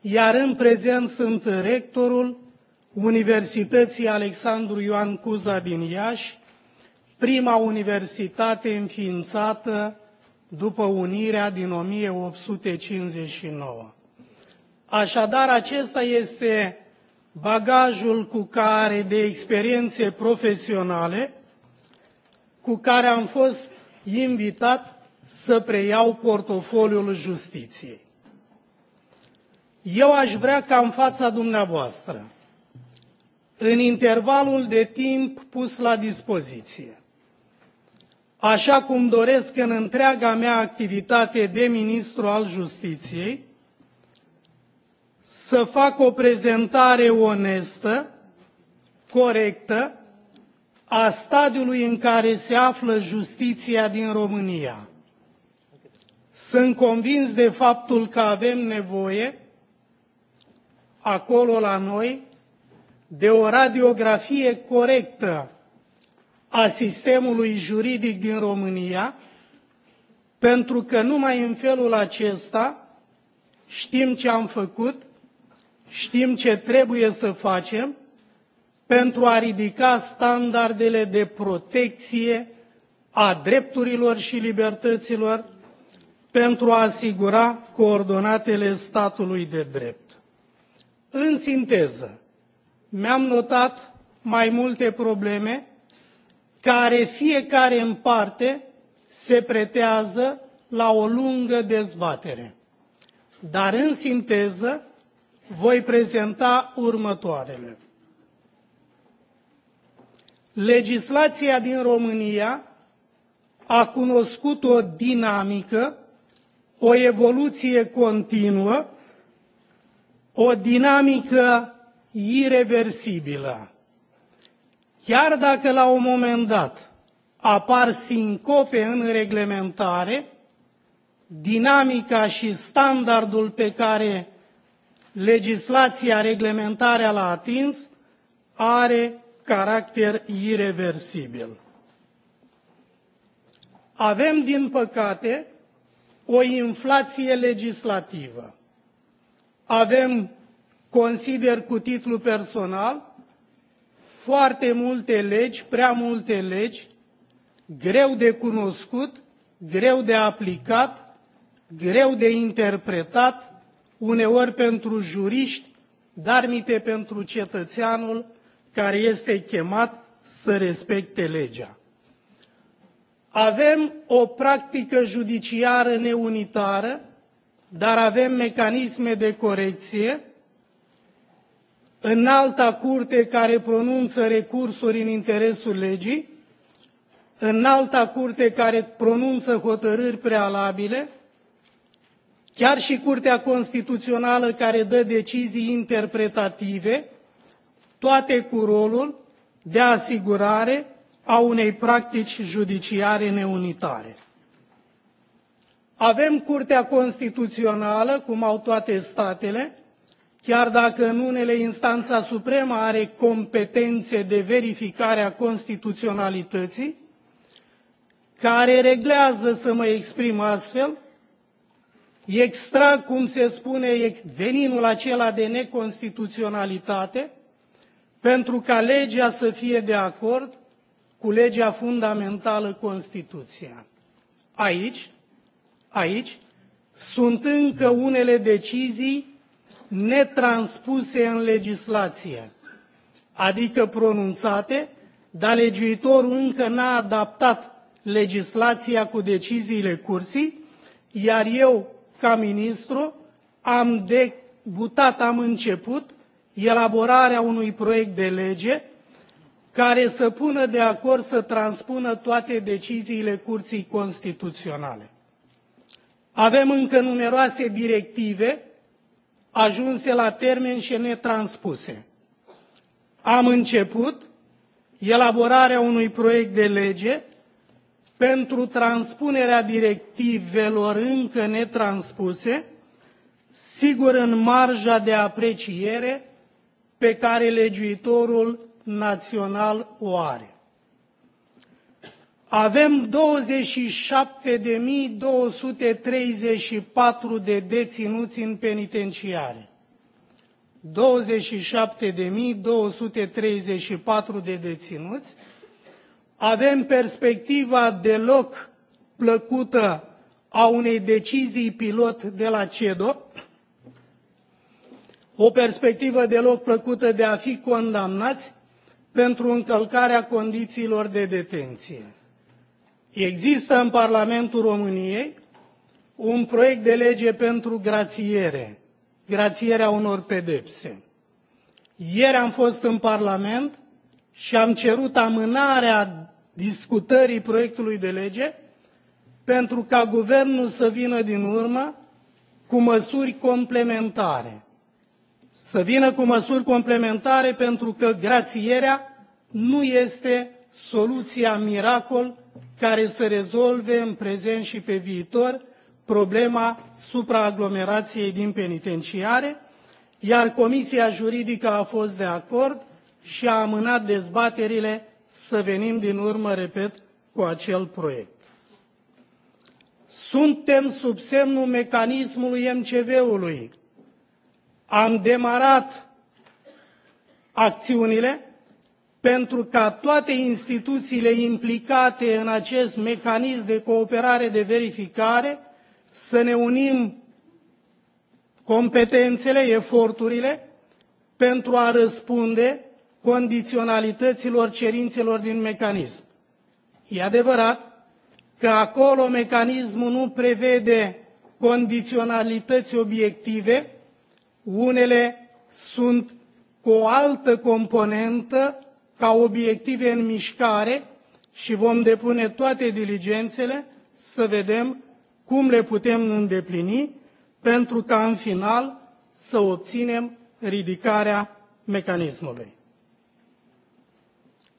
iar în prezent sunt rectorul Universității Alexandru Ioan Cuza din Iași, prima universitate înființată după unirea din 1859. Așadar, acesta este bagajul cu care de experiențe profesionale cu care am fost invitat să preiau portofoliul justiției. Eu aș vrea ca în fața dumneavoastră, în intervalul de timp pus la dispoziție, așa cum doresc în întreaga mea activitate de ministru al justiției, să fac o prezentare onestă, corectă, a stadiului în care se află justiția din România. Sunt convins de faptul că avem nevoie, acolo la noi, de o radiografie corectă a sistemului juridic din România, pentru că numai în felul acesta știm ce am făcut, știm ce trebuie să facem pentru a ridica standardele de protecție a drepturilor și libertăților, pentru a asigura coordonatele statului de drept. În sinteză, mi-am notat mai multe probleme care fiecare în parte se pretează la o lungă dezbatere. Dar în sinteză voi prezenta următoarele. Legislația din România a cunoscut o dinamică, o evoluție continuă, o dinamică irreversibilă. Chiar dacă la un moment dat apar sincope în reglementare, dinamica și standardul pe care legislația reglementarea l-a atins are caracter ireversibil. Avem, din păcate, o inflație legislativă. Avem, consider cu titlu personal, foarte multe legi, prea multe legi, greu de cunoscut, greu de aplicat, greu de interpretat, uneori pentru juriști, dar mite pentru cetățeanul care este chemat să respecte legea. Avem o practică judiciară neunitară, dar avem mecanisme de corecție înalta curte care pronunță recursuri în interesul legii, înalta curte care pronunță hotărâri prealabile, chiar și Curtea Constituțională care dă decizii interpretative, toate cu rolul de asigurare a unei practici judiciare neunitare. Avem Curtea Constituțională, cum au toate statele, chiar dacă în unele instanța supremă are competențe de verificare a constituționalității, care reglează să mă exprim astfel, extrag, cum se spune, veninul acela de neconstituționalitate, pentru ca legea să fie de acord cu legea fundamentală Constituția. Aici, aici, sunt încă unele decizii netranspuse în legislație, adică pronunțate, dar legiuitorul încă n-a adaptat legislația cu deciziile curții, iar eu, ca ministru, am debutat, am început elaborarea unui proiect de lege care să pună de acord să transpună toate deciziile Curții Constituționale. Avem încă numeroase directive ajunse la termen și netranspuse. Am început elaborarea unui proiect de lege pentru transpunerea directivelor încă netranspuse, sigur în marja de apreciere pe care legiuitorul național o are. Avem 27.234 de deținuți în penitenciare. 27.234 de deținuți. Avem perspectiva deloc plăcută a unei decizii pilot de la CEDO, o perspectivă deloc plăcută de a fi condamnați pentru încălcarea condițiilor de detenție. Există în Parlamentul României un proiect de lege pentru grațiere, grațierea unor pedepse. Ieri am fost în Parlament și am cerut amânarea discutării proiectului de lege pentru ca guvernul să vină din urmă cu măsuri complementare. Să vină cu măsuri complementare pentru că grațierea nu este soluția miracol care să rezolve în prezent și pe viitor problema supraaglomerației din penitenciare, iar Comisia Juridică a fost de acord și a amânat dezbaterile să venim din urmă, repet, cu acel proiect. Suntem sub semnul mecanismului MCV-ului. Am demarat acțiunile pentru ca toate instituțiile implicate în acest mecanism de cooperare de verificare să ne unim competențele, eforturile pentru a răspunde condiționalităților cerințelor din mecanism. E adevărat că acolo mecanismul nu prevede condiționalități obiective, unele sunt cu o altă componentă ca obiective în mișcare și vom depune toate diligențele să vedem cum le putem îndeplini pentru ca în final să obținem ridicarea mecanismului.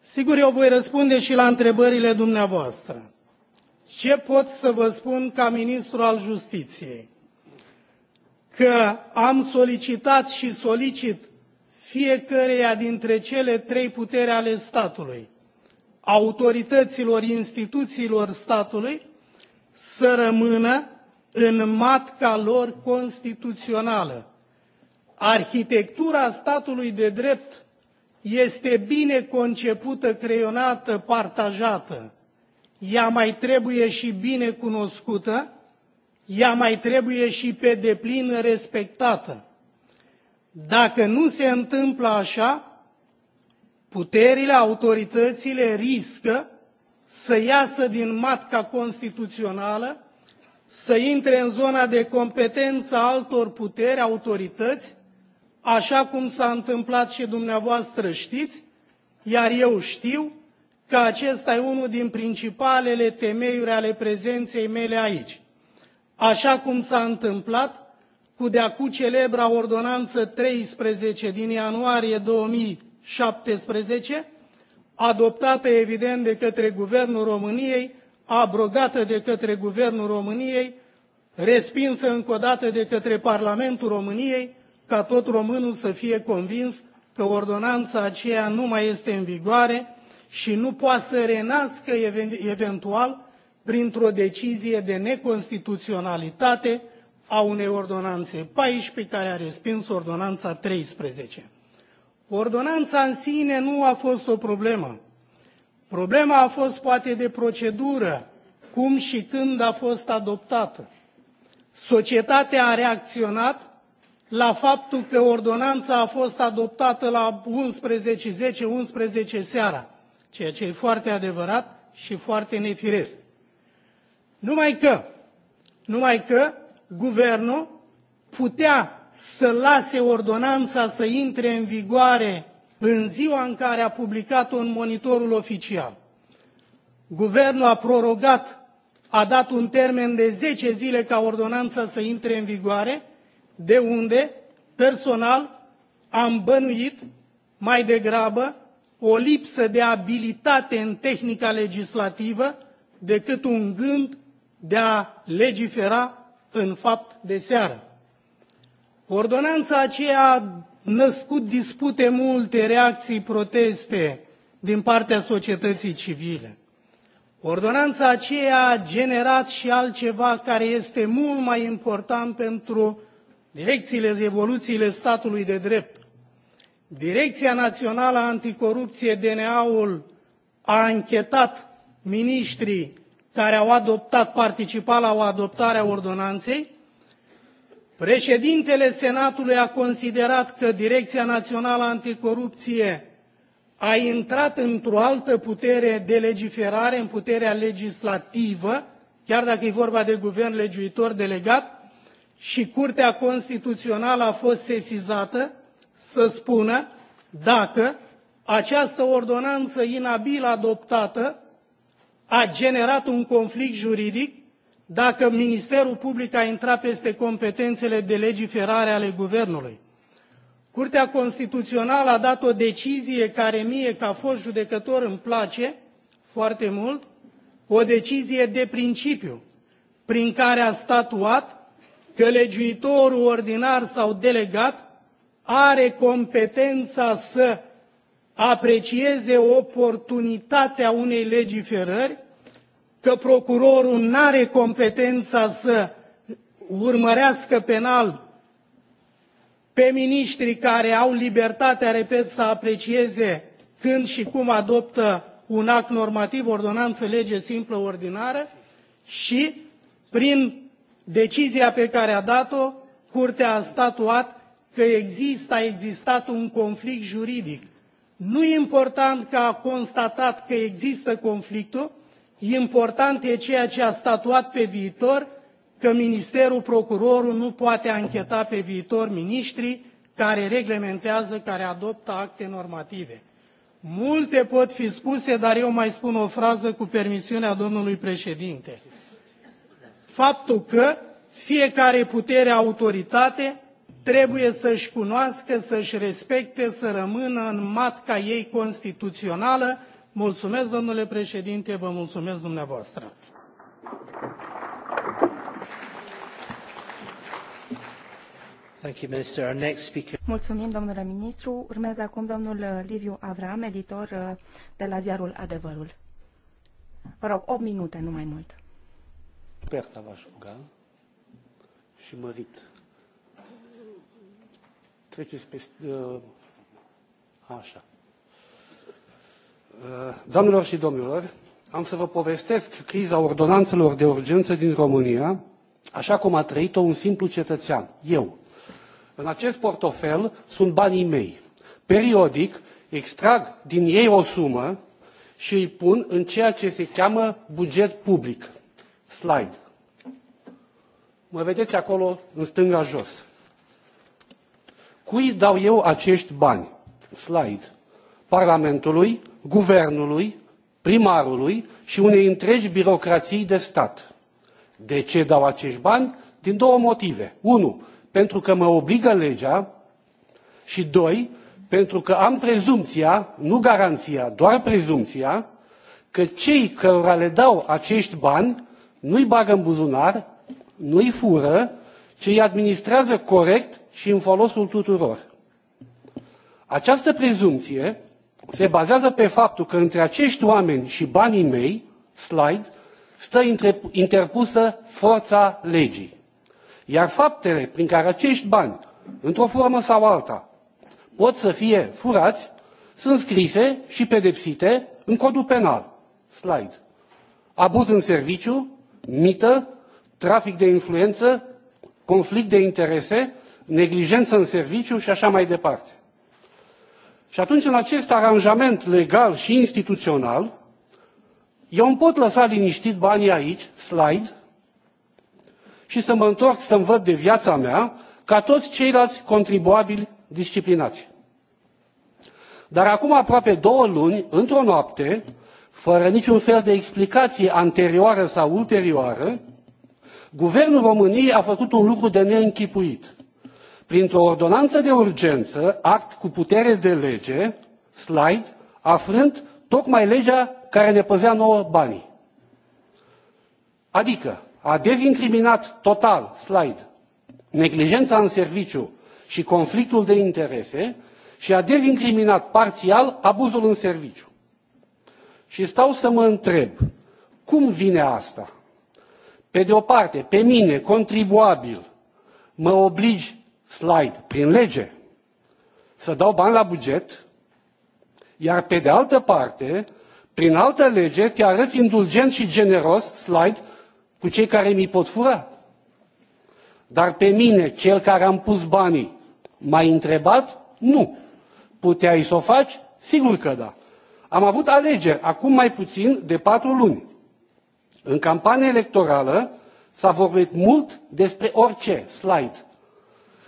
Sigur, eu voi răspunde și la întrebările dumneavoastră. Ce pot să vă spun ca ministru al justiției? Că am solicitat și solicit fiecăreia dintre cele trei puteri ale statului, autorităților, instituțiilor statului, să rămână în matca lor constituțională. Arhitectura statului de drept este bine concepută, creionată, partajată. Ea mai trebuie și bine cunoscută, ea mai trebuie și pe deplin respectată. Dacă nu se întâmplă așa, puterile, autoritățile riscă să iasă din matca constituțională, să intre în zona de competență altor puteri, autorități, așa cum s-a întâmplat și dumneavoastră știți, iar eu știu că acesta e unul din principalele temeiuri ale prezenței mele aici. Așa cum s-a întâmplat cu de acu celebra ordonanță 13 din ianuarie 2017, adoptată evident de către Guvernul României, abrogată de către Guvernul României, respinsă încă o dată de către Parlamentul României, ca tot românul să fie convins că ordonanța aceea nu mai este în vigoare și nu poate să renască eventual printr-o decizie de neconstituționalitate a unei ordonanțe 14 care a respins ordonanța 13. Ordonanța în sine nu a fost o problemă. Problema a fost poate de procedură, cum și când a fost adoptată. Societatea a reacționat la faptul că ordonanța a fost adoptată la 11.10, 11 seara, ceea ce e foarte adevărat și foarte nefiresc. Numai că, numai că guvernul putea să lase ordonanța să intre în vigoare în ziua în care a publicat-o în monitorul oficial. Guvernul a prorogat, a dat un termen de 10 zile ca ordonanța să intre în vigoare, de unde, personal, am bănuit mai degrabă o lipsă de abilitate în tehnica legislativă decât un gând de a legifera în fapt de seară. Ordonanța aceea a născut dispute multe, reacții, proteste din partea societății civile. Ordonanța aceea a generat și altceva care este mult mai important pentru direcțiile, evoluțiile statului de drept. Direcția Națională Anticorupție, DNA-ul, a anchetat miniștrii care au adoptat, participat la o adoptare a ordonanței, președintele Senatului a considerat că Direcția Națională Anticorupție a intrat într-o altă putere de legiferare, în puterea legislativă, chiar dacă e vorba de guvern legiuitor delegat, și Curtea Constituțională a fost sesizată să spună dacă această ordonanță inabil adoptată a generat un conflict juridic dacă Ministerul Public a intrat peste competențele de legiferare ale Guvernului. Curtea Constituțională a dat o decizie care mie, ca fost judecător, îmi place foarte mult, o decizie de principiu, prin care a statuat că legiuitorul ordinar sau delegat are competența să aprecieze oportunitatea unei legiferări, că procurorul nu are competența să urmărească penal pe miniștrii care au libertatea, repet, să aprecieze când și cum adoptă un act normativ, ordonanță, lege simplă, ordinară și prin decizia pe care a dat-o, Curtea a statuat că există, a existat un conflict juridic nu e important că a constatat că există conflictul, important e ceea ce a statuat pe viitor, că Ministerul Procurorul nu poate ancheta pe viitor miniștrii care reglementează, care adoptă acte normative. Multe pot fi spuse, dar eu mai spun o frază cu permisiunea domnului președinte. Faptul că fiecare putere autoritate trebuie să-și cunoască, să-și respecte, să rămână în matca ei constituțională. Mulțumesc, domnule președinte, vă mulțumesc dumneavoastră. Mulțumim, domnule ministru. Urmează acum domnul Liviu Avram, editor uh, de la ziarul Adevărul. Vă rog, 8 minute, nu mai mult. Perta v-aș ruga și mărit treceți peste... Uh, așa. Uh, doamnelor și domnilor, am să vă povestesc criza ordonanțelor de urgență din România, așa cum a trăit-o un simplu cetățean, eu. În acest portofel sunt banii mei. Periodic extrag din ei o sumă și îi pun în ceea ce se cheamă buget public. Slide. Mă vedeți acolo în stânga jos. Cui dau eu acești bani? Slide. Parlamentului, guvernului, primarului și unei întregi birocrații de stat. De ce dau acești bani? Din două motive. Unu, pentru că mă obligă legea și doi, pentru că am prezumția, nu garanția, doar prezumția, că cei cărora le dau acești bani nu-i bagă în buzunar, nu-i fură, ci îi administrează corect și în folosul tuturor. Această prezumție se bazează pe faptul că între acești oameni și banii mei, slide, stă interpusă forța legii. Iar faptele prin care acești bani, într-o formă sau alta, pot să fie furați, sunt scrise și pedepsite în codul penal. Slide. Abuz în serviciu, mită, trafic de influență, conflict de interese, neglijență în serviciu și așa mai departe. Și atunci, în acest aranjament legal și instituțional, eu îmi pot lăsa liniștit banii aici, slide, și să mă întorc să-mi văd de viața mea ca toți ceilalți contribuabili disciplinați. Dar acum aproape două luni, într-o noapte, fără niciun fel de explicație anterioară sau ulterioară, guvernul României a făcut un lucru de neînchipuit printr-o ordonanță de urgență, act cu putere de lege, slide, aflând tocmai legea care ne păzea nouă banii. Adică a dezincriminat total, slide, neglijența în serviciu și conflictul de interese și a dezincriminat parțial abuzul în serviciu. Și stau să mă întreb, cum vine asta? Pe de o parte, pe mine, contribuabil, mă obligi slide, prin lege, să dau bani la buget, iar pe de altă parte, prin altă lege, te arăți indulgent și generos, slide, cu cei care mi pot fura. Dar pe mine, cel care am pus banii, m-ai întrebat? Nu. Puteai să o faci? Sigur că da. Am avut alegeri acum mai puțin de patru luni. În campanie electorală s-a vorbit mult despre orice slide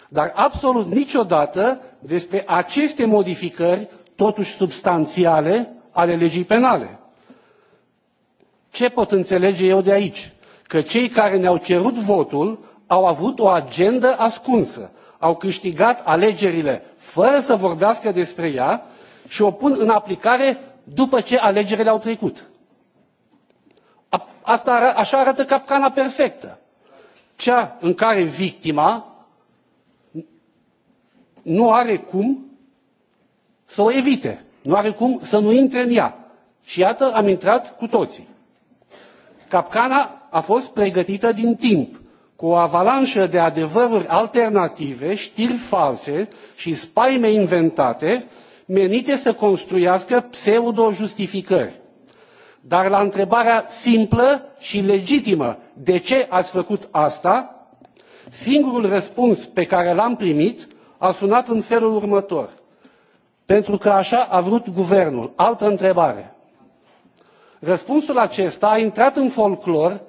dar absolut niciodată despre aceste modificări, totuși substanțiale, ale legii penale. Ce pot înțelege eu de aici? Că cei care ne-au cerut votul au avut o agendă ascunsă, au câștigat alegerile fără să vorbească despre ea și o pun în aplicare după ce alegerile au trecut. Asta, așa arată capcana perfectă. Cea în care victima nu are cum să o evite, nu are cum să nu intre în ea. Și iată, am intrat cu toții. Capcana a fost pregătită din timp, cu o avalanșă de adevăruri alternative, știri false și spaime inventate, menite să construiască pseudo-justificări. Dar la întrebarea simplă și legitimă, de ce ați făcut asta, singurul răspuns pe care l-am primit a sunat în felul următor. Pentru că așa a vrut guvernul. Altă întrebare. Răspunsul acesta a intrat în folclor,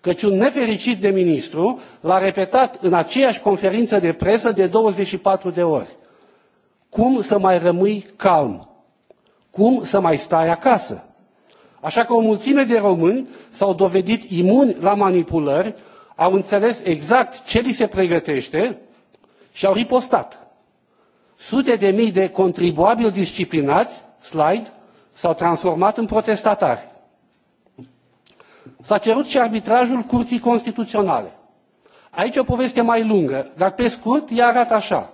căci un nefericit de ministru l-a repetat în aceeași conferință de presă de 24 de ori. Cum să mai rămâi calm? Cum să mai stai acasă? Așa că o mulțime de români s-au dovedit imuni la manipulări, au înțeles exact ce li se pregătește și au ripostat. Sute de mii de contribuabili disciplinați, slide, s-au transformat în protestatari. S-a cerut și arbitrajul Curții Constituționale. Aici o poveste mai lungă, dar pe scurt ea arată așa.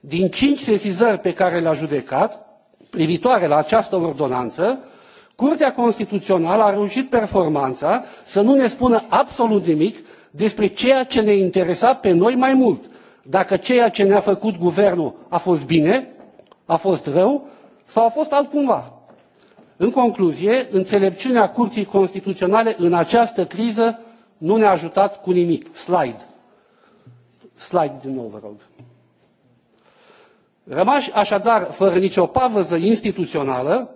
Din cinci sesizări pe care le-a judecat, privitoare la această ordonanță, Curtea Constituțională a reușit performanța să nu ne spună absolut nimic despre ceea ce ne interesa pe noi mai mult, dacă ceea ce ne-a făcut guvernul a fost bine, a fost rău sau a fost altcumva. În concluzie, înțelepciunea Curții Constituționale în această criză nu ne-a ajutat cu nimic. Slide. Slide din nou, vă rog. Rămași așadar fără nicio pavăză instituțională,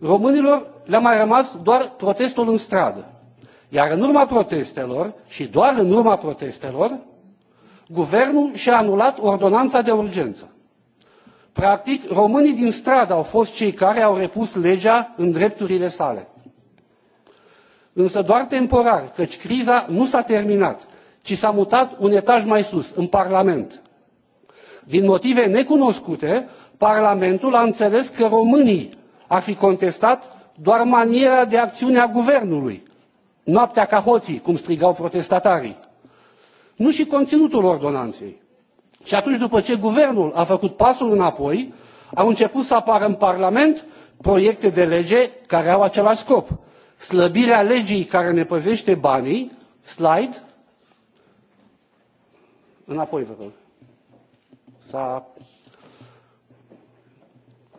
românilor le-a mai rămas doar protestul în stradă. Iar în urma protestelor, și doar în urma protestelor, Guvernul și-a anulat ordonanța de urgență. Practic, românii din stradă au fost cei care au repus legea în drepturile sale. Însă doar temporar, căci criza nu s-a terminat, ci s-a mutat un etaj mai sus, în Parlament. Din motive necunoscute, Parlamentul a înțeles că românii ar fi contestat doar maniera de acțiune a guvernului. Noaptea ca hoții, cum strigau protestatarii nu și conținutul ordonanței. Și atunci, după ce guvernul a făcut pasul înapoi, au început să apară în Parlament proiecte de lege care au același scop. Slăbirea legii care ne păzește banii, slide, înapoi vă rog, s-a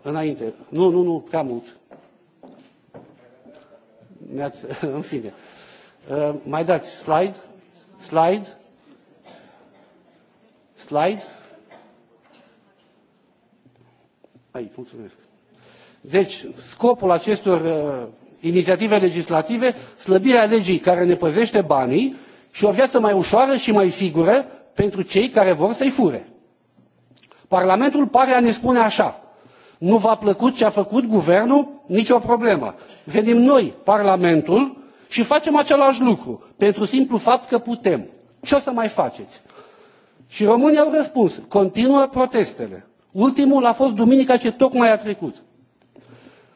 înainte. Nu, nu, nu, prea mult. Mi-ați, în fine. Uh, mai dați slide, slide, slide. Aici, mulțumesc. Deci, scopul acestor uh, inițiative legislative, slăbirea legii care ne păzește banii și o viață mai ușoară și mai sigură pentru cei care vor să-i fure. Parlamentul pare a ne spune așa. Nu v-a plăcut ce a făcut guvernul? Nicio problemă. Venim noi, Parlamentul, și facem același lucru, pentru simplu fapt că putem. Ce o să mai faceți? Și românii au răspuns. Continuă protestele. Ultimul a fost duminica ce tocmai a trecut.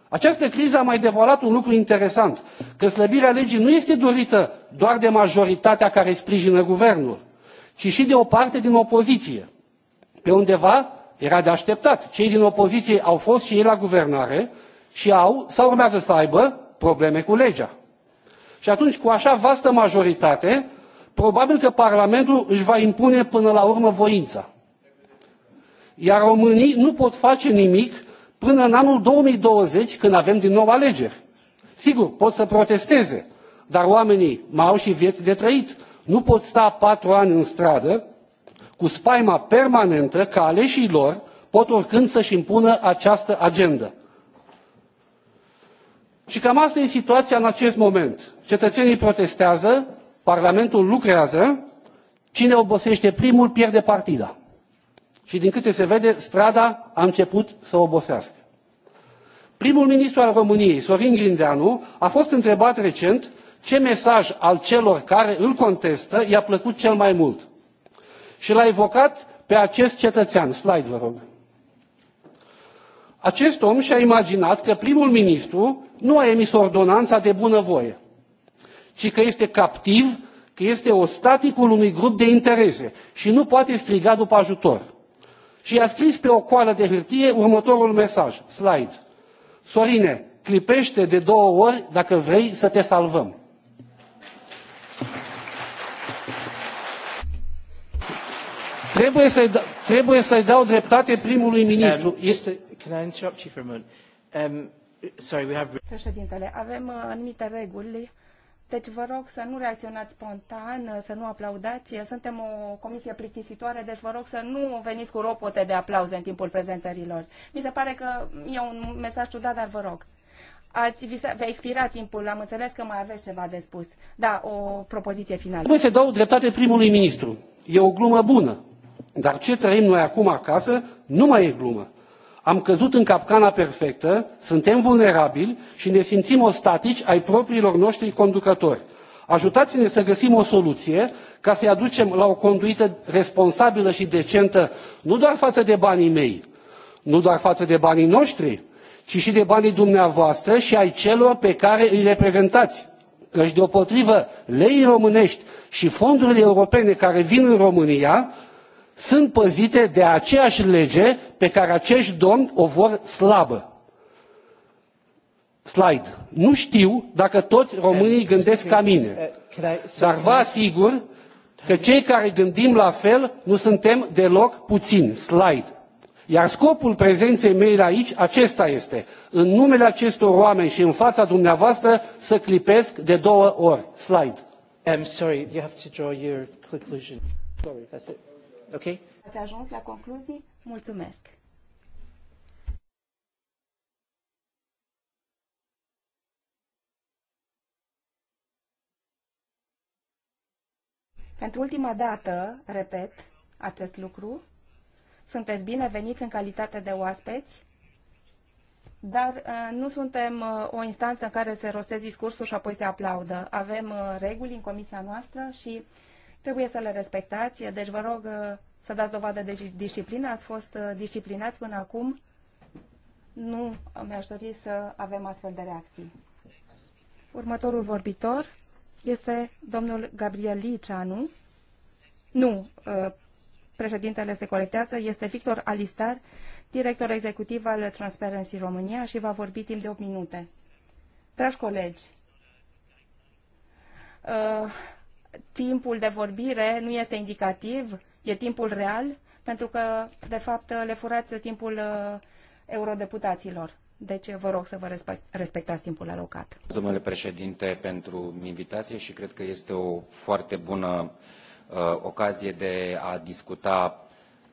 Această criză a mai devorat un lucru interesant, că slăbirea legii nu este dorită doar de majoritatea care sprijină guvernul, ci și de o parte din opoziție. Pe undeva era de așteptat. Cei din opoziție au fost și ei la guvernare și au sau urmează să aibă probleme cu legea. Și atunci, cu așa vastă majoritate, Probabil că Parlamentul își va impune până la urmă voința. Iar românii nu pot face nimic până în anul 2020, când avem din nou alegeri. Sigur, pot să protesteze, dar oamenii mai au și vieți de trăit. Nu pot sta patru ani în stradă cu spaima permanentă că aleșii lor pot oricând să-și impună această agendă. Și cam asta e situația în acest moment. Cetățenii protestează, Parlamentul lucrează, cine obosește primul pierde partida. Și din câte se vede, strada a început să obosească. Primul ministru al României, Sorin Grindeanu, a fost întrebat recent ce mesaj al celor care îl contestă i-a plăcut cel mai mult. Și l-a evocat pe acest cetățean. Slide, vă rog. Acest om și-a imaginat că primul ministru nu a emis ordonanța de bunăvoie, ci că este captiv, că este ostaticul unui grup de interese și nu poate striga după ajutor. Și i-a scris pe o coală de hârtie următorul mesaj, slide. Sorine, clipește de două ori dacă vrei să te salvăm. Trebuie să-i, da, trebuie să-i dau dreptate primului ministru. Um, este... Um, sorry, we have... Președintele, avem uh, anumite reguli deci vă rog să nu reacționați spontan, să nu aplaudați. Suntem o comisie plictisitoare, deci vă rog să nu veniți cu ropote de aplauze în timpul prezentărilor. Mi se pare că e un mesaj ciudat, dar vă rog. Ați vi expirat timpul, am înțeles că mai aveți ceva de spus. Da, o propoziție finală. Noi se dau dreptate primului ministru. E o glumă bună. Dar ce trăim noi acum acasă nu mai e glumă am căzut în capcana perfectă suntem vulnerabili și ne simțim ostatici ai propriilor noștri conducători. ajutați ne să găsim o soluție ca să i aducem la o conduită responsabilă și decentă nu doar față de banii mei nu doar față de banii noștri ci și de banii dumneavoastră și ai celor pe care îi reprezentați căci deopotrivă leii românești și fondurile europene care vin în românia sunt păzite de aceeași lege pe care acești domni o vor slabă. Slide. Nu știu dacă toți românii gândesc ca mine, uh, dar vă asigur că cei care gândim la fel nu suntem deloc puțini. Slide. Iar scopul prezenței mele aici, acesta este, în numele acestor oameni și în fața dumneavoastră, să clipesc de două ori. Slide. I'm sorry, you have to draw your conclusion. Sorry. That's it ok? Ați ajuns la concluzii? Mulțumesc! Pentru ultima dată, repet acest lucru, sunteți bineveniți în calitate de oaspeți, dar uh, nu suntem uh, o instanță în care se rostesc discursul și apoi se aplaudă. Avem uh, reguli în comisia noastră și Trebuie să le respectați, deci vă rog uh, să dați dovadă de disciplină. Ați fost uh, disciplinați până acum. Nu mi-aș dori să avem astfel de reacții. Următorul vorbitor este domnul Gabriel Liceanu. Nu, uh, președintele se corectează, este Victor Alistar, director executiv al Transparency România și va vorbi timp de 8 minute. Dragi colegi, timpul de vorbire nu este indicativ, e timpul real, pentru că, de fapt, le furați timpul uh, eurodeputaților. Deci vă rog să vă respectați timpul alocat. Domnule președinte, pentru invitație și cred că este o foarte bună uh, ocazie de a discuta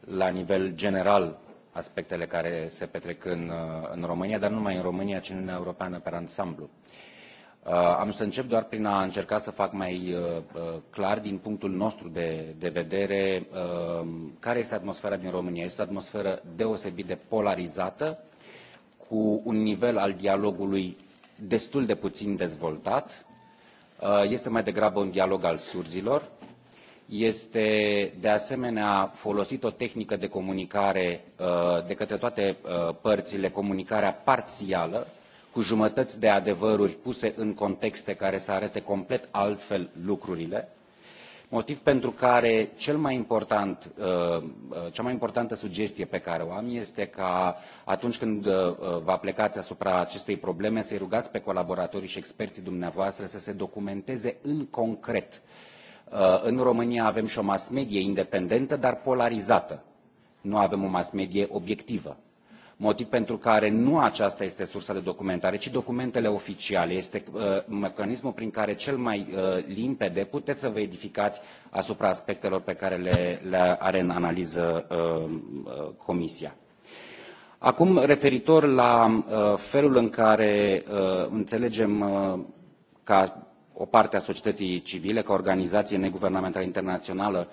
la nivel general aspectele care se petrec în, uh, în România, dar nu numai în România, ci în Uniunea Europeană pe ansamblu. Uh, Uh, am să încep doar prin a încerca să fac mai uh, uh, clar din punctul nostru de, de vedere care este atmosfera din România. Este o atmosferă deosebit de polarizată, cu un nivel al dialogului destul de puțin dezvoltat. Este mai degrabă un dialog al surzilor. Este de asemenea folosit o tehnică de comunicare de către toate părțile, comunicarea parțială, cu jumătăți de adevăruri puse în contexte care să arate complet altfel lucrurile motiv pentru care cel mai important, uh, uh, cea mai importantă sugestie pe care o am este ca atunci când uh, vă aplicați asupra acestei probleme să-i rugați pe colaboratorii și experții dumneavoastră să se documenteze în concret. În România avem și o mass media independentă, dar polarizată. Nu avem o mass medie obiectivă motiv pentru care nu aceasta este sursa de documentare, ci documentele oficiale. Este uh, mecanismul prin care cel mai uh, limpede puteți să vă edificați asupra aspectelor pe care le, le are în analiză uh, uh Comisia. Acum, referitor la uh, felul în care uh, înțelegem ca o parte a societății civile, ca organizație neguvernamentală internațională,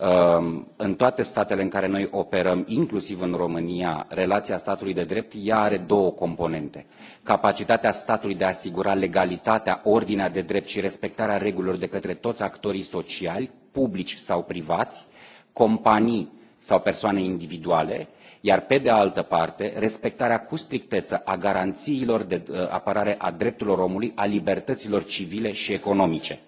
Ehm, în toate statele în care noi operăm, inclusiv în România, relația statului de drept, ea are două componente. Capacitatea statului de a asigura legalitatea, ordinea de drept și respectarea regulilor de către toți actorii sociali, publici sau privați, companii sau persoane individuale, iar pe de altă parte respectarea cu strictețe a garanțiilor de ă, apărare a drepturilor omului, a libertăților civile și economice.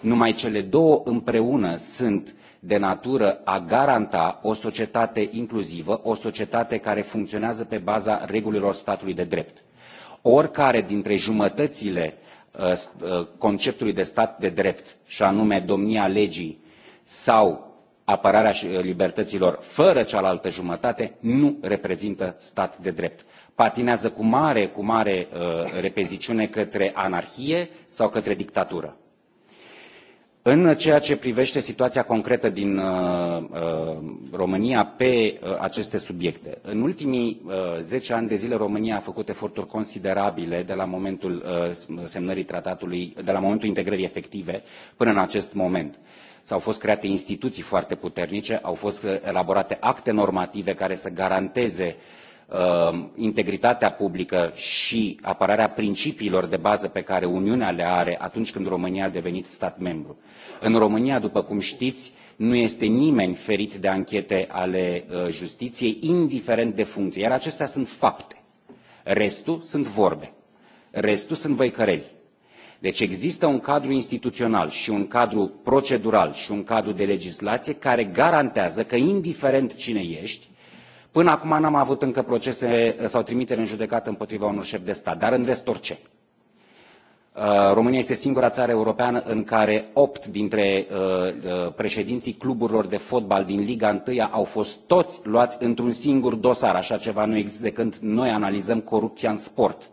Numai cele două împreună sunt de natură a garanta o societate inclusivă, o societate care funcționează pe baza regulilor statului de drept. Oricare dintre jumătățile ă, ă, conceptului de stat de drept, și anume domnia legii sau apărarea ă, libertăților fără cealaltă jumătate, nu reprezintă stat de drept patinează cu mare, cu mare repeziciune către anarhie sau către dictatură. În ceea ce privește situația concretă din uh, uh România pe uh, aceste subiecte, în ultimii uh, zece ani de zile România a făcut eforturi considerabile de la momentul uh, semnării tratatului, de la momentul integrării efective până în acest moment. S-au fost create instituții foarte puternice, au fost elaborate acte normative care să garanteze uh, Um, integritatea publică și apărarea principiilor de bază pe care Uniunea le are atunci când România a devenit stat membru. În România, după cum știți, nu este nimeni ferit de anchete ale uh, justiției, indiferent de funcție, iar acestea sunt fapte. Restul sunt vorbe. Restul sunt văicăreli. Deci există un cadru instituțional și un cadru procedural și un cadru de legislație care garantează că, indiferent cine ești, Până acum n-am avut încă procese eh, sau trimiteri în judecată împotriva unor șefi de stat, dar în rest orice. Eh, România este singura țară europeană în care opt dintre eh, președinții cluburilor de fotbal din Liga 1 au fost toți luați într-un singur dosar. Așa ceva nu există de când noi analizăm corupția în sport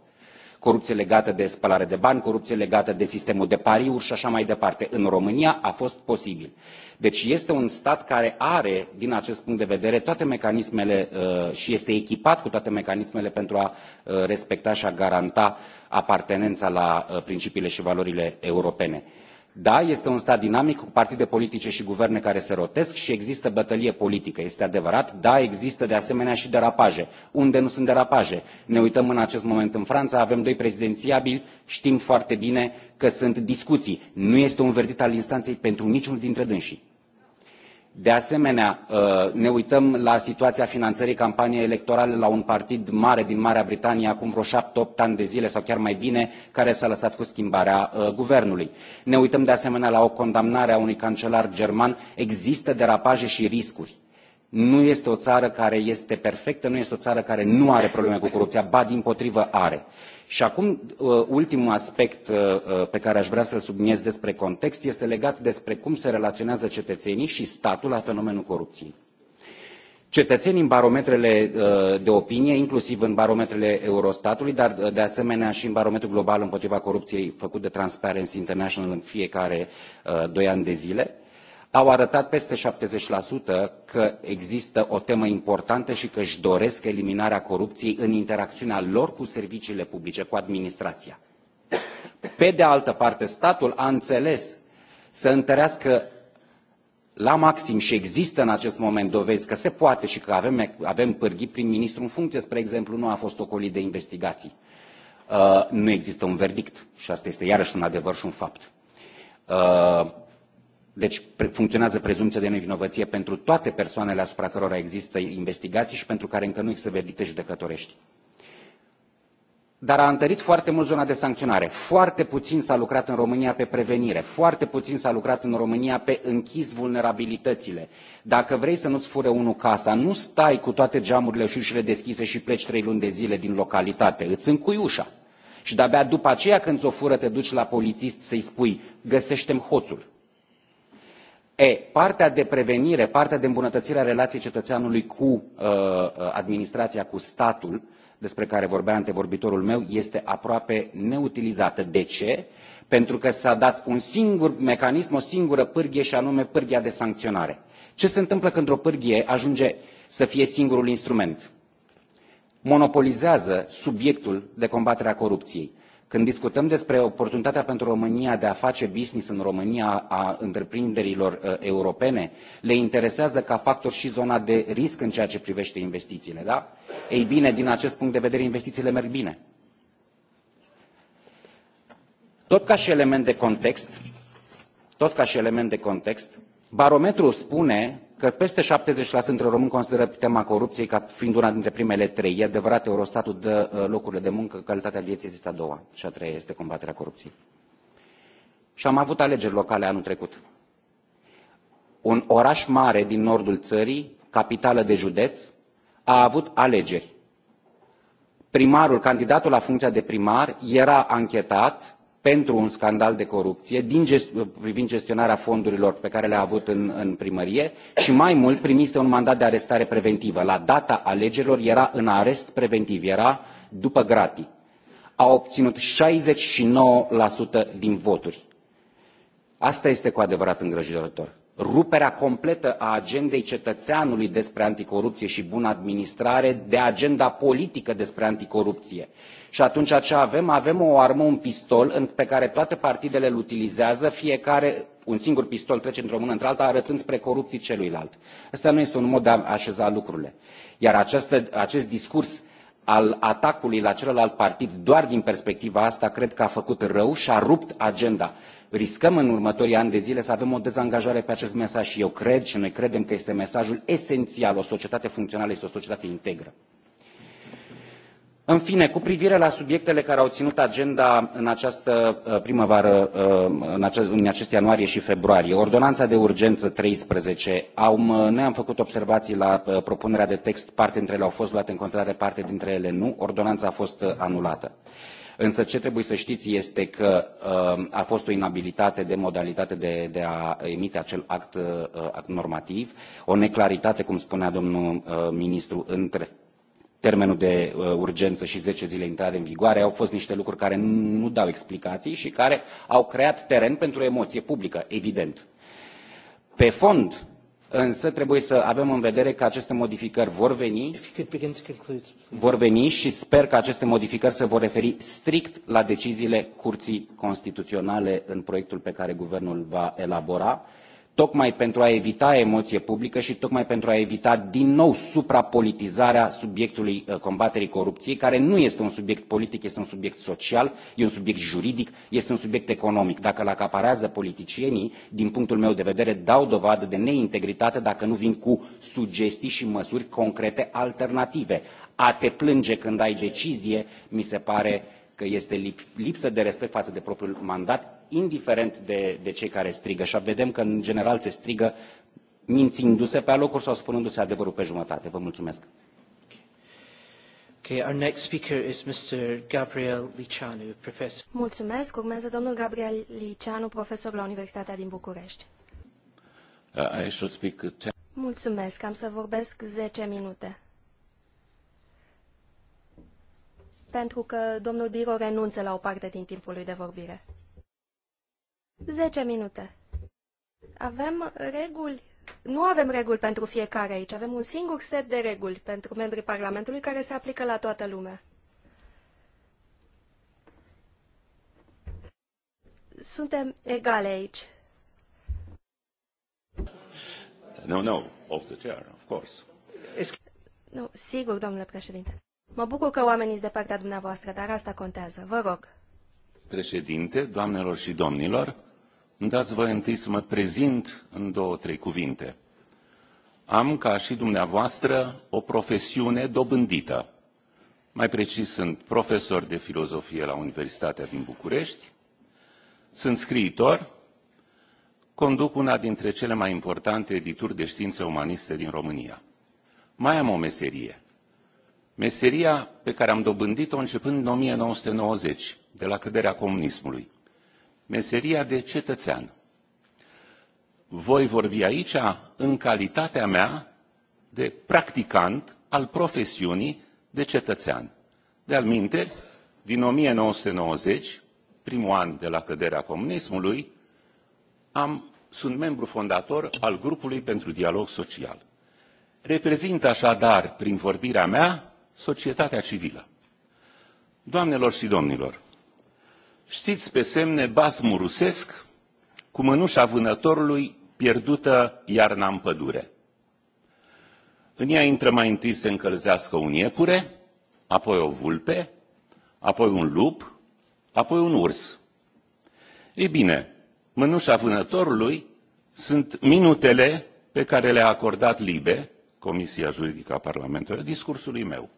corupție legată de spălare de bani, corupție legată de sistemul de pariuri și așa mai departe. În România a fost posibil. Deci este un stat care are, din acest punct de vedere, toate mecanismele uh, și este echipat cu toate mecanismele pentru a uh, respecta și a garanta apartenența la uh, principiile și valorile europene. Da, este un stat dinamic cu partide politice și guverne care se rotesc și există bătălie politică, este adevărat. Da, există de asemenea și derapaje. Unde nu sunt derapaje? Ne uităm în acest moment în Franța, avem doi prezidențiabili, știm foarte bine că sunt discuții. Nu este un verdict al instanței pentru niciunul dintre dânsii de asemenea, uh, ne uităm la situația finanțării campaniei electorale la un partid mare din Marea Britanie acum vreo șapte, opt ani de zile sau chiar mai bine, care s-a lăsat cu schimbarea uh, guvernului. Ne uităm de asemenea la o condamnare a unui cancelar german. Există derapaje și riscuri nu este o țară care este perfectă, nu este o țară care nu are probleme cu corupția, ba din potrivă are. Și acum, uh, ultimul aspect uh, uh, pe care aș vrea să-l subliniez despre context este legat despre cum se relaționează cetățenii și statul la fenomenul corupției. Cetățenii în barometrele de opinie, inclusiv în barometrele Eurostatului, dar de asemenea și în barometrul global împotriva corupției făcut de Transparency International în fiecare doi ani de zile, au arătat peste 70% că există o temă importantă și că își doresc eliminarea corupției în interacțiunea lor cu serviciile publice, cu administrația. Pe de altă parte, statul a înțeles să întărească la maxim și există în acest moment dovezi că se poate și că avem, avem pârghii prin ministru în funcție, spre exemplu, nu a fost ocolit de investigații. Uh, nu există un verdict și asta este iarăși un adevăr și un fapt. Uh, deci funcționează prezumția de nevinovăție pentru toate persoanele asupra cărora există investigații și pentru care încă nu există verdicte judecătorești. Dar a întărit foarte mult zona de sancționare. Foarte puțin s-a lucrat în România pe prevenire, foarte puțin s-a lucrat în România pe închis vulnerabilitățile. Dacă vrei să nu-ți fure unul casa, nu stai cu toate geamurile și ușile deschise și pleci trei luni de zile din localitate, îți încui ușa. Și de-abia după aceea când ți-o fură te duci la polițist să-i spui găsește-mi hoțul E, partea de prevenire, partea de îmbunătățire a relației cetățeanului cu uh, uh, administrația, cu statul, despre care vorbea antevorbitorul meu, este aproape neutilizată. De ce? Pentru că s-a dat un singur mecanism, o singură pârghie și anume pârghia de sancționare. Ce se întâmplă când o pârghie ajunge să fie singurul instrument? Monopolizează subiectul de combatere a corupției când discutăm despre oportunitatea pentru România de a face business în România a întreprinderilor uh, europene, le interesează ca factor și zona de risc în ceea ce privește investițiile, da? Ei bine, din acest punct de vedere, investițiile merg bine. Tot ca și element de context, tot ca și element de context, barometrul spune că peste șaptezeci dintre români consideră tema corupției ca fiind una dintre primele trei. e adevărat eurostatul dă uh, locurile de muncă calitatea vieții este a doua și a treia este combaterea corupției. și am avut alegeri locale anul trecut. un oraș mare din nordul țării capitală de județ a avut alegeri. primarul candidatul la funcția de primar era anchetat pentru un scandal de corupție din gest privind gestionarea fondurilor pe care le-a avut în, în primărie și mai mult primise un mandat de arestare preventivă. La data alegerilor era în arest preventiv, era după gratii. A obținut 69% din voturi. Asta este cu adevărat îngrijorător ruperea completă a agendei cetățeanului despre anticorupție și bună administrare de agenda politică despre anticorupție. Și atunci ce avem? Avem o armă, un pistol pe care toate partidele îl utilizează, fiecare un singur pistol trece într-o mână într-alta, arătând spre corupții celuilalt. Ăsta nu este un mod de a așeza lucrurile. Iar acest discurs al atacului la celălalt partid doar din perspectiva asta cred că a făcut rău și a rupt agenda riscăm în următorii ani de zile să avem o dezangajare pe acest mesaj și eu cred și noi credem că este mesajul esențial. O societate funcțională este o societate integră. În fine, cu privire la subiectele care au ținut agenda în această uh, primăvară, uh, în acest ianuarie și februarie, ordonanța de urgență 13, am, noi am făcut observații la uh, propunerea de text, parte dintre ele au fost luate în considerare, parte dintre ele nu, ordonanța a fost anulată. Însă ce trebuie să știți este că um, a fost o inabilitate de modalitate de, de a emite acel act, uh, act normativ, o neclaritate, cum spunea domnul uh, ministru, între termenul de uh, urgență și zece zile intrare în vigoare au fost niște lucruri care nu dau explicații și care au creat teren pentru emoție publică, evident. Pe fond, însă trebuie să avem în vedere că aceste modificări vor veni, vor veni și sper că aceste modificări se vor referi strict la deciziile Curții Constituționale în proiectul pe care guvernul va elabora tocmai pentru a evita emoție publică și tocmai pentru a evita din nou suprapolitizarea subiectului uh, combaterii corupției, care nu este un subiect politic, este un subiect social, este un subiect juridic, este un subiect economic. Dacă îl acaparează politicienii, din punctul meu de vedere, dau dovadă de neintegritate dacă nu vin cu sugestii și măsuri concrete alternative. A te plânge când ai decizie mi se pare că este lipsă de respect față de propriul mandat, indiferent de, de cei care strigă. Și vedem că, în general, se strigă mințindu-se pe alocuri sau spunându-se adevărul pe jumătate. Vă mulțumesc. Okay, our next speaker is Mr. Gabriel Licianu, professor. Mulțumesc. Urmează domnul Gabriel Licianu, profesor la Universitatea din București. Uh, I should speak... ten. Mulțumesc. Am să vorbesc 10 minute. pentru că domnul Biro renunță la o parte din timpul lui de vorbire. 10 minute. Avem reguli. Nu avem reguli pentru fiecare aici. Avem un singur set de reguli pentru membrii Parlamentului care se aplică la toată lumea. Suntem egale aici. No, no, of the chair, of course. Nu, sigur, domnule președinte. Mă bucur că oamenii sunt de partea dumneavoastră, dar asta contează. Vă rog. Președinte, doamnelor și domnilor, îmi dați voi întâi să mă prezint în două, trei cuvinte. Am, ca și dumneavoastră, o profesiune dobândită. Mai precis, sunt profesor de filozofie la Universitatea din București, sunt scriitor, conduc una dintre cele mai importante edituri de științe umaniste din România. Mai am o meserie – meseria pe care am dobândit o începând în 1990, de la căderea comunismului meseria de cetățean voi vorbi aici în calitatea mea de practicant al profesiunii de cetățean. De minte, din 1990, primul an de la căderea comunismului, am, sunt membru fondator al grupului pentru dialog social. Reprezint așadar, prin vorbirea mea, societatea civilă. Doamnelor și domnilor, știți pe semne basmul rusesc cu mânușa vânătorului pierdută iarna în pădure. În ea intră mai întâi să încălzească un iepure, apoi o vulpe, apoi un lup, apoi un urs. Ei bine, mânușa vânătorului sunt minutele pe care le-a acordat Libe, Comisia Juridică a Parlamentului, discursului meu.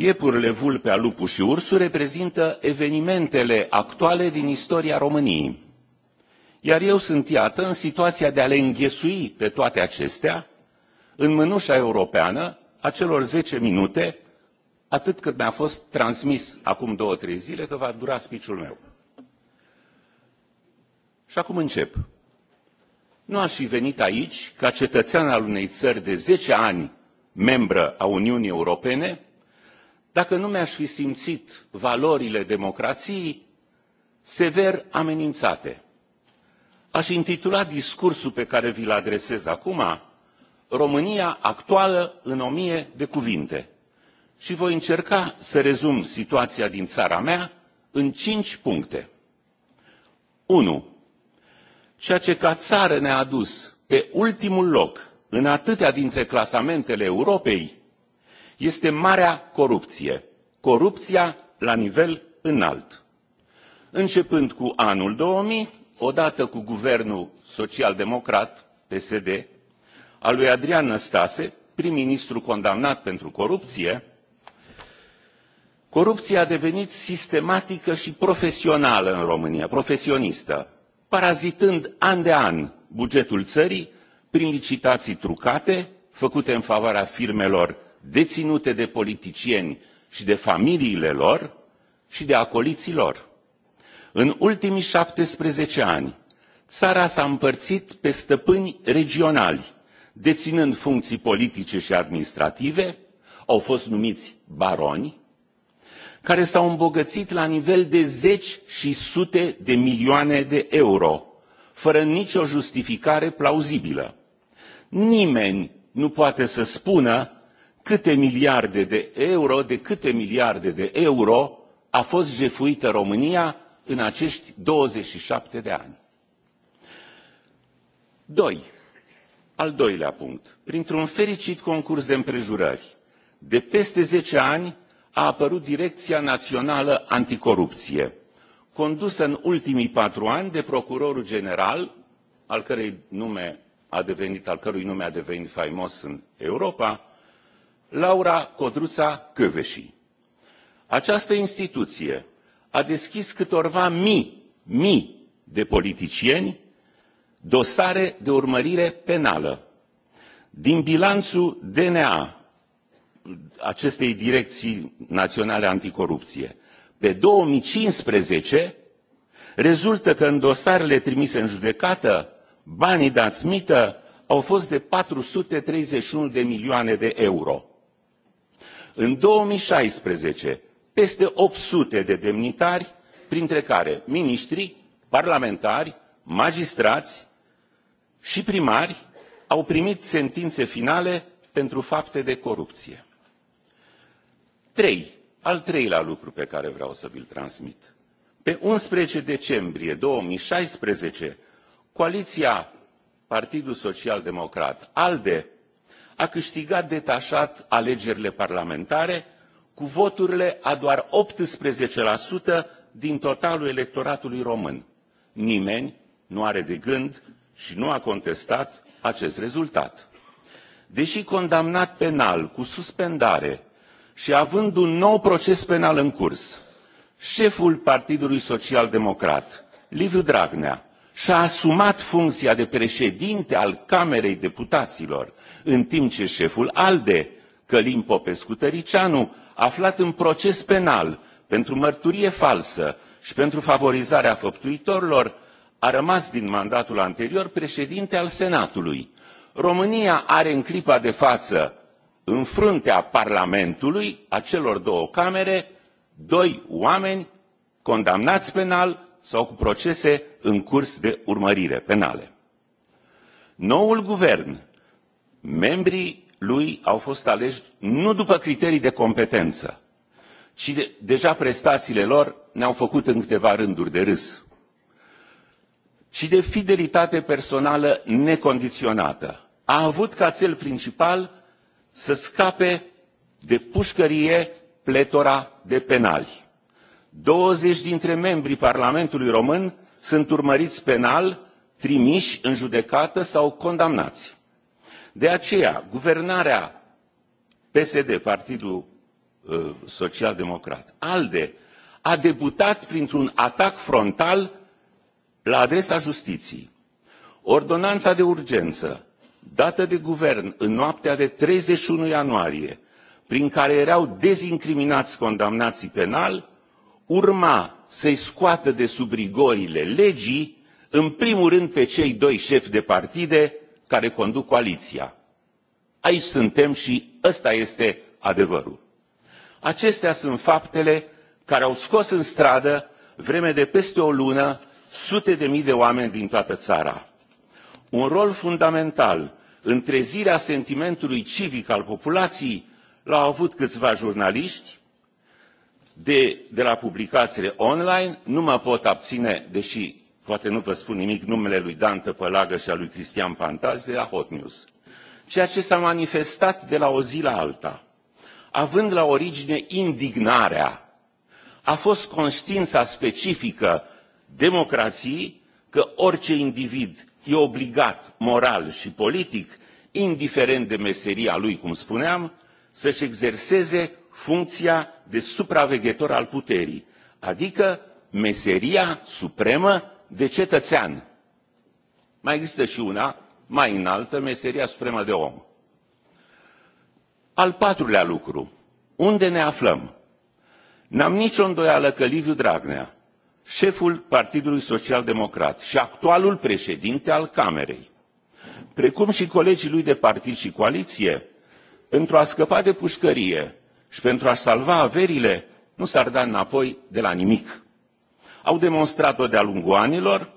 Iepurile, vulpea, lupul și ursul reprezintă evenimentele actuale din istoria României. Iar eu sunt, iată, în situația de a le înghesui pe toate acestea în mânușa europeană a celor 10 minute, atât cât mi-a fost transmis acum două-trei zile că va dura spiciul meu. Și acum încep. Nu aș fi venit aici ca cetățean al unei țări de 10 ani membră a Uniunii Europene dacă nu mi aș fi simțit valorile democrației sever amenințate. Aș intitula discursul pe care vi-l adresez acum România actuală în o mie de cuvinte și voi încerca să rezum situația din țara mea în cinci puncte. 1. Ceea ce ca țară ne-a adus pe ultimul loc în atâtea dintre clasamentele Europei este marea corupție, corupția la nivel înalt. Începând cu anul 2000, odată cu guvernul social-democrat, PSD, al lui Adrian Năstase, prim-ministru condamnat pentru corupție, corupția a devenit sistematică și profesională în România, profesionistă, parazitând an de an bugetul țării prin licitații trucate, făcute în favoarea firmelor deținute de politicieni și de familiile lor și de acoliții lor. În ultimii 17 ani, țara s-a împărțit pe stăpâni regionali, deținând funcții politice și administrative, au fost numiți baroni, care s-au îmbogățit la nivel de zeci și sute de milioane de euro, fără nicio justificare plauzibilă. Nimeni nu poate să spună câte miliarde de euro, de câte miliarde de euro a fost jefuită România în acești 27 de ani. Doi, Al doilea punct. Printr-un fericit concurs de împrejurări, de peste 10 ani a apărut Direcția Națională Anticorupție, condusă în ultimii patru ani de procurorul general, al cărei nume a devenit, al cărui nume a devenit faimos în Europa, Laura Codruța Căveși. Această instituție a deschis câtorva mii, mii de politicieni dosare de urmărire penală. Din bilanțul DNA acestei direcții naționale anticorupție pe 2015 rezultă că în dosarele trimise în judecată banii dați mită au fost de 431 de milioane de euro în două mii șaisprezece peste opt sute de demnitari printre care miniștri parlamentari magistrați și primari au primit sentințe finale pentru fapte de corupție. trei al treilea lucru pe care vreau să vi l transmit pe unsprezece decembrie două mii șaisprezece coaliția partidul social democrat alde a câștigat detașat alegerile parlamentare cu voturile a doar 18% din totalul electoratului român. Nimeni nu are de gând și nu a contestat acest rezultat. Deși condamnat penal cu suspendare și având un nou proces penal în curs, șeful Partidului Social Democrat, Liviu Dragnea, și-a asumat funcția de președinte al Camerei Deputaților în timp ce șeful ALDE, Călim Popescu Tăricianu, aflat în proces penal pentru mărturie falsă și pentru favorizarea făptuitorilor, a rămas din mandatul anterior președinte al Senatului. România are în clipa de față în fruntea Parlamentului, a celor două camere, doi oameni condamnați penal sau cu procese în curs de urmărire penale. Noul guvern membrii lui au fost aleși nu după criterii de competență, ci de, deja prestațiile lor ne-au făcut în câteva rânduri de râs, ci de fidelitate personală necondiționată. A avut ca cel principal să scape de pușcărie pletora de penali. 20 dintre membrii Parlamentului Român sunt urmăriți penal, trimiși în judecată sau condamnați. De aceea, guvernarea PSD, Partidul uh, Social Democrat, ALDE, a debutat printr-un atac frontal la adresa justiției. Ordonanța de urgență dată de guvern în noaptea de 31 ianuarie, prin care erau dezincriminați condamnații penal, urma să-i scoată de sub rigorile legii, în primul rând pe cei doi șefi de partide, care conduc coaliția. Aici suntem și ăsta este adevărul. Acestea sunt faptele care au scos în stradă, vreme de peste o lună, sute de mii de oameni din toată țara. Un rol fundamental în trezirea sentimentului civic al populației l-au avut câțiva jurnaliști de, de la publicațiile online, nu mă pot abține, deși poate nu vă spun nimic, numele lui Dan Tăpălagă și al lui Cristian Pantaz de la Hot News. Ceea ce s-a manifestat de la o zi la alta, având la origine indignarea, a fost conștiința specifică democrației că orice individ e obligat moral și politic, indiferent de meseria lui, cum spuneam, să-și exerseze funcția de supraveghetor al puterii, adică meseria supremă de cetățean. Mai există și una, mai înaltă, meseria supremă de om. Al patrulea lucru. Unde ne aflăm? N-am nicio îndoială că Liviu Dragnea, șeful Partidului Social Democrat și actualul președinte al Camerei, precum și colegii lui de partid și coaliție, pentru a scăpa de pușcărie și pentru a salva averile, nu s-ar da înapoi de la nimic. Au demonstrat-o de-a lungul anilor,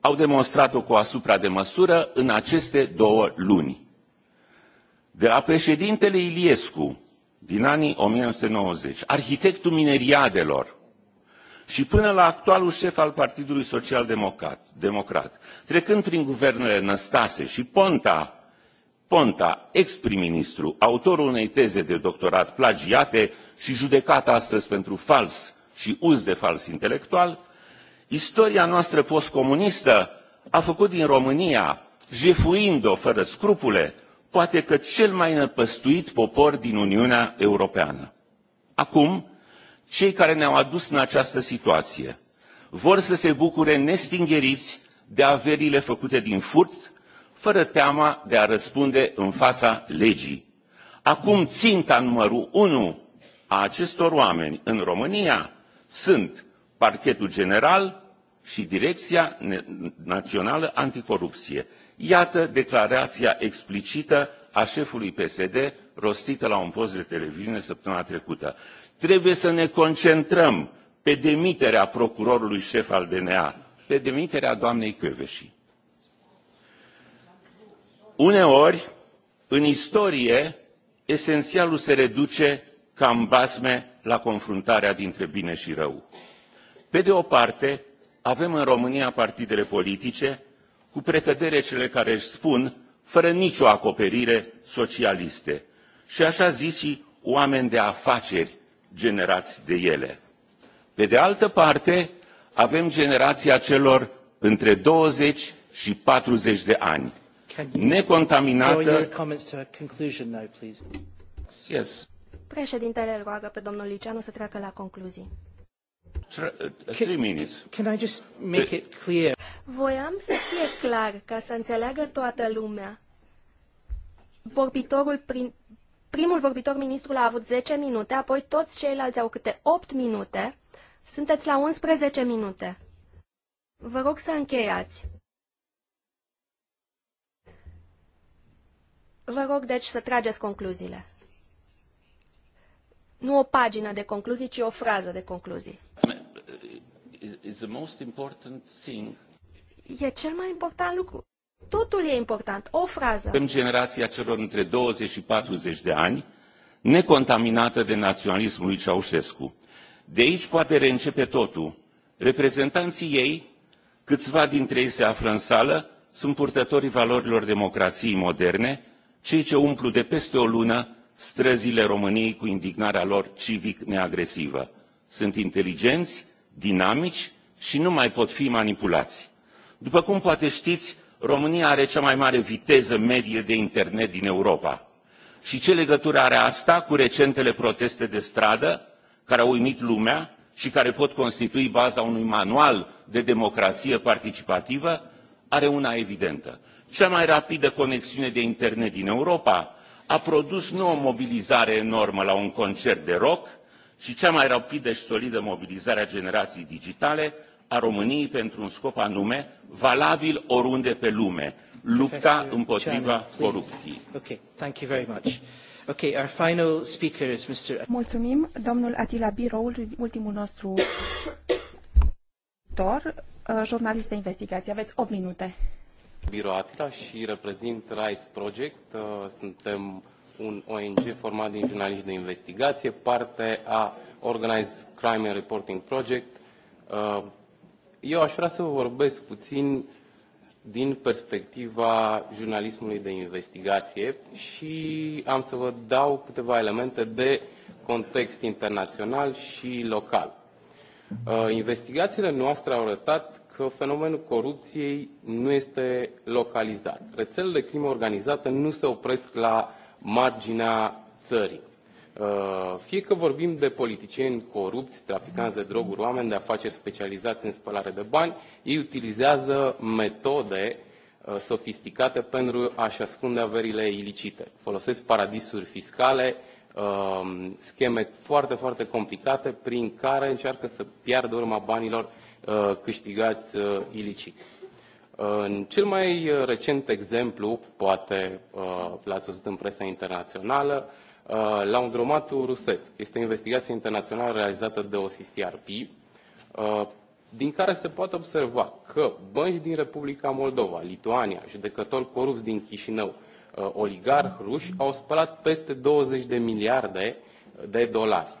au demonstrat-o cu asupra de măsură în aceste două luni. De la președintele Iliescu din anii 1990, arhitectul mineriadelor, și până la actualul șef al Partidului Social Democrat, Democrat trecând prin guvernele Năstase și Ponta, Ponta, ex-prim-ministru, autorul unei teze de doctorat plagiate și judecat astăzi pentru fals și uz de fals intelectual, istoria noastră postcomunistă a făcut din România, jefuind-o fără scrupule, poate că cel mai năpăstuit popor din Uniunea Europeană. Acum, cei care ne-au adus în această situație vor să se bucure nestingheriți de averile făcute din furt, fără teama de a răspunde în fața legii. Acum ținta numărul unu a acestor oameni în România sunt parchetul general și Direcția Națională Anticorupție. Iată declarația explicită a șefului PSD rostită la un post de televiziune săptămâna trecută. Trebuie să ne concentrăm pe demiterea procurorului șef al DNA, pe demiterea doamnei Căveși. Uneori, în istorie, esențialul se reduce ca în basme la confruntarea dintre bine și rău. Pe de o parte, avem în România partidele politice cu precădere cele care își spun, fără nicio acoperire, socialiste și așa zisii oameni de afaceri generați de ele. Pe de altă parte, avem generația celor între 20 și 40 de ani, necontaminată... Now, yes. Președintele îl roagă pe domnul Liceanu să treacă la concluzii. Uh, Voiam să fie clar, ca să înțeleagă toată lumea. Vorbitorul prin, primul vorbitor, ministrul, a avut 10 minute, apoi toți ceilalți au câte 8 minute. Sunteți la 11 minute. Vă rog să încheiați. Vă rog, deci, să trageți concluziile. Nu o pagină de concluzii, ci o frază de concluzii. E cel mai important lucru. Totul e important, o frază. În generația celor între 20 și 40 de ani, necontaminată de naționalismul lui Ceaușescu. De aici poate reîncepe totul. Reprezentanții ei, câțiva dintre ei se află în sală, sunt purtătorii valorilor democrației moderne, cei ce umplu de peste o lună străzile României cu indignarea lor civic-neagresivă. Sunt inteligenți, dinamici și nu mai pot fi manipulați. După cum poate știți, România are cea mai mare viteză medie de internet din Europa. Și ce legătură are asta cu recentele proteste de stradă, care au uimit lumea și care pot constitui baza unui manual de democrație participativă, are una evidentă. Cea mai rapidă conexiune de internet din Europa, a produs nu o mobilizare enormă la un concert de rock, ci cea mai rapidă și solidă mobilizare a generației digitale a României pentru un scop anume, valabil oriunde pe lume, lupta împotriva corupției. Okay, our final speaker is Mr. Mulțumim, domnul Atila Biroul, ultimul nostru autor, uh, jurnalist de investigație. Aveți 8 minute. Biro Atila și reprezint RISE Project. Uh, suntem un ONG format din jurnaliști de investigație, parte a Organized Crime and Reporting Project. Uh, eu aș vrea să vă vorbesc puțin din perspectiva jurnalismului de investigație și am să vă dau câteva elemente de context internațional și local. Uh, investigațiile noastre au arătat că fenomenul corupției nu este localizat. Rețelele de crimă organizată nu se opresc la marginea țării. Uh, fie că vorbim de politicieni corupți, traficanți de droguri, oameni de afaceri specializați în spălare de bani, ei utilizează metode uh, sofisticate pentru a-și ascunde averile ilicite. Folosesc paradisuri fiscale, uh, scheme foarte, foarte complicate prin care încearcă să piardă urma banilor Uh, câștigați uh, ilicit. În cel mai uh, recent exemplu, poate l-ați văzut în presa internațională, la un dromatul rusesc. Este o investigație internațională realizată de OCCRP, din care se poate observa că bănci din Republica Moldova, Lituania, judecători corupți din Chișinău, oligarhi ruși au spălat peste 20 de miliarde de dolari.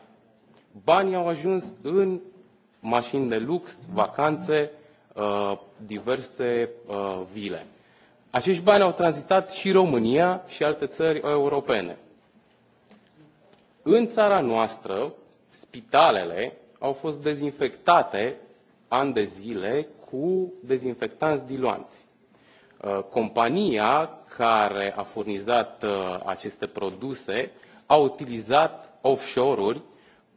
Banii au ajuns în mașini de lux, vacanțe, uh, diverse uh, vile. Acești bani au tranzitat și România și alte țări europene. În țara noastră, spitalele au fost dezinfectate ani de zile cu dezinfectanți diluanți. Uh, compania care a furnizat aceste produse a utilizat offshore-uri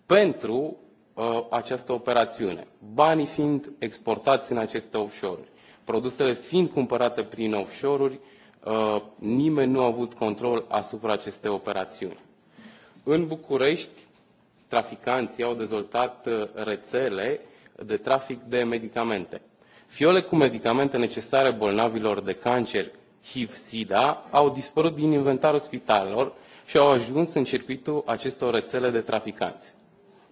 pentru Uh, această operațiune, banii fiind exportați în aceste offshore-uri, produsele fiind cumpărate prin offshore-uri, uh, nimeni nu a avut control asupra acestei operațiuni. În București, traficanții au dezvoltat uh, rețele de trafic de medicamente. Fiole cu medicamente necesare bolnavilor de cancer, HIV-SIDA, au dispărut din inventarul spitalelor și au ajuns în circuitul acestor rețele de traficanți.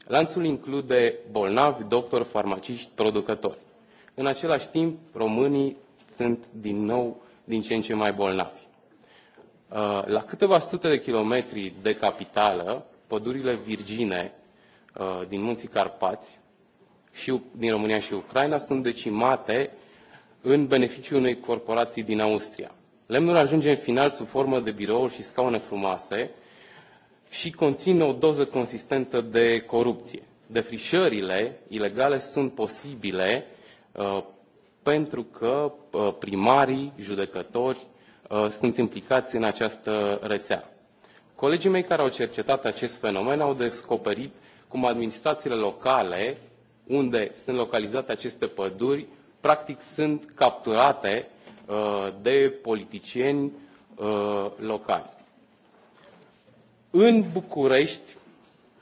Lanțul include bolnavi, doctori, farmaciști, producători. În același timp, românii sunt din nou din ce în ce mai bolnavi. Uh, la câteva sute de kilometri de capitală, pădurile virgine uh, din munții Carpați și din România și Ucraina sunt decimate în beneficiul unei corporații din Austria. Lemnul ajunge în final sub formă de birouri și scaune frumoase, și conține o doză consistentă de corupție. Defrișările ilegale sunt posibile uh, pentru că uh, primarii, judecători uh, sunt implicați în această rețea. Colegii mei care au cercetat acest fenomen au descoperit cum administrațiile locale, unde sunt localizate aceste păduri, practic sunt capturate de politicieni locali în București,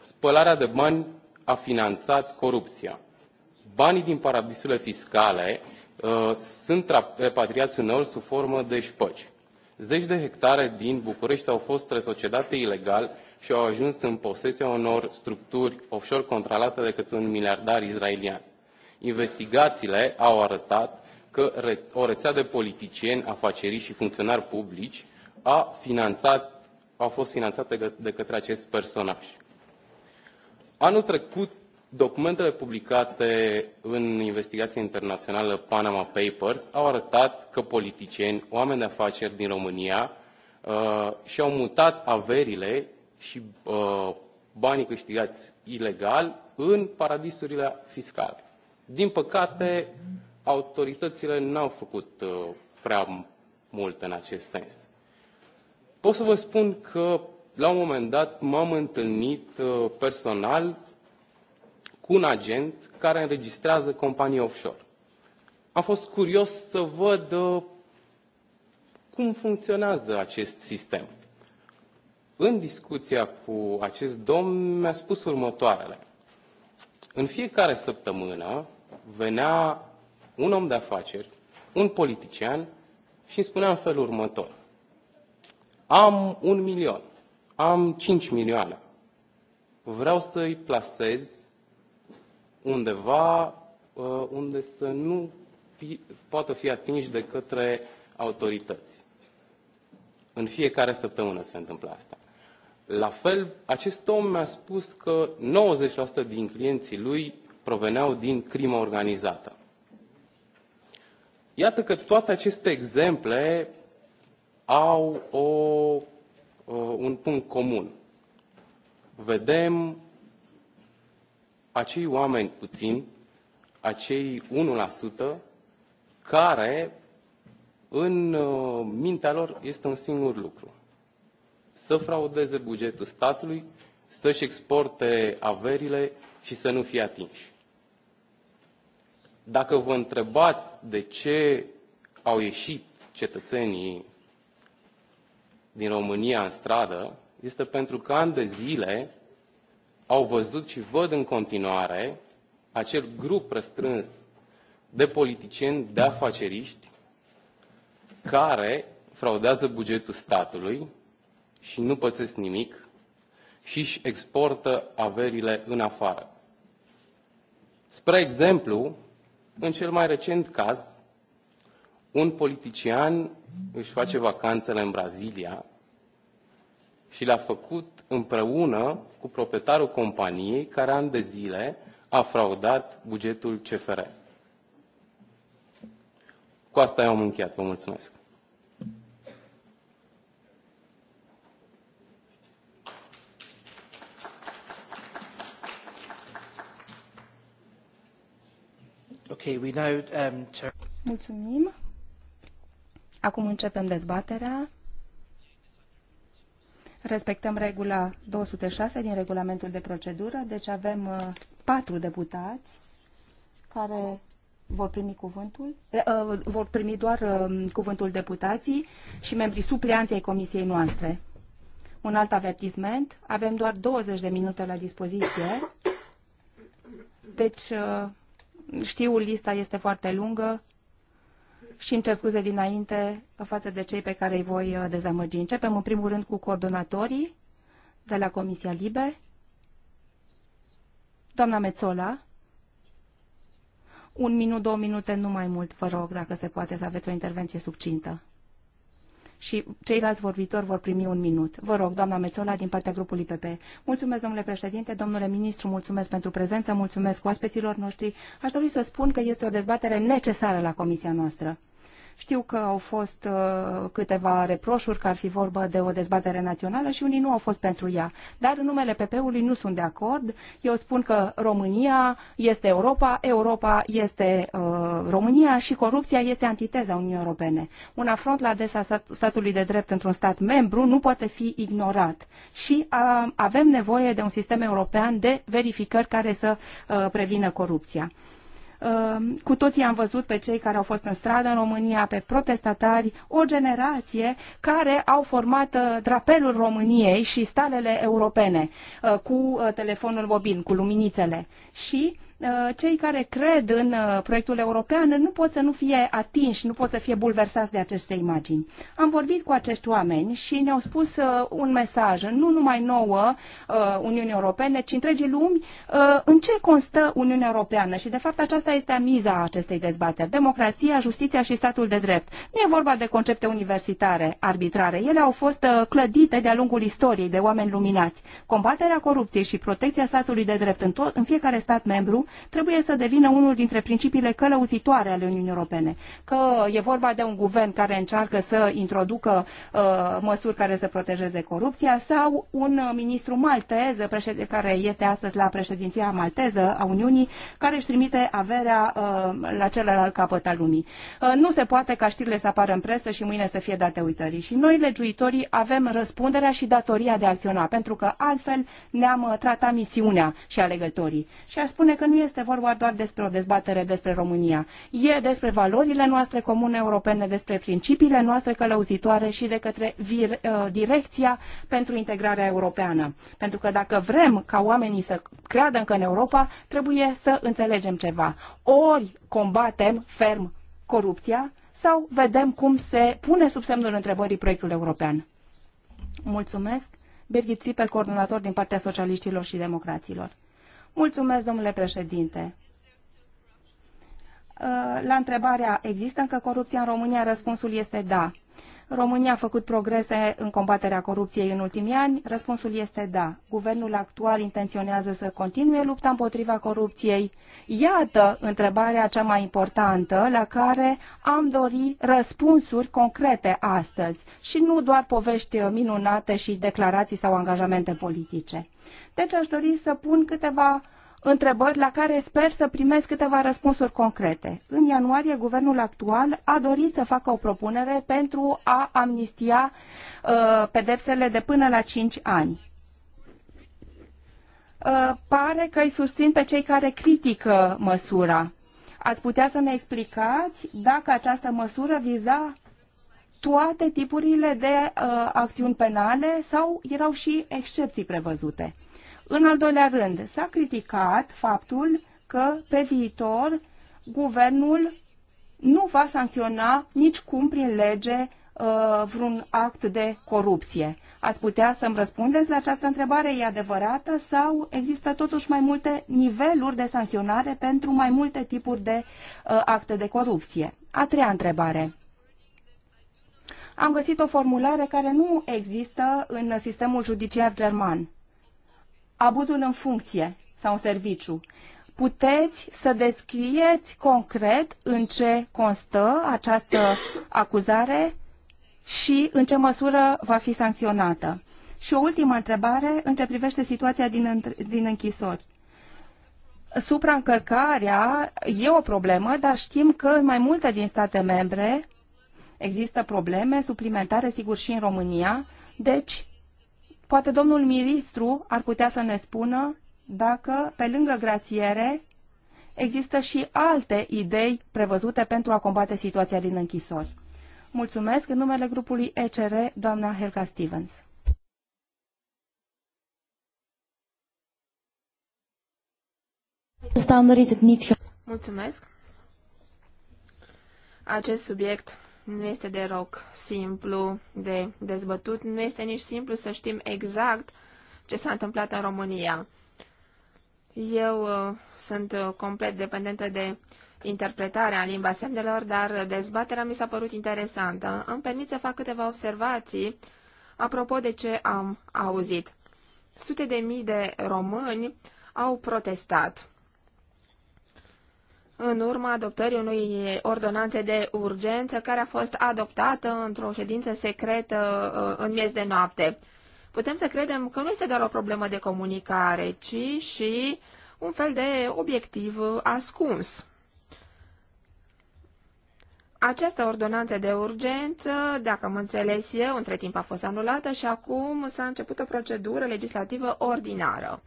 spălarea de bani a finanțat corupția. Banii din paradisurile fiscale uh, sunt repatriați uneori sub formă de șpăci. Zeci de hectare din București au fost retrocedate ilegal și au ajuns în posesia unor structuri offshore controlate de către un miliardar israelian. Investigațiile au arătat că o rețea de politicieni, afaceriști și funcționari publici a finanțat au fost finanțate de către acest personaj. Anul trecut, documentele publicate în investigația internațională Panama Papers au arătat că politicieni, oameni de afaceri din România uh, și-au mutat averile și uh, banii câștigați ilegal în paradisurile fiscale. Din păcate, autoritățile n-au făcut uh, prea mult în acest sens. Pot să vă spun că la un moment dat m-am întâlnit uh, personal cu un agent care înregistrează companii offshore. Am fost curios să văd uh, cum funcționează acest sistem. În discuția cu acest domn mi-a spus următoarele. În fiecare săptămână venea un om de afaceri, un politician și îmi spunea în felul următor. Am un milion, am cinci milioane. Vreau să-i plasez undeva uh, unde să nu fi, poată fi atinși de către autorități. În fiecare săptămână se întâmplă asta. La fel, acest om mi-a spus că 90% din clienții lui proveneau din crimă organizată. Iată că toate aceste exemple au o, un punct comun. Vedem acei oameni puțini, acei 1% care în uh, mintea lor este un singur lucru. Să fraudeze bugetul statului, să-și exporte averile și să nu fie atinși. Dacă vă întrebați de ce au ieșit cetățenii din România în stradă este pentru că ani de zile au văzut și văd în continuare acel grup răstrâns de politicieni, de afaceriști, care fraudează bugetul statului și nu pățesc nimic și își exportă averile în afară. Spre exemplu, în cel mai recent caz, un politician își face vacanțele în Brazilia și le-a făcut împreună cu proprietarul companiei care ani de zile a fraudat bugetul CFR. Cu asta eu am încheiat. Vă mulțumesc. Okay, we now, um, Mulțumim. Acum începem dezbaterea. Respectăm regula 206 din regulamentul de procedură, deci avem uh, patru deputați care vor primi cuvântul, eh, uh, vor primi doar uh, cuvântul deputații și membrii supleanței comisiei noastre. Un alt avertisment, avem doar 20 de minute la dispoziție, deci uh, știu, lista este foarte lungă, și îmi cer scuze dinainte față de cei pe care îi voi uh, dezamăgi. Începem în primul rând cu coordonatorii de la Comisia Libe. Doamna Mețola, un minut, două minute, nu mai mult, vă rog, dacă se poate, să aveți o intervenție succintă și ceilalți vorbitori vor primi un minut. Vă rog, doamna Mețola, din partea grupului PP. Mulțumesc, domnule președinte, domnule ministru, mulțumesc pentru prezență, mulțumesc oaspeților noștri. Aș dori să spun că este o dezbatere necesară la comisia noastră. Știu că au fost uh, câteva reproșuri că ar fi vorba de o dezbatere națională și unii nu au fost pentru ea. Dar în numele PP-ului nu sunt de acord. Eu spun că România este Europa, Europa este uh, România și corupția este antiteza Uniunii Europene. Un afront la adresa statului de drept într-un stat membru nu poate fi ignorat. Și uh, avem nevoie de un sistem european de verificări care să uh, prevină corupția. Ehm, cu toții am văzut pe cei care au fost în stradă în România, pe protestatari, o generație care au format uh, drapelul României și stalele europene uh, cu uh, telefonul mobil, cu luminițele. Și Uh, cei care cred în uh, proiectul european nu pot să nu fie atinși, nu pot să fie bulversați de aceste imagini. Am vorbit cu acești oameni și ne-au spus uh, un mesaj, nu numai nouă Uniunii Europene, ci întregii lumi, în ce constă Uniunea Europeană. Și, de fapt, aceasta este miza acestei dezbateri. Democrația, justiția și statul de drept. Nu e vorba de concepte universitare, arbitrare. Ele au fost clădite de-a lungul istoriei de oameni luminați. Combaterea corupției și protecția statului de drept în, tot, în fiecare stat membru trebuie să devină unul dintre principiile călăuzitoare ale Uniunii Europene. Că e vorba de un guvern care încearcă să introducă uh, măsuri care să protejeze corupția sau un ministru maltez care este astăzi la președinția malteză a Uniunii care își trimite averea uh, la celălalt capăt al lumii. Uh, nu se poate ca știrile să apară în presă și mâine să fie date uitării. Și noi, legiuitorii, avem răspunderea și datoria de a acționa, pentru că altfel ne-am uh, tratat misiunea și alegătorii. Și aș spune că nu este vorba doar despre o dezbatere despre România. E despre valorile noastre comune europene, despre principiile noastre călăuzitoare și de către vir, uh, direcția pentru integrarea europeană. Pentru că dacă vrem ca oamenii să creadă încă în Europa, trebuie să înțelegem ceva. Ori combatem ferm corupția sau vedem cum se pune sub semnul întrebării proiectul european. Mulțumesc. Birgit Țipel, coordonator din partea socialiștilor și democraților. Mulțumesc, domnule președinte. Uh, la întrebarea, există încă corupția în România? Răspunsul este da. România a făcut progrese în combaterea corupției în ultimii ani? Răspunsul este da. Guvernul actual intenționează să continue lupta împotriva corupției? Iată întrebarea cea mai importantă la care am dori răspunsuri concrete astăzi și nu doar povești minunate și declarații sau angajamente politice. Deci aș dori să pun câteva întrebări la care sper să primesc câteva răspunsuri concrete. În ianuarie, guvernul actual a dorit să facă o propunere pentru a amnistia uh, pedepsele de până la 5 ani. Uh, pare că îi susțin pe cei care critică măsura. Ați putea să ne explicați dacă această măsură viza toate tipurile de uh, acțiuni penale sau erau și excepții prevăzute? În al doilea rând, s-a criticat faptul că pe viitor guvernul nu va sancționa nici cum prin lege uh, vreun act de corupție. Ați putea să-mi răspundeți la această întrebare? E adevărată sau există totuși mai multe niveluri de sancționare pentru mai multe tipuri de uh, acte de corupție? A treia întrebare. Am găsit o formulare care nu există în sistemul judiciar german abuzul în funcție sau în serviciu. Puteți să descrieți concret în ce constă această acuzare și în ce măsură va fi sancționată. Și o ultimă întrebare în ce privește situația din, din închisori supraîncărcarea e o problemă, dar știm că în mai multe din state membre există probleme suplimentare, sigur, și în România. Deci, Poate domnul ministru ar putea să ne spună dacă, pe lângă grațiere, există și alte idei prevăzute pentru a combate situația din închisori. Mulțumesc în numele grupului ECR, doamna Helga Stevens. Mulțumesc. Acest subiect nu este de roc simplu de dezbătut, nu este nici simplu să știm exact ce s-a întâmplat în România. Eu uh, sunt uh, complet dependentă de interpretarea în limba semnelor, dar dezbaterea mi s-a părut interesantă. Îmi permit să fac câteva observații apropo de ce am auzit. Sute de mii de români au protestat în urma adoptării unui ordonanțe de urgență care a fost adoptată într-o ședință secretă uh, în miez de noapte. Putem să credem că nu este doar o problemă de comunicare, ci și un fel de obiectiv ascuns. Această ordonanță de urgență, dacă am înțeles eu, între timp a fost anulată și acum s-a început o procedură legislativă ordinară.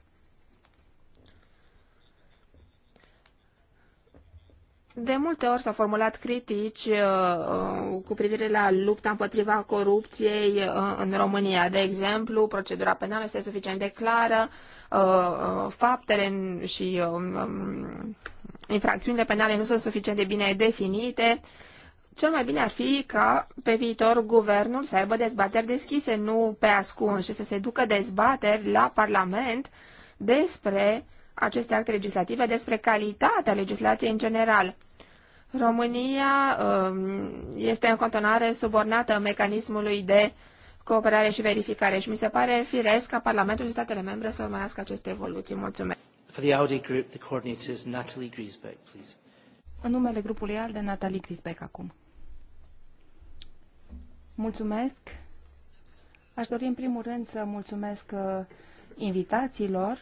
De multe ori s-au formulat critici uh, uh, cu privire la lupta împotriva corupției uh, în România. De exemplu, procedura penală este suficient de clară, uh, uh faptele și uh, um, infracțiunile penale nu sunt suficient de bine definite. Cel mai bine ar fi ca pe viitor guvernul să aibă dezbateri deschise, nu pe ascuns, și să se ducă dezbateri la Parlament despre aceste acte legislative, despre calitatea legislației în general. România um, este în continuare subornată mecanismului de cooperare și verificare și mi se pare firesc ca Parlamentul și statele membre să urmărească aceste evoluții. Mulțumesc. For the Audi group, the coordinator is Natalie Griesbeck, please. În numele grupului ALDE, Natalie Griesbeck acum. Mulțumesc. Aș dori în primul rând să mulțumesc uh, invitațiilor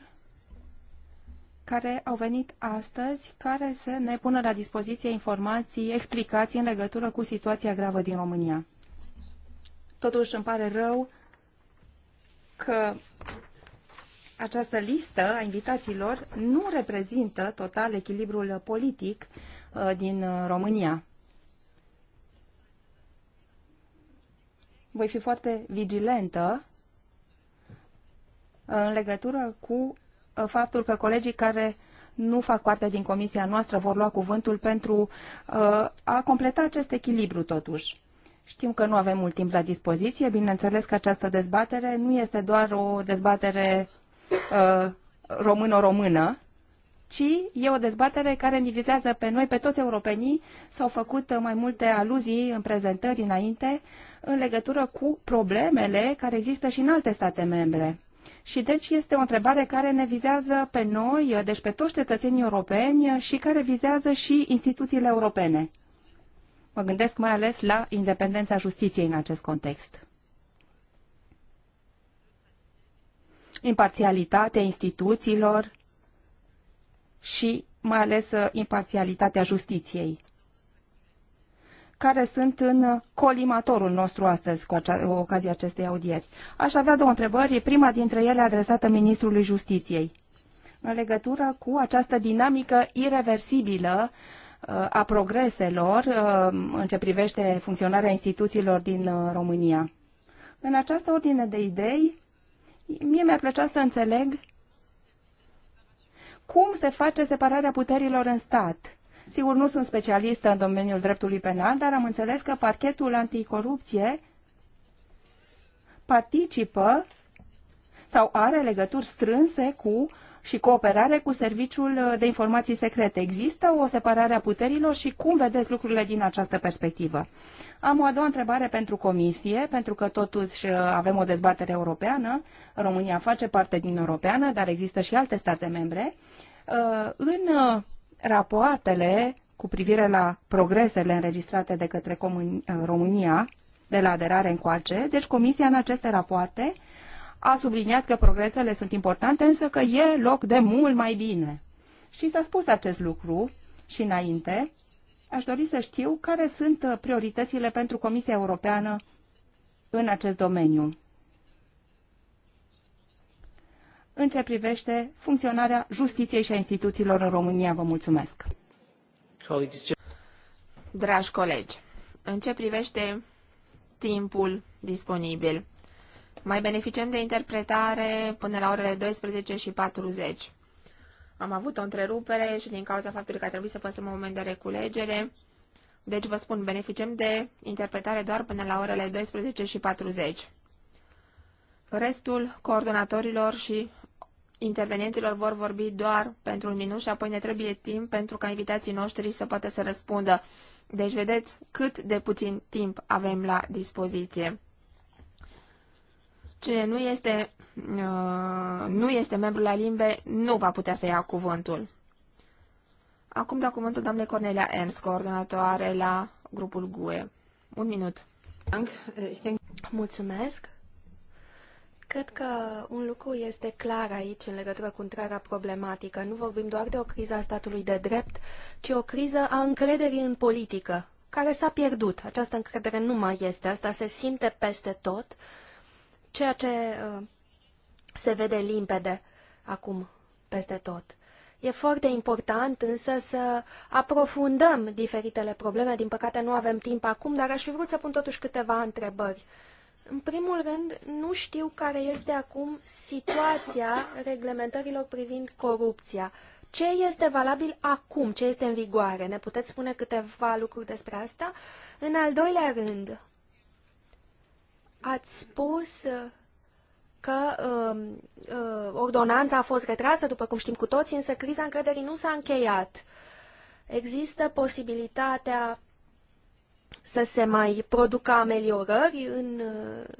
care au venit astăzi, care să ne pună la dispoziție informații, explicații în legătură cu situația gravă din România. Totuși îmi pare rău că această listă a invitațiilor nu reprezintă total echilibrul politic uh, din uh, România. Voi fi foarte vigilentă uh, în legătură cu faptul că colegii care nu fac parte din comisia noastră vor lua cuvântul pentru uh, a completa acest echilibru totuși. Știm că nu avem mult timp la dispoziție, bineînțeles că această dezbatere nu este doar o dezbatere uh, română-română, ci e o dezbatere care ne vizează pe noi, pe toți europenii. S-au făcut mai multe aluzii în prezentări înainte în legătură cu problemele care există și în alte state membre. Și deci este o întrebare care ne vizează pe noi, deci pe toți cetățenii europeni și care vizează și instituțiile europene. Mă gândesc mai ales la independența justiției în acest context. Imparțialitatea instituțiilor și mai ales uh, imparțialitatea justiției care sunt în colimatorul nostru astăzi cu ocazia acestei audieri. Aș avea două întrebări, prima dintre ele adresată Ministrului Justiției, în legătură cu această dinamică irreversibilă uh, a progreselor uh, în ce privește funcționarea instituțiilor din uh, România. În această ordine de idei, mie mi-ar plăcea să înțeleg cum se face separarea puterilor în stat Sigur, nu sunt specialistă în domeniul dreptului penal, dar am înțeles că parchetul anticorupție participă sau are legături strânse cu și cooperare cu Serviciul de Informații Secrete. Există o separare a puterilor și cum vedeți lucrurile din această perspectivă? Am o a doua întrebare pentru Comisie, pentru că totuși uh, avem o dezbatere europeană. România face parte din Europeană, dar există și alte state membre. Uh, în uh, rapoartele cu privire la progresele înregistrate de către România de la aderare încoace. Deci Comisia în aceste rapoarte a subliniat că progresele sunt importante, însă că e loc de mult mai bine. Și s-a spus acest lucru și înainte. Aș dori să știu care sunt prioritățile pentru Comisia Europeană în acest domeniu. în ce privește funcționarea justiției și a instituțiilor în România. Vă mulțumesc! Dragi colegi, în ce privește timpul disponibil, mai beneficiem de interpretare până la orele 12 și 40. Am avut o întrerupere și din cauza faptului că a trebuit să păstrăm un moment de reculegere, deci vă spun, beneficiem de interpretare doar până la orele 12 și 40. Restul coordonatorilor și intervenienților vor vorbi doar pentru un minut și apoi ne trebuie timp pentru ca invitații noștri să poată să răspundă. Deci vedeți cât de puțin timp avem la dispoziție. Cine nu este, uh, nu este membru la limbe nu va putea să ia cuvântul. Acum dau cuvântul doamnei Cornelia Ernst, coordonatoare la grupul GUE. Un minut. Mulțumesc. Cred că un lucru este clar aici în legătură cu întreaga problematică. Nu vorbim doar de o criză a statului de drept, ci o criză a încrederii în politică, care s-a pierdut. Această încredere nu mai este. Asta se simte peste tot, ceea ce uh, se vede limpede acum peste tot. E foarte important însă să aprofundăm diferitele probleme. Din păcate nu avem timp acum, dar aș fi vrut să pun totuși câteva întrebări în primul rând, nu știu care este acum situația reglementărilor privind corupția. Ce este valabil acum, ce este în vigoare? Ne puteți spune câteva lucruri despre asta? În al doilea rând, ați spus uh, că uh, uh, ordonanța a fost retrasă, după cum știm cu toții, însă criza încrederii nu s-a încheiat. Există posibilitatea să se mai producă ameliorări în,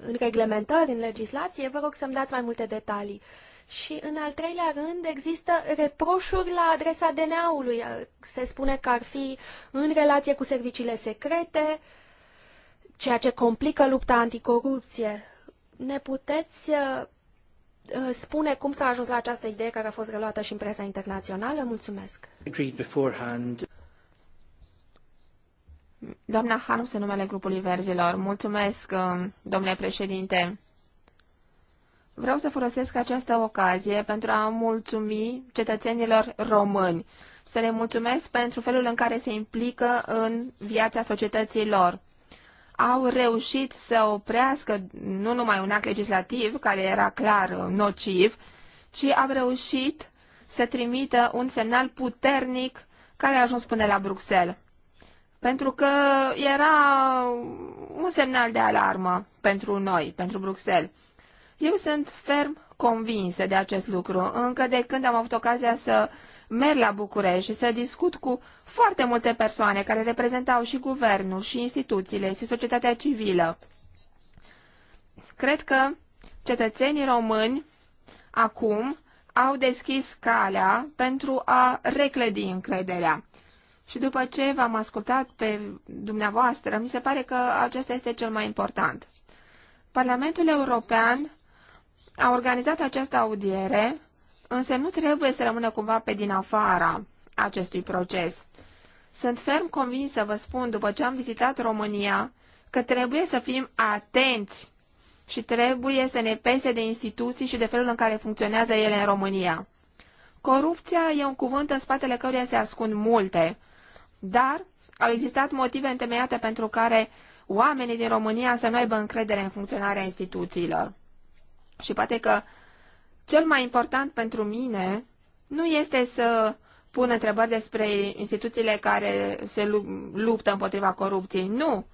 în reglementări, în legislație, vă rog să-mi dați mai multe detalii. Și în al treilea rând există reproșuri la adresa DNA-ului. Se spune că ar fi în relație cu serviciile secrete, ceea ce complică lupta anticorupție. Ne puteți uh, uh, spune cum s-a ajuns la această idee care a fost reluată și în presa internațională? Mulțumesc! Doamna Hanus, în numele grupului verzilor. Mulțumesc, um, domnule președinte. Vreau să folosesc această ocazie pentru a mulțumi cetățenilor români, să le mulțumesc pentru felul în care se implică în viața societății lor. Au reușit să oprească nu numai un act legislativ, care era clar uh, nociv, ci au reușit să trimită un semnal puternic care a ajuns până la Bruxelles pentru că era un semnal de alarmă pentru noi, pentru Bruxelles. Eu sunt ferm convinsă de acest lucru, încă de când am avut ocazia să merg la București și să discut cu foarte multe persoane care reprezentau și guvernul, și instituțiile, și societatea civilă. Cred că cetățenii români acum au deschis calea pentru a reclădi încrederea și după ce v-am ascultat pe dumneavoastră, mi se pare că acesta este cel mai important. Parlamentul European a organizat această audiere, însă nu trebuie să rămână cumva pe din afara acestui proces. Sunt ferm convins să vă spun, după ce am vizitat România, că trebuie să fim atenți și trebuie să ne pese de instituții și de felul în care funcționează ele în România. Corupția e un cuvânt în spatele căruia se ascund multe dar au existat motive întemeiate pentru care oamenii din România să nu aibă încredere în funcționarea instituțiilor. Și poate că cel mai important pentru mine nu este să pun întrebări despre instituțiile care se luptă împotriva corupției. Nu!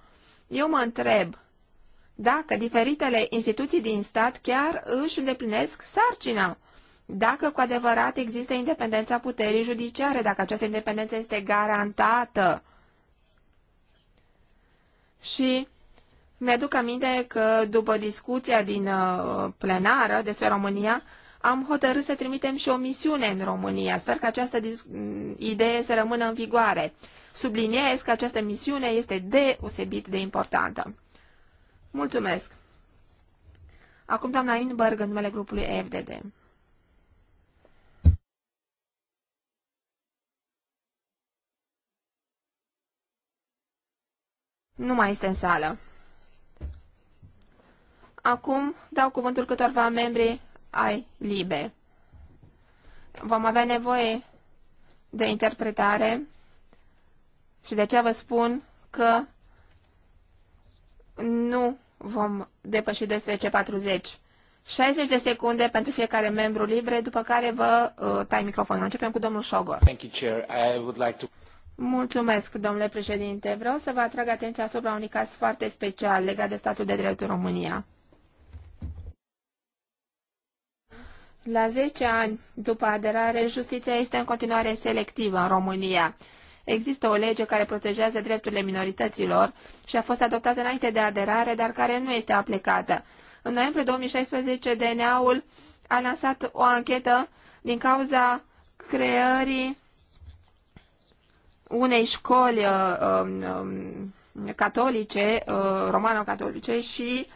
Eu mă întreb dacă diferitele instituții din stat chiar își îndeplinesc sarcina dacă cu adevărat există independența puterii judiciare, dacă această independență este garantată. Și mi-aduc aminte că după discuția din uh, plenară despre România, am hotărât să trimitem și o misiune în România. Sper că această idee să rămână în vigoare. Subliniez că această misiune este deosebit de importantă. Mulțumesc! Acum doamna Inberg în numele grupului FDD. Nu mai este în sală. Acum dau cuvântul câtorva membri ai LIBE. Vom avea nevoie de interpretare și de ce vă spun că nu vom depăși 12.40. 60 de secunde pentru fiecare membru libre, după care vă uh, tai microfonul. Începem cu domnul Șogor. Thank you, Chair. I would like to... Mulțumesc, domnule președinte. Vreau să vă atrag atenția asupra unui caz foarte special legat de statul de drept în România. La 10 ani după aderare, justiția este în continuare selectivă în România. Există o lege care protejează drepturile minorităților și a fost adoptată înainte de aderare, dar care nu este aplicată. În noiembrie 2016, DNA-ul a lansat o anchetă din cauza creării unei școli uh, um, um, catolice, uh, romano-catolice și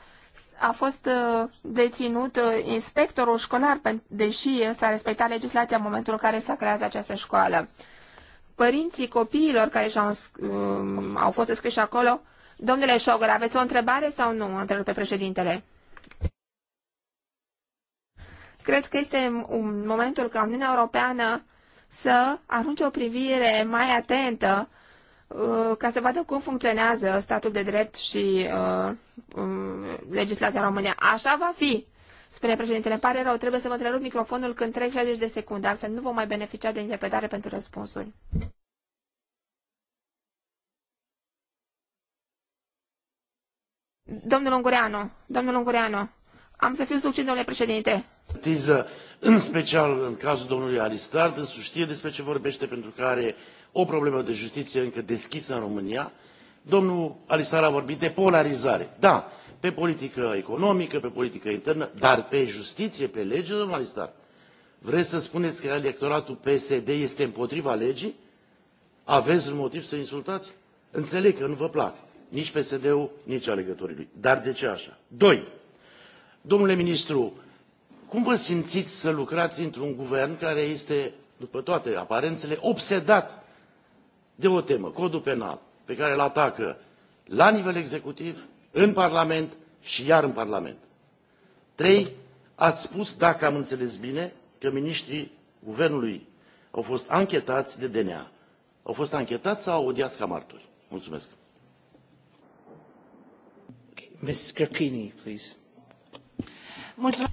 a fost uh, deținut inspectorul școlar, deși s-a respectat legislația în momentul în care s-a creat această școală. Părinții copiilor care și-au, um, au fost scriși acolo, domnule Șogăr, aveți o întrebare sau nu? Întrerupe președintele. Cred că este un momentul ca Uniunea Europeană să arunce o privire mai atentă uh, ca să vadă cum funcționează statul de drept și uh, um, legislația română. Așa va fi, spune președintele. Îmi pare rău, trebuie să vă întrerup microfonul când trec 60 de secunde, altfel nu vom mai beneficia de interpretare pentru răspunsuri. Domnul Ungureanu, domnul Ungureanu, am să fiu succint, domnule președinte. Tiză, în special în cazul domnului Aristar, dânsul știe despre ce vorbește, pentru că are o problemă de justiție încă deschisă în România. Domnul Aristar a vorbit de polarizare. Da, pe politică economică, pe politică internă, dar pe justiție, pe lege, domnul Aristar. Vreți să spuneți că electoratul PSD este împotriva legii? Aveți un motiv să insultați? Înțeleg că nu vă plac nici PSD-ul, nici alegătorii lui. Dar de ce așa? Doi Domnule ministru, cum vă simțiți să lucrați într-un guvern care este, după toate aparențele, obsedat de o temă, codul penal, pe care îl atacă la nivel executiv, în Parlament și iar în Parlament? Trei, ați spus, dacă am înțeles bine, că miniștrii guvernului au fost anchetați de DNA. Au fost anchetați sau audiați ca martori? Mulțumesc. Okay. Mrs. please. Mulțumesc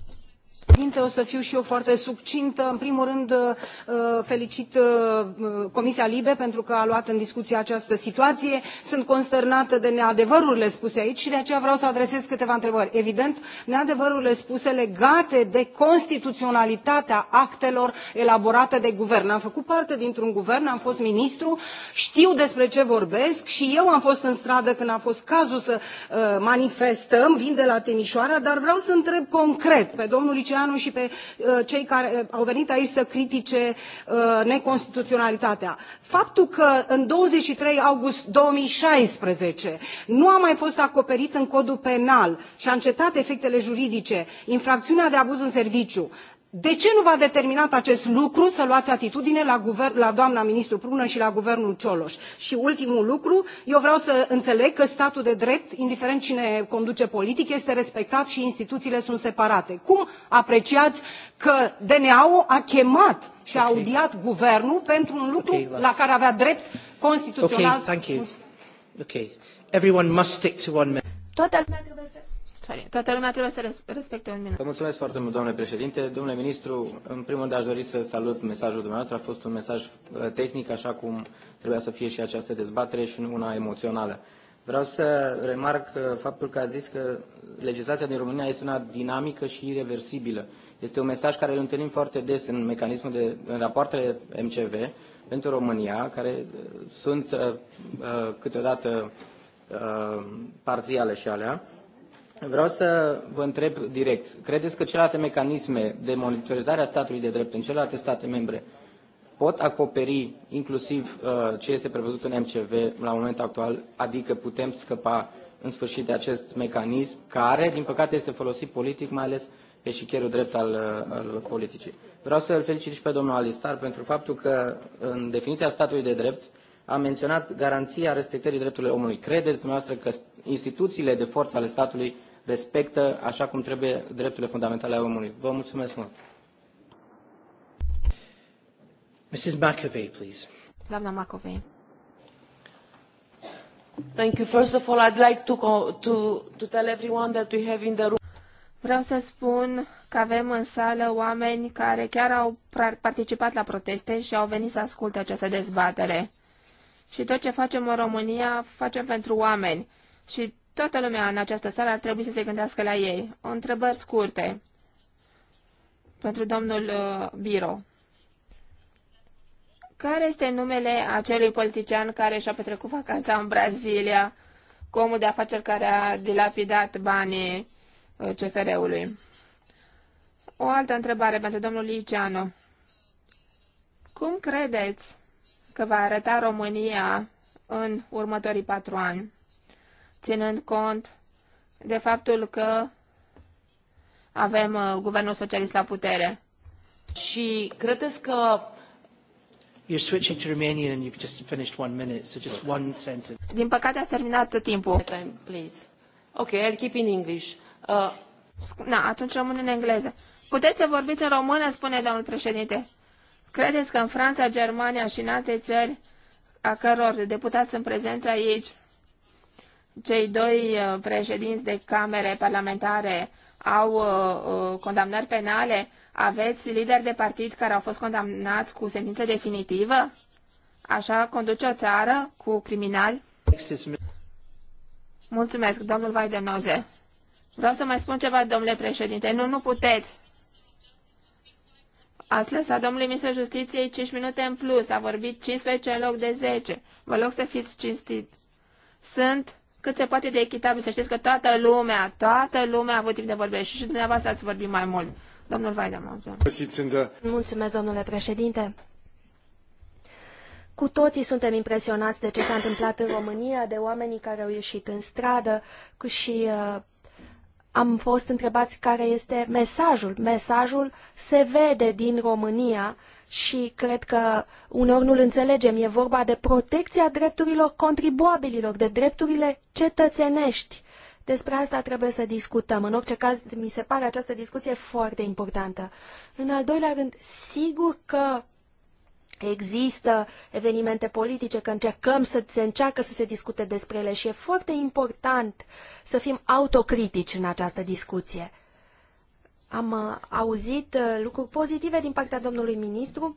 președinte o să fiu și eu foarte succintă. În primul rând, uh, felicit uh, Comisia Libe pentru că a luat în discuție această situație. Sunt consternată de neadevărurile spuse aici și de aceea vreau să adresez câteva întrebări. Evident, neadevărurile spuse legate de constituționalitatea actelor elaborate de guvern. Am făcut parte dintr-un guvern, am fost ministru, știu despre ce vorbesc și eu am fost în stradă când a fost cazul să uh, manifestăm, vin de la Timișoara, dar vreau să întreb concret pe domnul Tănăsceanu și pe uh, cei care uh, au venit aici să critique uh, neconstituționalitatea. Faptul că în 23 august 2016 nu a mai fost acoperit în codul penal și a încetat efectele juridice infracțiunea de abuz în serviciu, de ce nu v a determinat acest lucru să luați atitudine la, guvern, la doamna ministru prună și la guvernul cioloș? și ultimul lucru eu vreau să înțeleg că statul de drept indiferent cine conduce politic este respectat și instituțiile sunt separate. cum apreciați că dna ul a chemat și a audiat guvernul pentru un lucru la care avea drept constituțional? Toată lumea trebuie Toată lumea trebuie să respecte un minut. Vă mulțumesc foarte mult, domnule președinte. Domnule ministru, în primul rând aș dori să salut mesajul dumneavoastră. A fost un mesaj uh, tehnic, așa cum trebuia să fie și această dezbatere și una emoțională. Vreau să remarc uh, faptul că a zis că legislația din România este una dinamică și irreversibilă. Este un mesaj care îl întâlnim foarte des în mecanismul de în rapoartele MCV pentru România, care uh, sunt uh, uh, câteodată uh, parțiale și alea. Vreau să vă întreb direct. Credeți că celelalte mecanisme de monitorizare a statului de drept în celelalte state membre pot acoperi inclusiv uh, ce este prevăzut în MCV la momentul actual, adică putem scăpa în sfârșit de acest mecanism care, din păcate, este folosit politic, mai ales pe șicherul drept al, uh, al politicii. Vreau să îl felicit și pe domnul Alistar pentru faptul că în definiția statului de drept a menționat garanția respectării drepturilor omului. Credeți dumneavoastră că instituțiile de forță ale statului respectă așa cum trebuie drepturile fundamentale ale omului. Vă mulțumesc mult! Mrs. McAvey, please. Doamna McAvey. Thank you. First of all, I'd like to, to, to tell everyone that we have in the room. Vreau să spun că avem în sală oameni care chiar au participat la proteste și au venit să asculte această dezbatere. Și tot ce facem în România, facem pentru oameni. Și Toată lumea în această sală ar trebui să se gândească la ei. O întrebări scurte pentru domnul uh, Biro. Care este numele acelui politician care și-a petrecut vacanța în Brazilia cu omul de afaceri care a dilapidat banii uh, CFR-ului? O altă întrebare pentru domnul Liceanu. Cum credeți că va arăta România în următorii patru ani? ținând cont de faptul că avem uh, guvernul socialist la putere. Și credeți că You're switching to Romanian and you've just finished one minute, so just one sentence. Din păcate ați terminat timpul. Time, please. Okay, I'll keep in English. Uh... Na, atunci rămân în engleză. Puteți să vorbiți în română, spune domnul președinte. Credeți că în Franța, Germania și în alte țări a căror deputați sunt prezenți aici, cei doi uh, președinți de camere parlamentare au uh, uh, condamnări penale, aveți lideri de partid care au fost condamnați cu sentință definitivă? Așa conduce o țară cu criminali? Mulțumesc, domnul Vaidenoze. Vreau să mai spun ceva, domnule președinte. Nu, nu puteți. Ați lăsat domnului ministru justiției 5 minute în plus. A vorbit 15 în loc de 10. Vă rog să fiți cinstit. Sunt cât se poate de echitabil. Să știți că toată lumea, toată lumea a avut timp de vorbire și și dumneavoastră ați vorbit mai mult. Domnul Weidemann. Mulțumesc, domnule președinte. Cu toții suntem impresionați de ce s-a întâmplat în România, de oamenii care au ieșit în stradă și uh, am fost întrebați care este mesajul. Mesajul se vede din România și cred că uneori nu-l înțelegem. E vorba de protecția drepturilor contribuabililor, de drepturile cetățenești. Despre asta trebuie să discutăm. În orice caz, mi se pare această discuție foarte importantă. În al doilea rând, sigur că există evenimente politice, că încercăm să se încearcă să se discute despre ele și e foarte important să fim autocritici în această discuție. Am uh, auzit uh, lucruri pozitive din partea domnului ministru.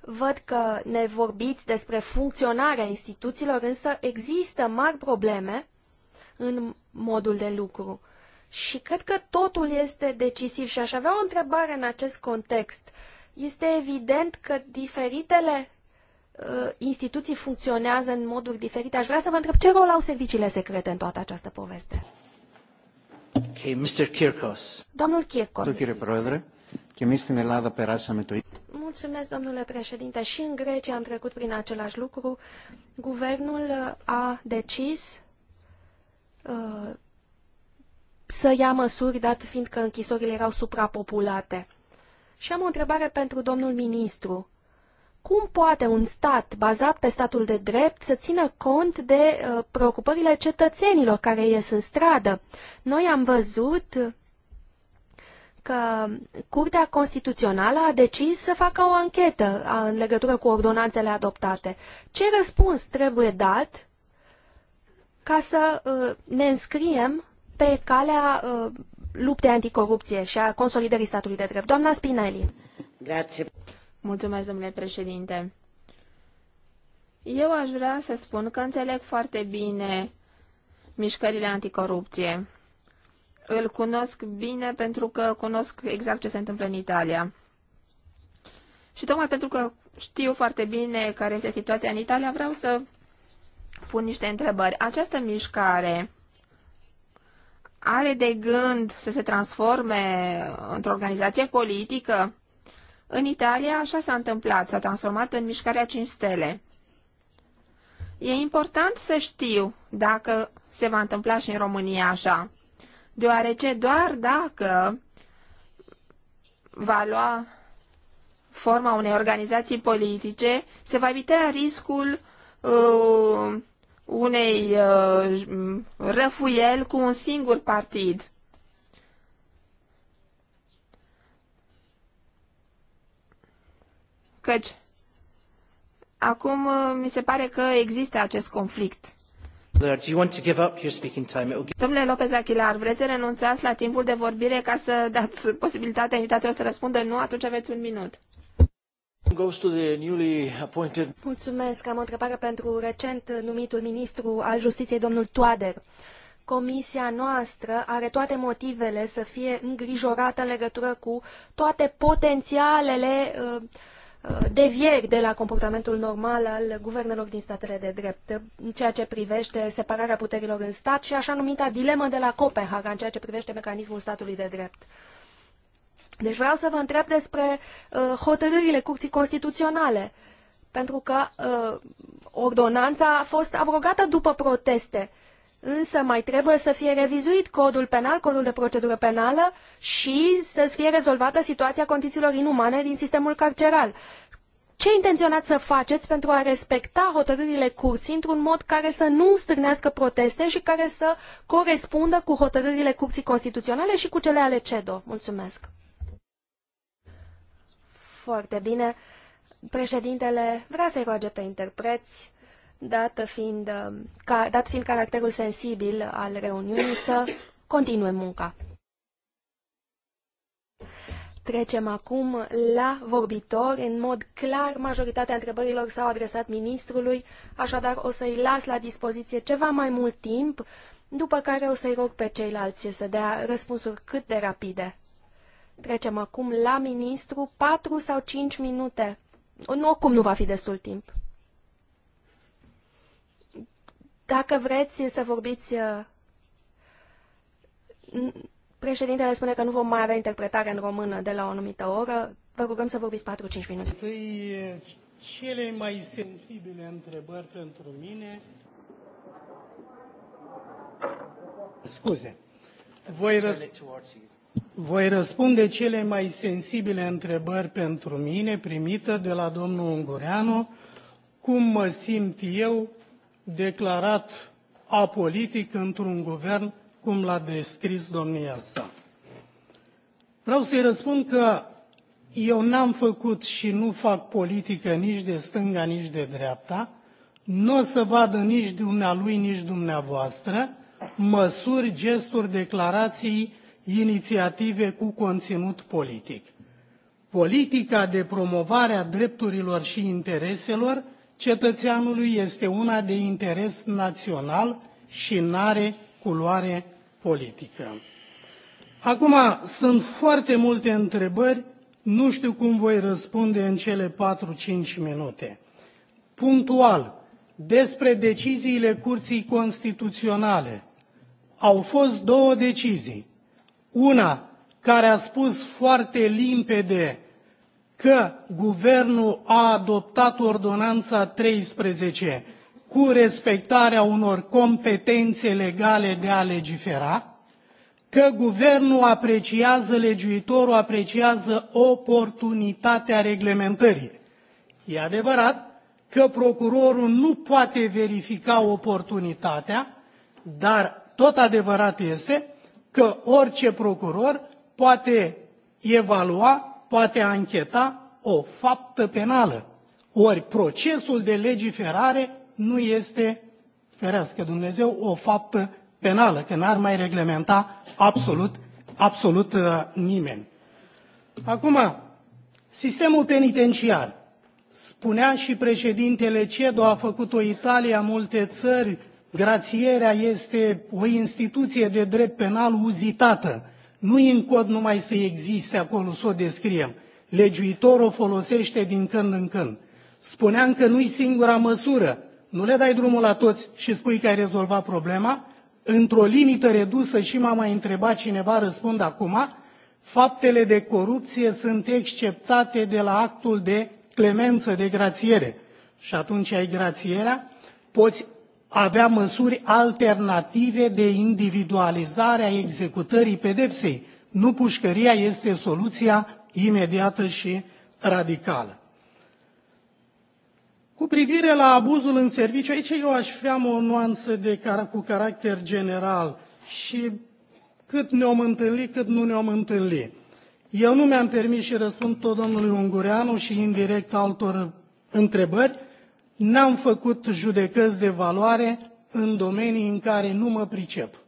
Văd că ne vorbiți despre funcționarea instituțiilor, însă există mari probleme în modul de lucru. Și cred că totul este decisiv și aș avea o întrebare în acest context. Este evident că diferitele uh, instituții funcționează în moduri diferite. Aș vrea să vă întreb ce rol au serviciile secrete în toată această poveste domnule președinte. Și în Grecia am trecut prin același lucru. Guvernul a decis uh, să ia măsuri, dat fiindcă închisorile erau suprapopulate. Și am o întrebare pentru domnul ministru. Cum poate un stat bazat pe statul de drept să țină cont de uh, preocupările cetățenilor care ies în stradă? Noi am văzut că Curtea Constituțională a decis să facă o anchetă în legătură cu ordonanțele adoptate. Ce răspuns trebuie dat ca să uh, ne înscriem pe calea uh, luptei anticorupție și a consolidării statului de drept? Doamna Spinelli. Grazie. Mulțumesc, domnule președinte. Eu aș vrea să spun că înțeleg foarte bine mișcările anticorupție. Îl cunosc bine pentru că cunosc exact ce se întâmplă în Italia. Și tocmai pentru că știu foarte bine care este situația în Italia, vreau să pun niște întrebări. Această mișcare are de gând să se transforme într-o organizație politică? În Italia așa s-a întâmplat, s-a transformat în mișcarea 5 stele. E important să știu dacă se va întâmpla și în România așa, deoarece doar dacă va lua forma unei organizații politice, se va evita riscul uh, unei uh, răfuieli cu un singur partid. Căci acum uh, mi se pare că există acest conflict. Domnule Lopez Aguilar, vreți să renunțați la timpul de vorbire ca să dați posibilitatea invitațiilor să răspundă nu? Atunci aveți un minut. Mulțumesc. Am o întrebare pentru recent numitul ministru al justiției, domnul Toader. Comisia noastră are toate motivele să fie îngrijorată în legătură cu toate potențialele uh, devieri de la comportamentul normal al guvernelor din statele de drept, în ceea ce privește separarea puterilor în stat și așa numita dilemă de la Copenhaga, în ceea ce privește mecanismul statului de drept. Deci vreau să vă întreb despre uh, hotărârile Curții Constituționale, pentru că uh, ordonanța a fost abrogată după proteste însă mai trebuie să fie revizuit codul penal, codul de procedură penală și să fie rezolvată situația condițiilor inumane din sistemul carceral. Ce intenționați să faceți pentru a respecta hotărârile curții într-un mod care să nu stârnească proteste și care să corespundă cu hotărârile curții constituționale și cu cele ale CEDO? Mulțumesc! Foarte bine. Președintele vrea să-i roage pe interpreți dată fiind, uh, ca, dat fiind caracterul sensibil al reuniunii, să continue munca. Trecem acum la vorbitori. În mod clar, majoritatea întrebărilor s-au adresat ministrului, așadar o să-i las la dispoziție ceva mai mult timp, după care o să-i rog pe ceilalți să dea răspunsuri cât de rapide. Trecem acum la ministru, 4 sau 5 minute. Nu, oricum nu va fi destul timp. Dacă vreți să vorbiți... Uh, președintele spune că nu vom mai avea interpretare în română de la o anumită oră. Vă rugăm să vorbiți 4-5 minute. Întâi, cele mai sensibile întrebări pentru mine... Scuze. Voi, răs... Voi răspunde cele mai sensibile întrebări pentru mine primită de la domnul Ungureanu, cum mă simt eu declarat apolitic într-un guvern cum l-a descris domnia sa. Vreau să-i răspund că eu n-am făcut și nu fac politică nici de stânga, nici de dreapta. Nu o să vadă nici dumnealui, nici dumneavoastră măsuri, gesturi, declarații, inițiative cu conținut politic. Politica de promovare a drepturilor și intereselor cetățeanului este una de interes național și nu are culoare politică. Acum, sunt foarte multe întrebări, nu știu cum voi răspunde în cele 4-5 minute. Punctual, despre deciziile Curții Constituționale. Au fost două decizii. Una care a spus foarte limpede că guvernul a adoptat ordonanța 13 cu respectarea unor competențe legale de a legifera, că guvernul apreciază, legiuitorul apreciază oportunitatea reglementării. E adevărat că procurorul nu poate verifica oportunitatea, dar tot adevărat este că orice procuror poate evalua poate ancheta o faptă penală. Ori procesul de legiferare nu este, ferească Dumnezeu, o faptă penală, că n-ar mai reglementa absolut, absolut uh, nimeni. Acum, sistemul penitenciar. Spunea și președintele CEDO, a făcut-o Italia, multe țări, grațierea este o instituție de drept penal uzitată nu e în cod numai să existe acolo, să o descriem. Legiuitorul o folosește din când în când. Spuneam că nu-i singura măsură. Nu le dai drumul la toți și spui că ai rezolvat problema. Într-o limită redusă și m-a mai întrebat cineva, răspund acum, faptele de corupție sunt exceptate de la actul de clemență, de grațiere. Și atunci ai grațierea, poți avea măsuri alternative de individualizare a executării pedepsei. Nu pușcăria este soluția imediată și radicală. Cu privire la abuzul în serviciu, aici eu aș fi o nuanță de, cu caracter general și cât ne-om întâlni, cât nu ne-om întâlni. Eu nu mi-am permis și răspund tot domnului Ungureanu și indirect altor întrebări, n-am făcut judecăți de valoare în domenii în care nu mă pricep.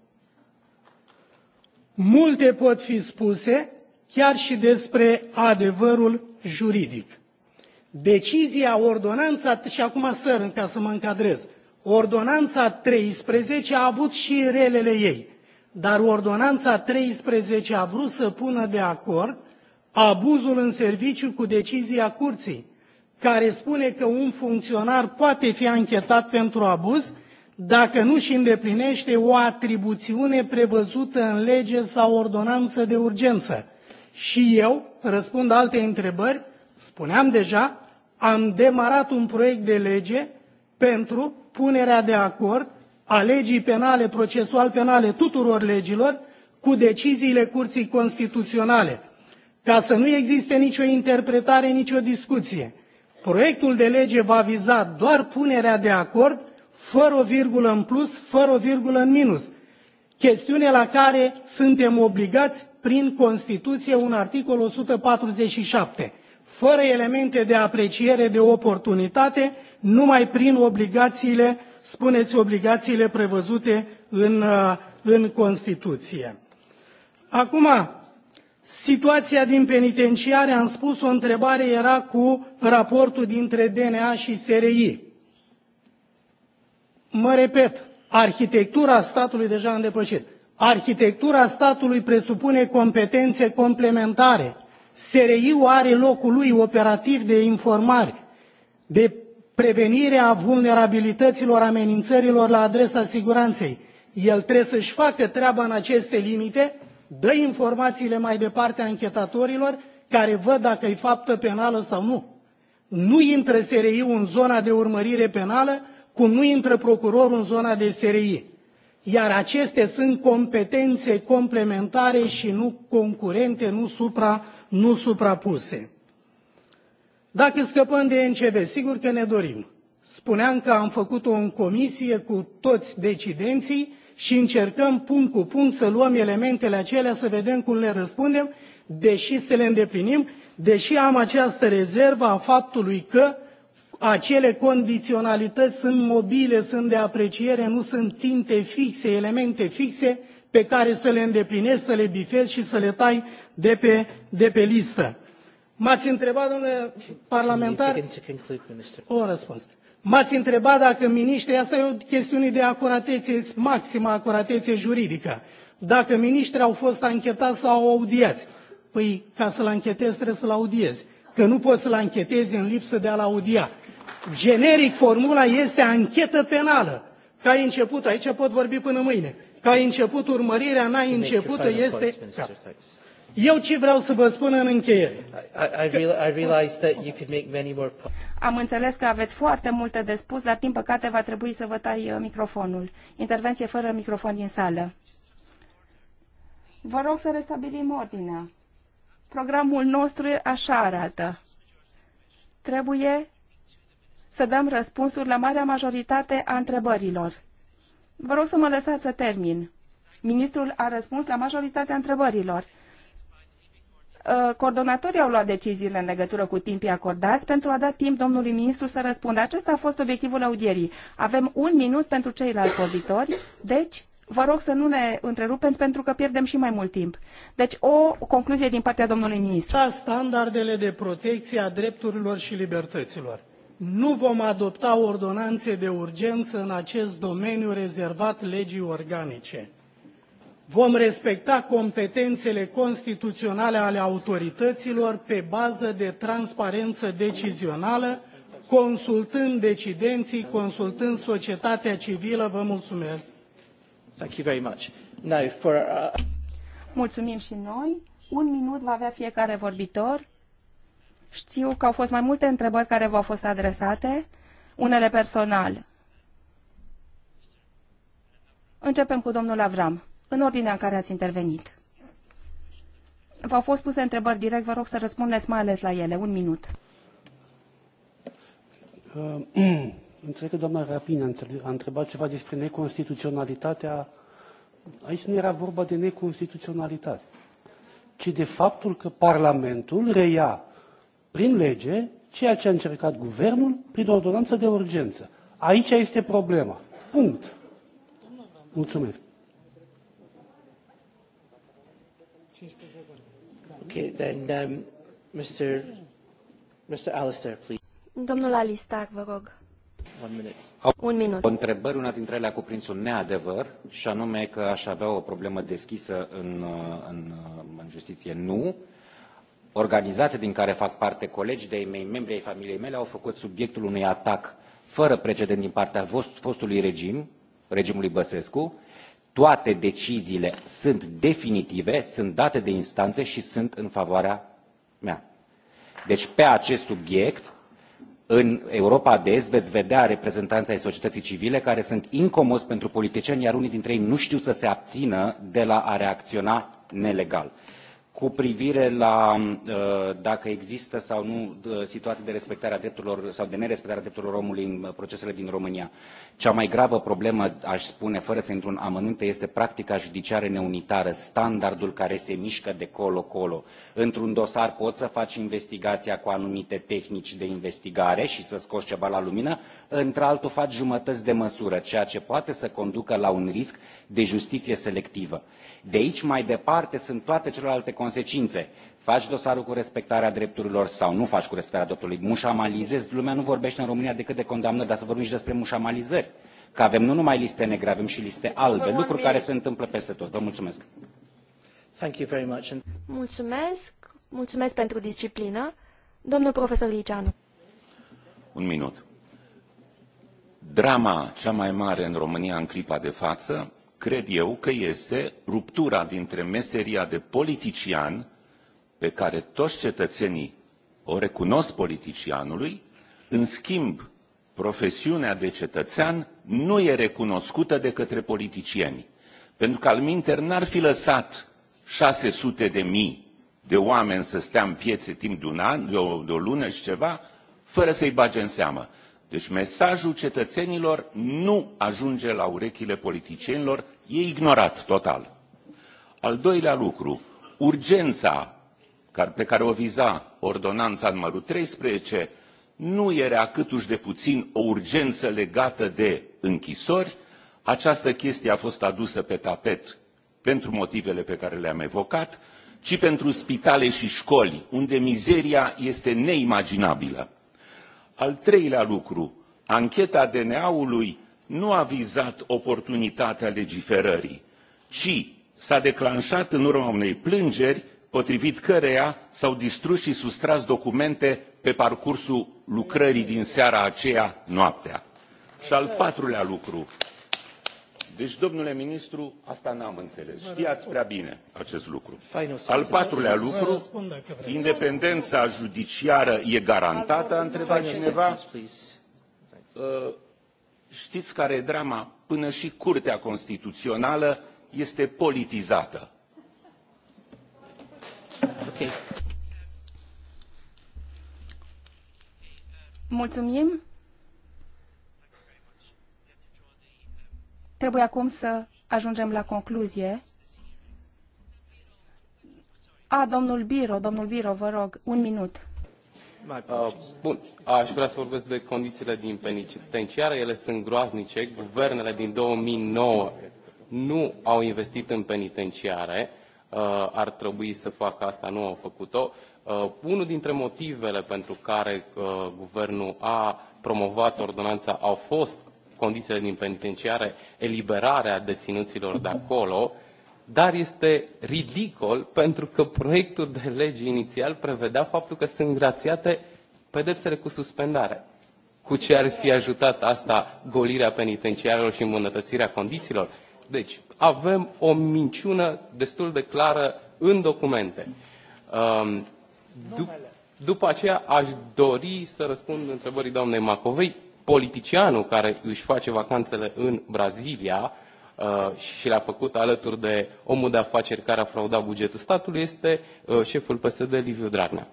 Multe pot fi spuse chiar și despre adevărul juridic. Decizia, ordonanța, și acum săr ca să mă încadrez, ordonanța 13 a avut și relele ei, dar ordonanța 13 a vrut să pună de acord abuzul în serviciu cu decizia curții care spune că un funcționar poate fi anchetat pentru abuz dacă nu își îndeplinește o atribuțiune prevăzută în lege sau ordonanță de urgență. Și eu răspund alte întrebări, spuneam deja, am demarat un proiect de lege pentru punerea de acord a legii penale, procesual penale tuturor legilor cu deciziile Curții Constituționale, ca să nu existe nicio interpretare, nicio discuție Proiectul de lege va viza doar punerea de acord, fără o virgulă în plus, fără o virgulă în minus. Chestiune la care suntem obligați prin Constituție un articol 147. Fără elemente de apreciere de oportunitate, numai prin obligațiile, spuneți obligațiile prevăzute în, uh, în Constituție. Acum, Situația din penitenciare, am spus, o întrebare era cu raportul dintre DNA și SRI. Mă repet, arhitectura statului deja am depășit. Arhitectura statului presupune competențe complementare. SRI-ul are locul lui operativ de informare, de prevenire a vulnerabilităților, amenințărilor la adresa siguranței. El trebuie să-și facă treaba în aceste limite, dă informațiile mai departe anchetatorilor care văd dacă e faptă penală sau nu. Nu intră SRI-ul în zona de urmărire penală, cum nu intră procurorul în zona de SRI. Iar acestea sunt competențe complementare și nu concurente, nu, supra, nu suprapuse. Dacă scăpăm de NCV, sigur că ne dorim. Spuneam că am făcut-o în comisie cu toți decidenții, și încercăm punct cu punct să luăm elementele acelea, să vedem cum le răspundem, deși să le îndeplinim, deși am această rezervă a faptului că acele condiționalități sunt mobile, sunt de apreciere, nu sunt ținte fixe, elemente fixe pe care să le îndeplinești, să le bifezi și să le tai de pe, de pe listă. M-ați întrebat, domnule parlamentar, o răspuns. M-ați întrebat dacă miniștrii, asta e o chestiune de acuratețe, maximă acuratețe juridică, dacă miniștrii au fost anchetați sau audiați. Păi, ca să-l anchetezi, trebuie să-l audiezi. Că nu poți să-l anchetezi în lipsă de a-l audia. Generic, formula este anchetă penală. Ca ai început, aici pot vorbi până mâine, ca ai început urmărirea, n-ai deci, începută, este... Ca. Eu ce vreau să vă spun în încheiere? I, I, I realize that you could make many more Am înțeles că aveți foarte multe de spus, dar din păcate va trebui să vă tai uh, microfonul. Intervenție fără microfon din sală. Vă rog să restabilim ordinea. Programul nostru așa arată. Trebuie să dăm răspunsuri la marea majoritate a întrebărilor. Vă rog să mă lăsați să termin. Ministrul a răspuns la majoritatea întrebărilor. Uh, coordonatorii au luat deciziile în legătură cu timpii acordați pentru a da timp domnului ministru să răspundă. Acesta a fost obiectivul audierii. Avem un minut pentru ceilalți auditori, deci vă rog să nu ne întrerupeți pentru că pierdem și mai mult timp. Deci o concluzie din partea domnului ministru. Da, standardele de protecție a drepturilor și libertăților. Nu vom adopta ordonanțe de urgență în acest domeniu rezervat legii organice Vom respecta competențele constituționale ale autorităților pe bază de transparență decizională, consultând decidenții, consultând societatea civilă. Vă mulțumesc! Thank you very much. Now for, uh... Mulțumim și noi. Un minut va avea fiecare vorbitor. Știu că au fost mai multe întrebări care v-au fost adresate, unele personal. Începem cu domnul Avram în ordinea în care ați intervenit. V-au fost puse întrebări direct, vă rog să răspundeți mai ales la ele. Un minut. Uh, înțeleg că doamna Rapin a întrebat ceva despre neconstituționalitatea. Aici nu era vorba de neconstituționalitate, ci de faptul că Parlamentul reia prin lege ceea ce a încercat guvernul prin ordonanță de urgență. Aici este problema. Punct. Mulțumesc. Okay, then, um, Mr. Mr. Alistair, please. Domnul Alistair, vă rog. Un minut. O întrebări, una dintre ele a cuprins un neadevăr, și anume că aș avea o problemă deschisă în, uh, în, uh, în justiție. Nu. Organizația din care fac parte colegi de-ai mei, membri ai familiei mele, au făcut subiectul unui atac fără precedent din partea fost, fostului regim, regimului Băsescu, toate deciziile sunt definitive, sunt date de instanțe și sunt în favoarea mea. Deci pe acest subiect, în Europa de Est veți vedea reprezentanții ai societății civile care sunt incomos pentru politicieni, iar unii dintre ei nu știu să se abțină de la a reacționa nelegal cu privire la uh, dacă există sau nu uh, situații de respectare a drepturilor sau de nerespectare a drepturilor omului în uh, procesele din România. Cea mai gravă problemă, aș spune, fără să intru în amănunte, este practica judiciară neunitară, standardul care se mișcă de colo-colo. Într-un dosar poți să faci investigația cu anumite tehnici de investigare și să scoți ceva la lumină, într-altul faci jumătăți de măsură, ceea ce poate să conducă la un risc de justiție selectivă. De aici mai departe sunt toate celelalte consecințe. Faci dosarul cu respectarea drepturilor sau nu faci cu respectarea drepturilor. Mușamalizezi, lumea nu vorbește în România decât de condamnări, dar să vorbim și despre mușamalizări. Că avem nu numai liste negre, avem și liste albe, lucruri care se întâmplă peste tot. Vă mulțumesc! Thank you very much. Mulțumesc, mulțumesc pentru disciplină. Domnul profesor Liceanu. Un minut. Drama cea mai mare în România în clipa de față cred eu că este ruptura dintre meseria de politician, pe care toți cetățenii o recunosc politicianului, în schimb, profesiunea de cetățean nu e recunoscută de către politicieni. Pentru că alminter n-ar fi lăsat 600 de mii de oameni să stea în piețe timp de un an, de o, de o lună și ceva, fără să-i bage în seamă. Deci mesajul cetățenilor nu ajunge la urechile politicienilor e ignorat total. Al doilea lucru, urgența pe care o viza ordonanța numărul 13 nu era câtuși de puțin o urgență legată de închisori. Această chestie a fost adusă pe tapet pentru motivele pe care le-am evocat, ci pentru spitale și școli, unde mizeria este neimaginabilă. Al treilea lucru, ancheta DNA-ului nu a vizat oportunitatea legiferării ci s a declanșat în urma unei plângeri potrivit căreia s au distrus și sustras documente pe parcursul lucrării din seara aceea noaptea. și al patrulea lucru deci domnule ministru asta n am înțeles știați prea bine acest lucru. al patrulea lucru independența judiciară e garantată a întrebat cineva știți care e drama? Până și Curtea Constituțională este politizată. Okay. Mulțumim. Trebuie acum să ajungem la concluzie. A, domnul Biro, domnul Biro, vă rog, un minut. Uh, bun, aș vrea să vorbesc de condițiile din penitenciare. Ele sunt groaznice. Guvernele din 2009 nu au investit în penitenciare. Uh, ar trebui să facă asta, nu au făcut-o. Uh, unul dintre motivele pentru care guvernul a promovat ordonanța au fost condițiile din penitenciare, eliberarea deținuților de acolo dar este ridicol pentru că proiectul de lege inițial prevedea faptul că sunt grațiate pedepsele cu suspendare. Cu ce ar fi ajutat asta golirea penitenciarelor și îmbunătățirea condițiilor? Deci, avem o minciună destul de clară în documente. Um, Dup după aceea, aș dori să răspund întrebării doamnei Macovei. Politicianul care își face vacanțele în Brazilia Uh, și l a făcut alături de omul de afaceri care a fraudat bugetul statului este uh, șeful PSD Liviu Dragnea.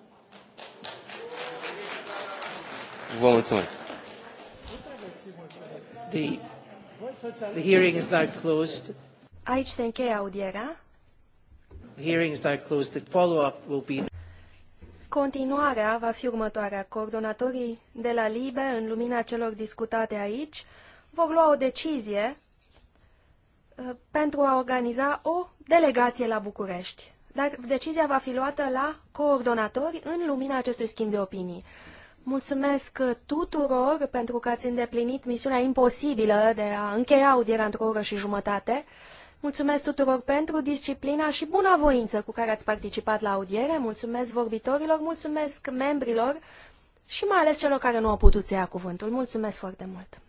Vă mulțumesc. The, the hearing is now closed. Aici se încheie audierea. The hearing is now closed. The follow-up will be Continuarea va fi următoarea. Coordonatorii de la LIBE, în lumina celor discutate aici, vor lua o decizie Uh, pentru a organiza o delegație la București. Dar decizia va fi luată la coordonatori în lumina acestui schimb de opinii. Mulțumesc tuturor pentru că ați îndeplinit misiunea imposibilă de a încheia audierea într-o oră și jumătate. Mulțumesc tuturor pentru disciplina și bunavoință cu care ați participat la audiere. Mulțumesc vorbitorilor, mulțumesc membrilor și mai ales celor care nu au putut să ia cuvântul. Mulțumesc foarte mult!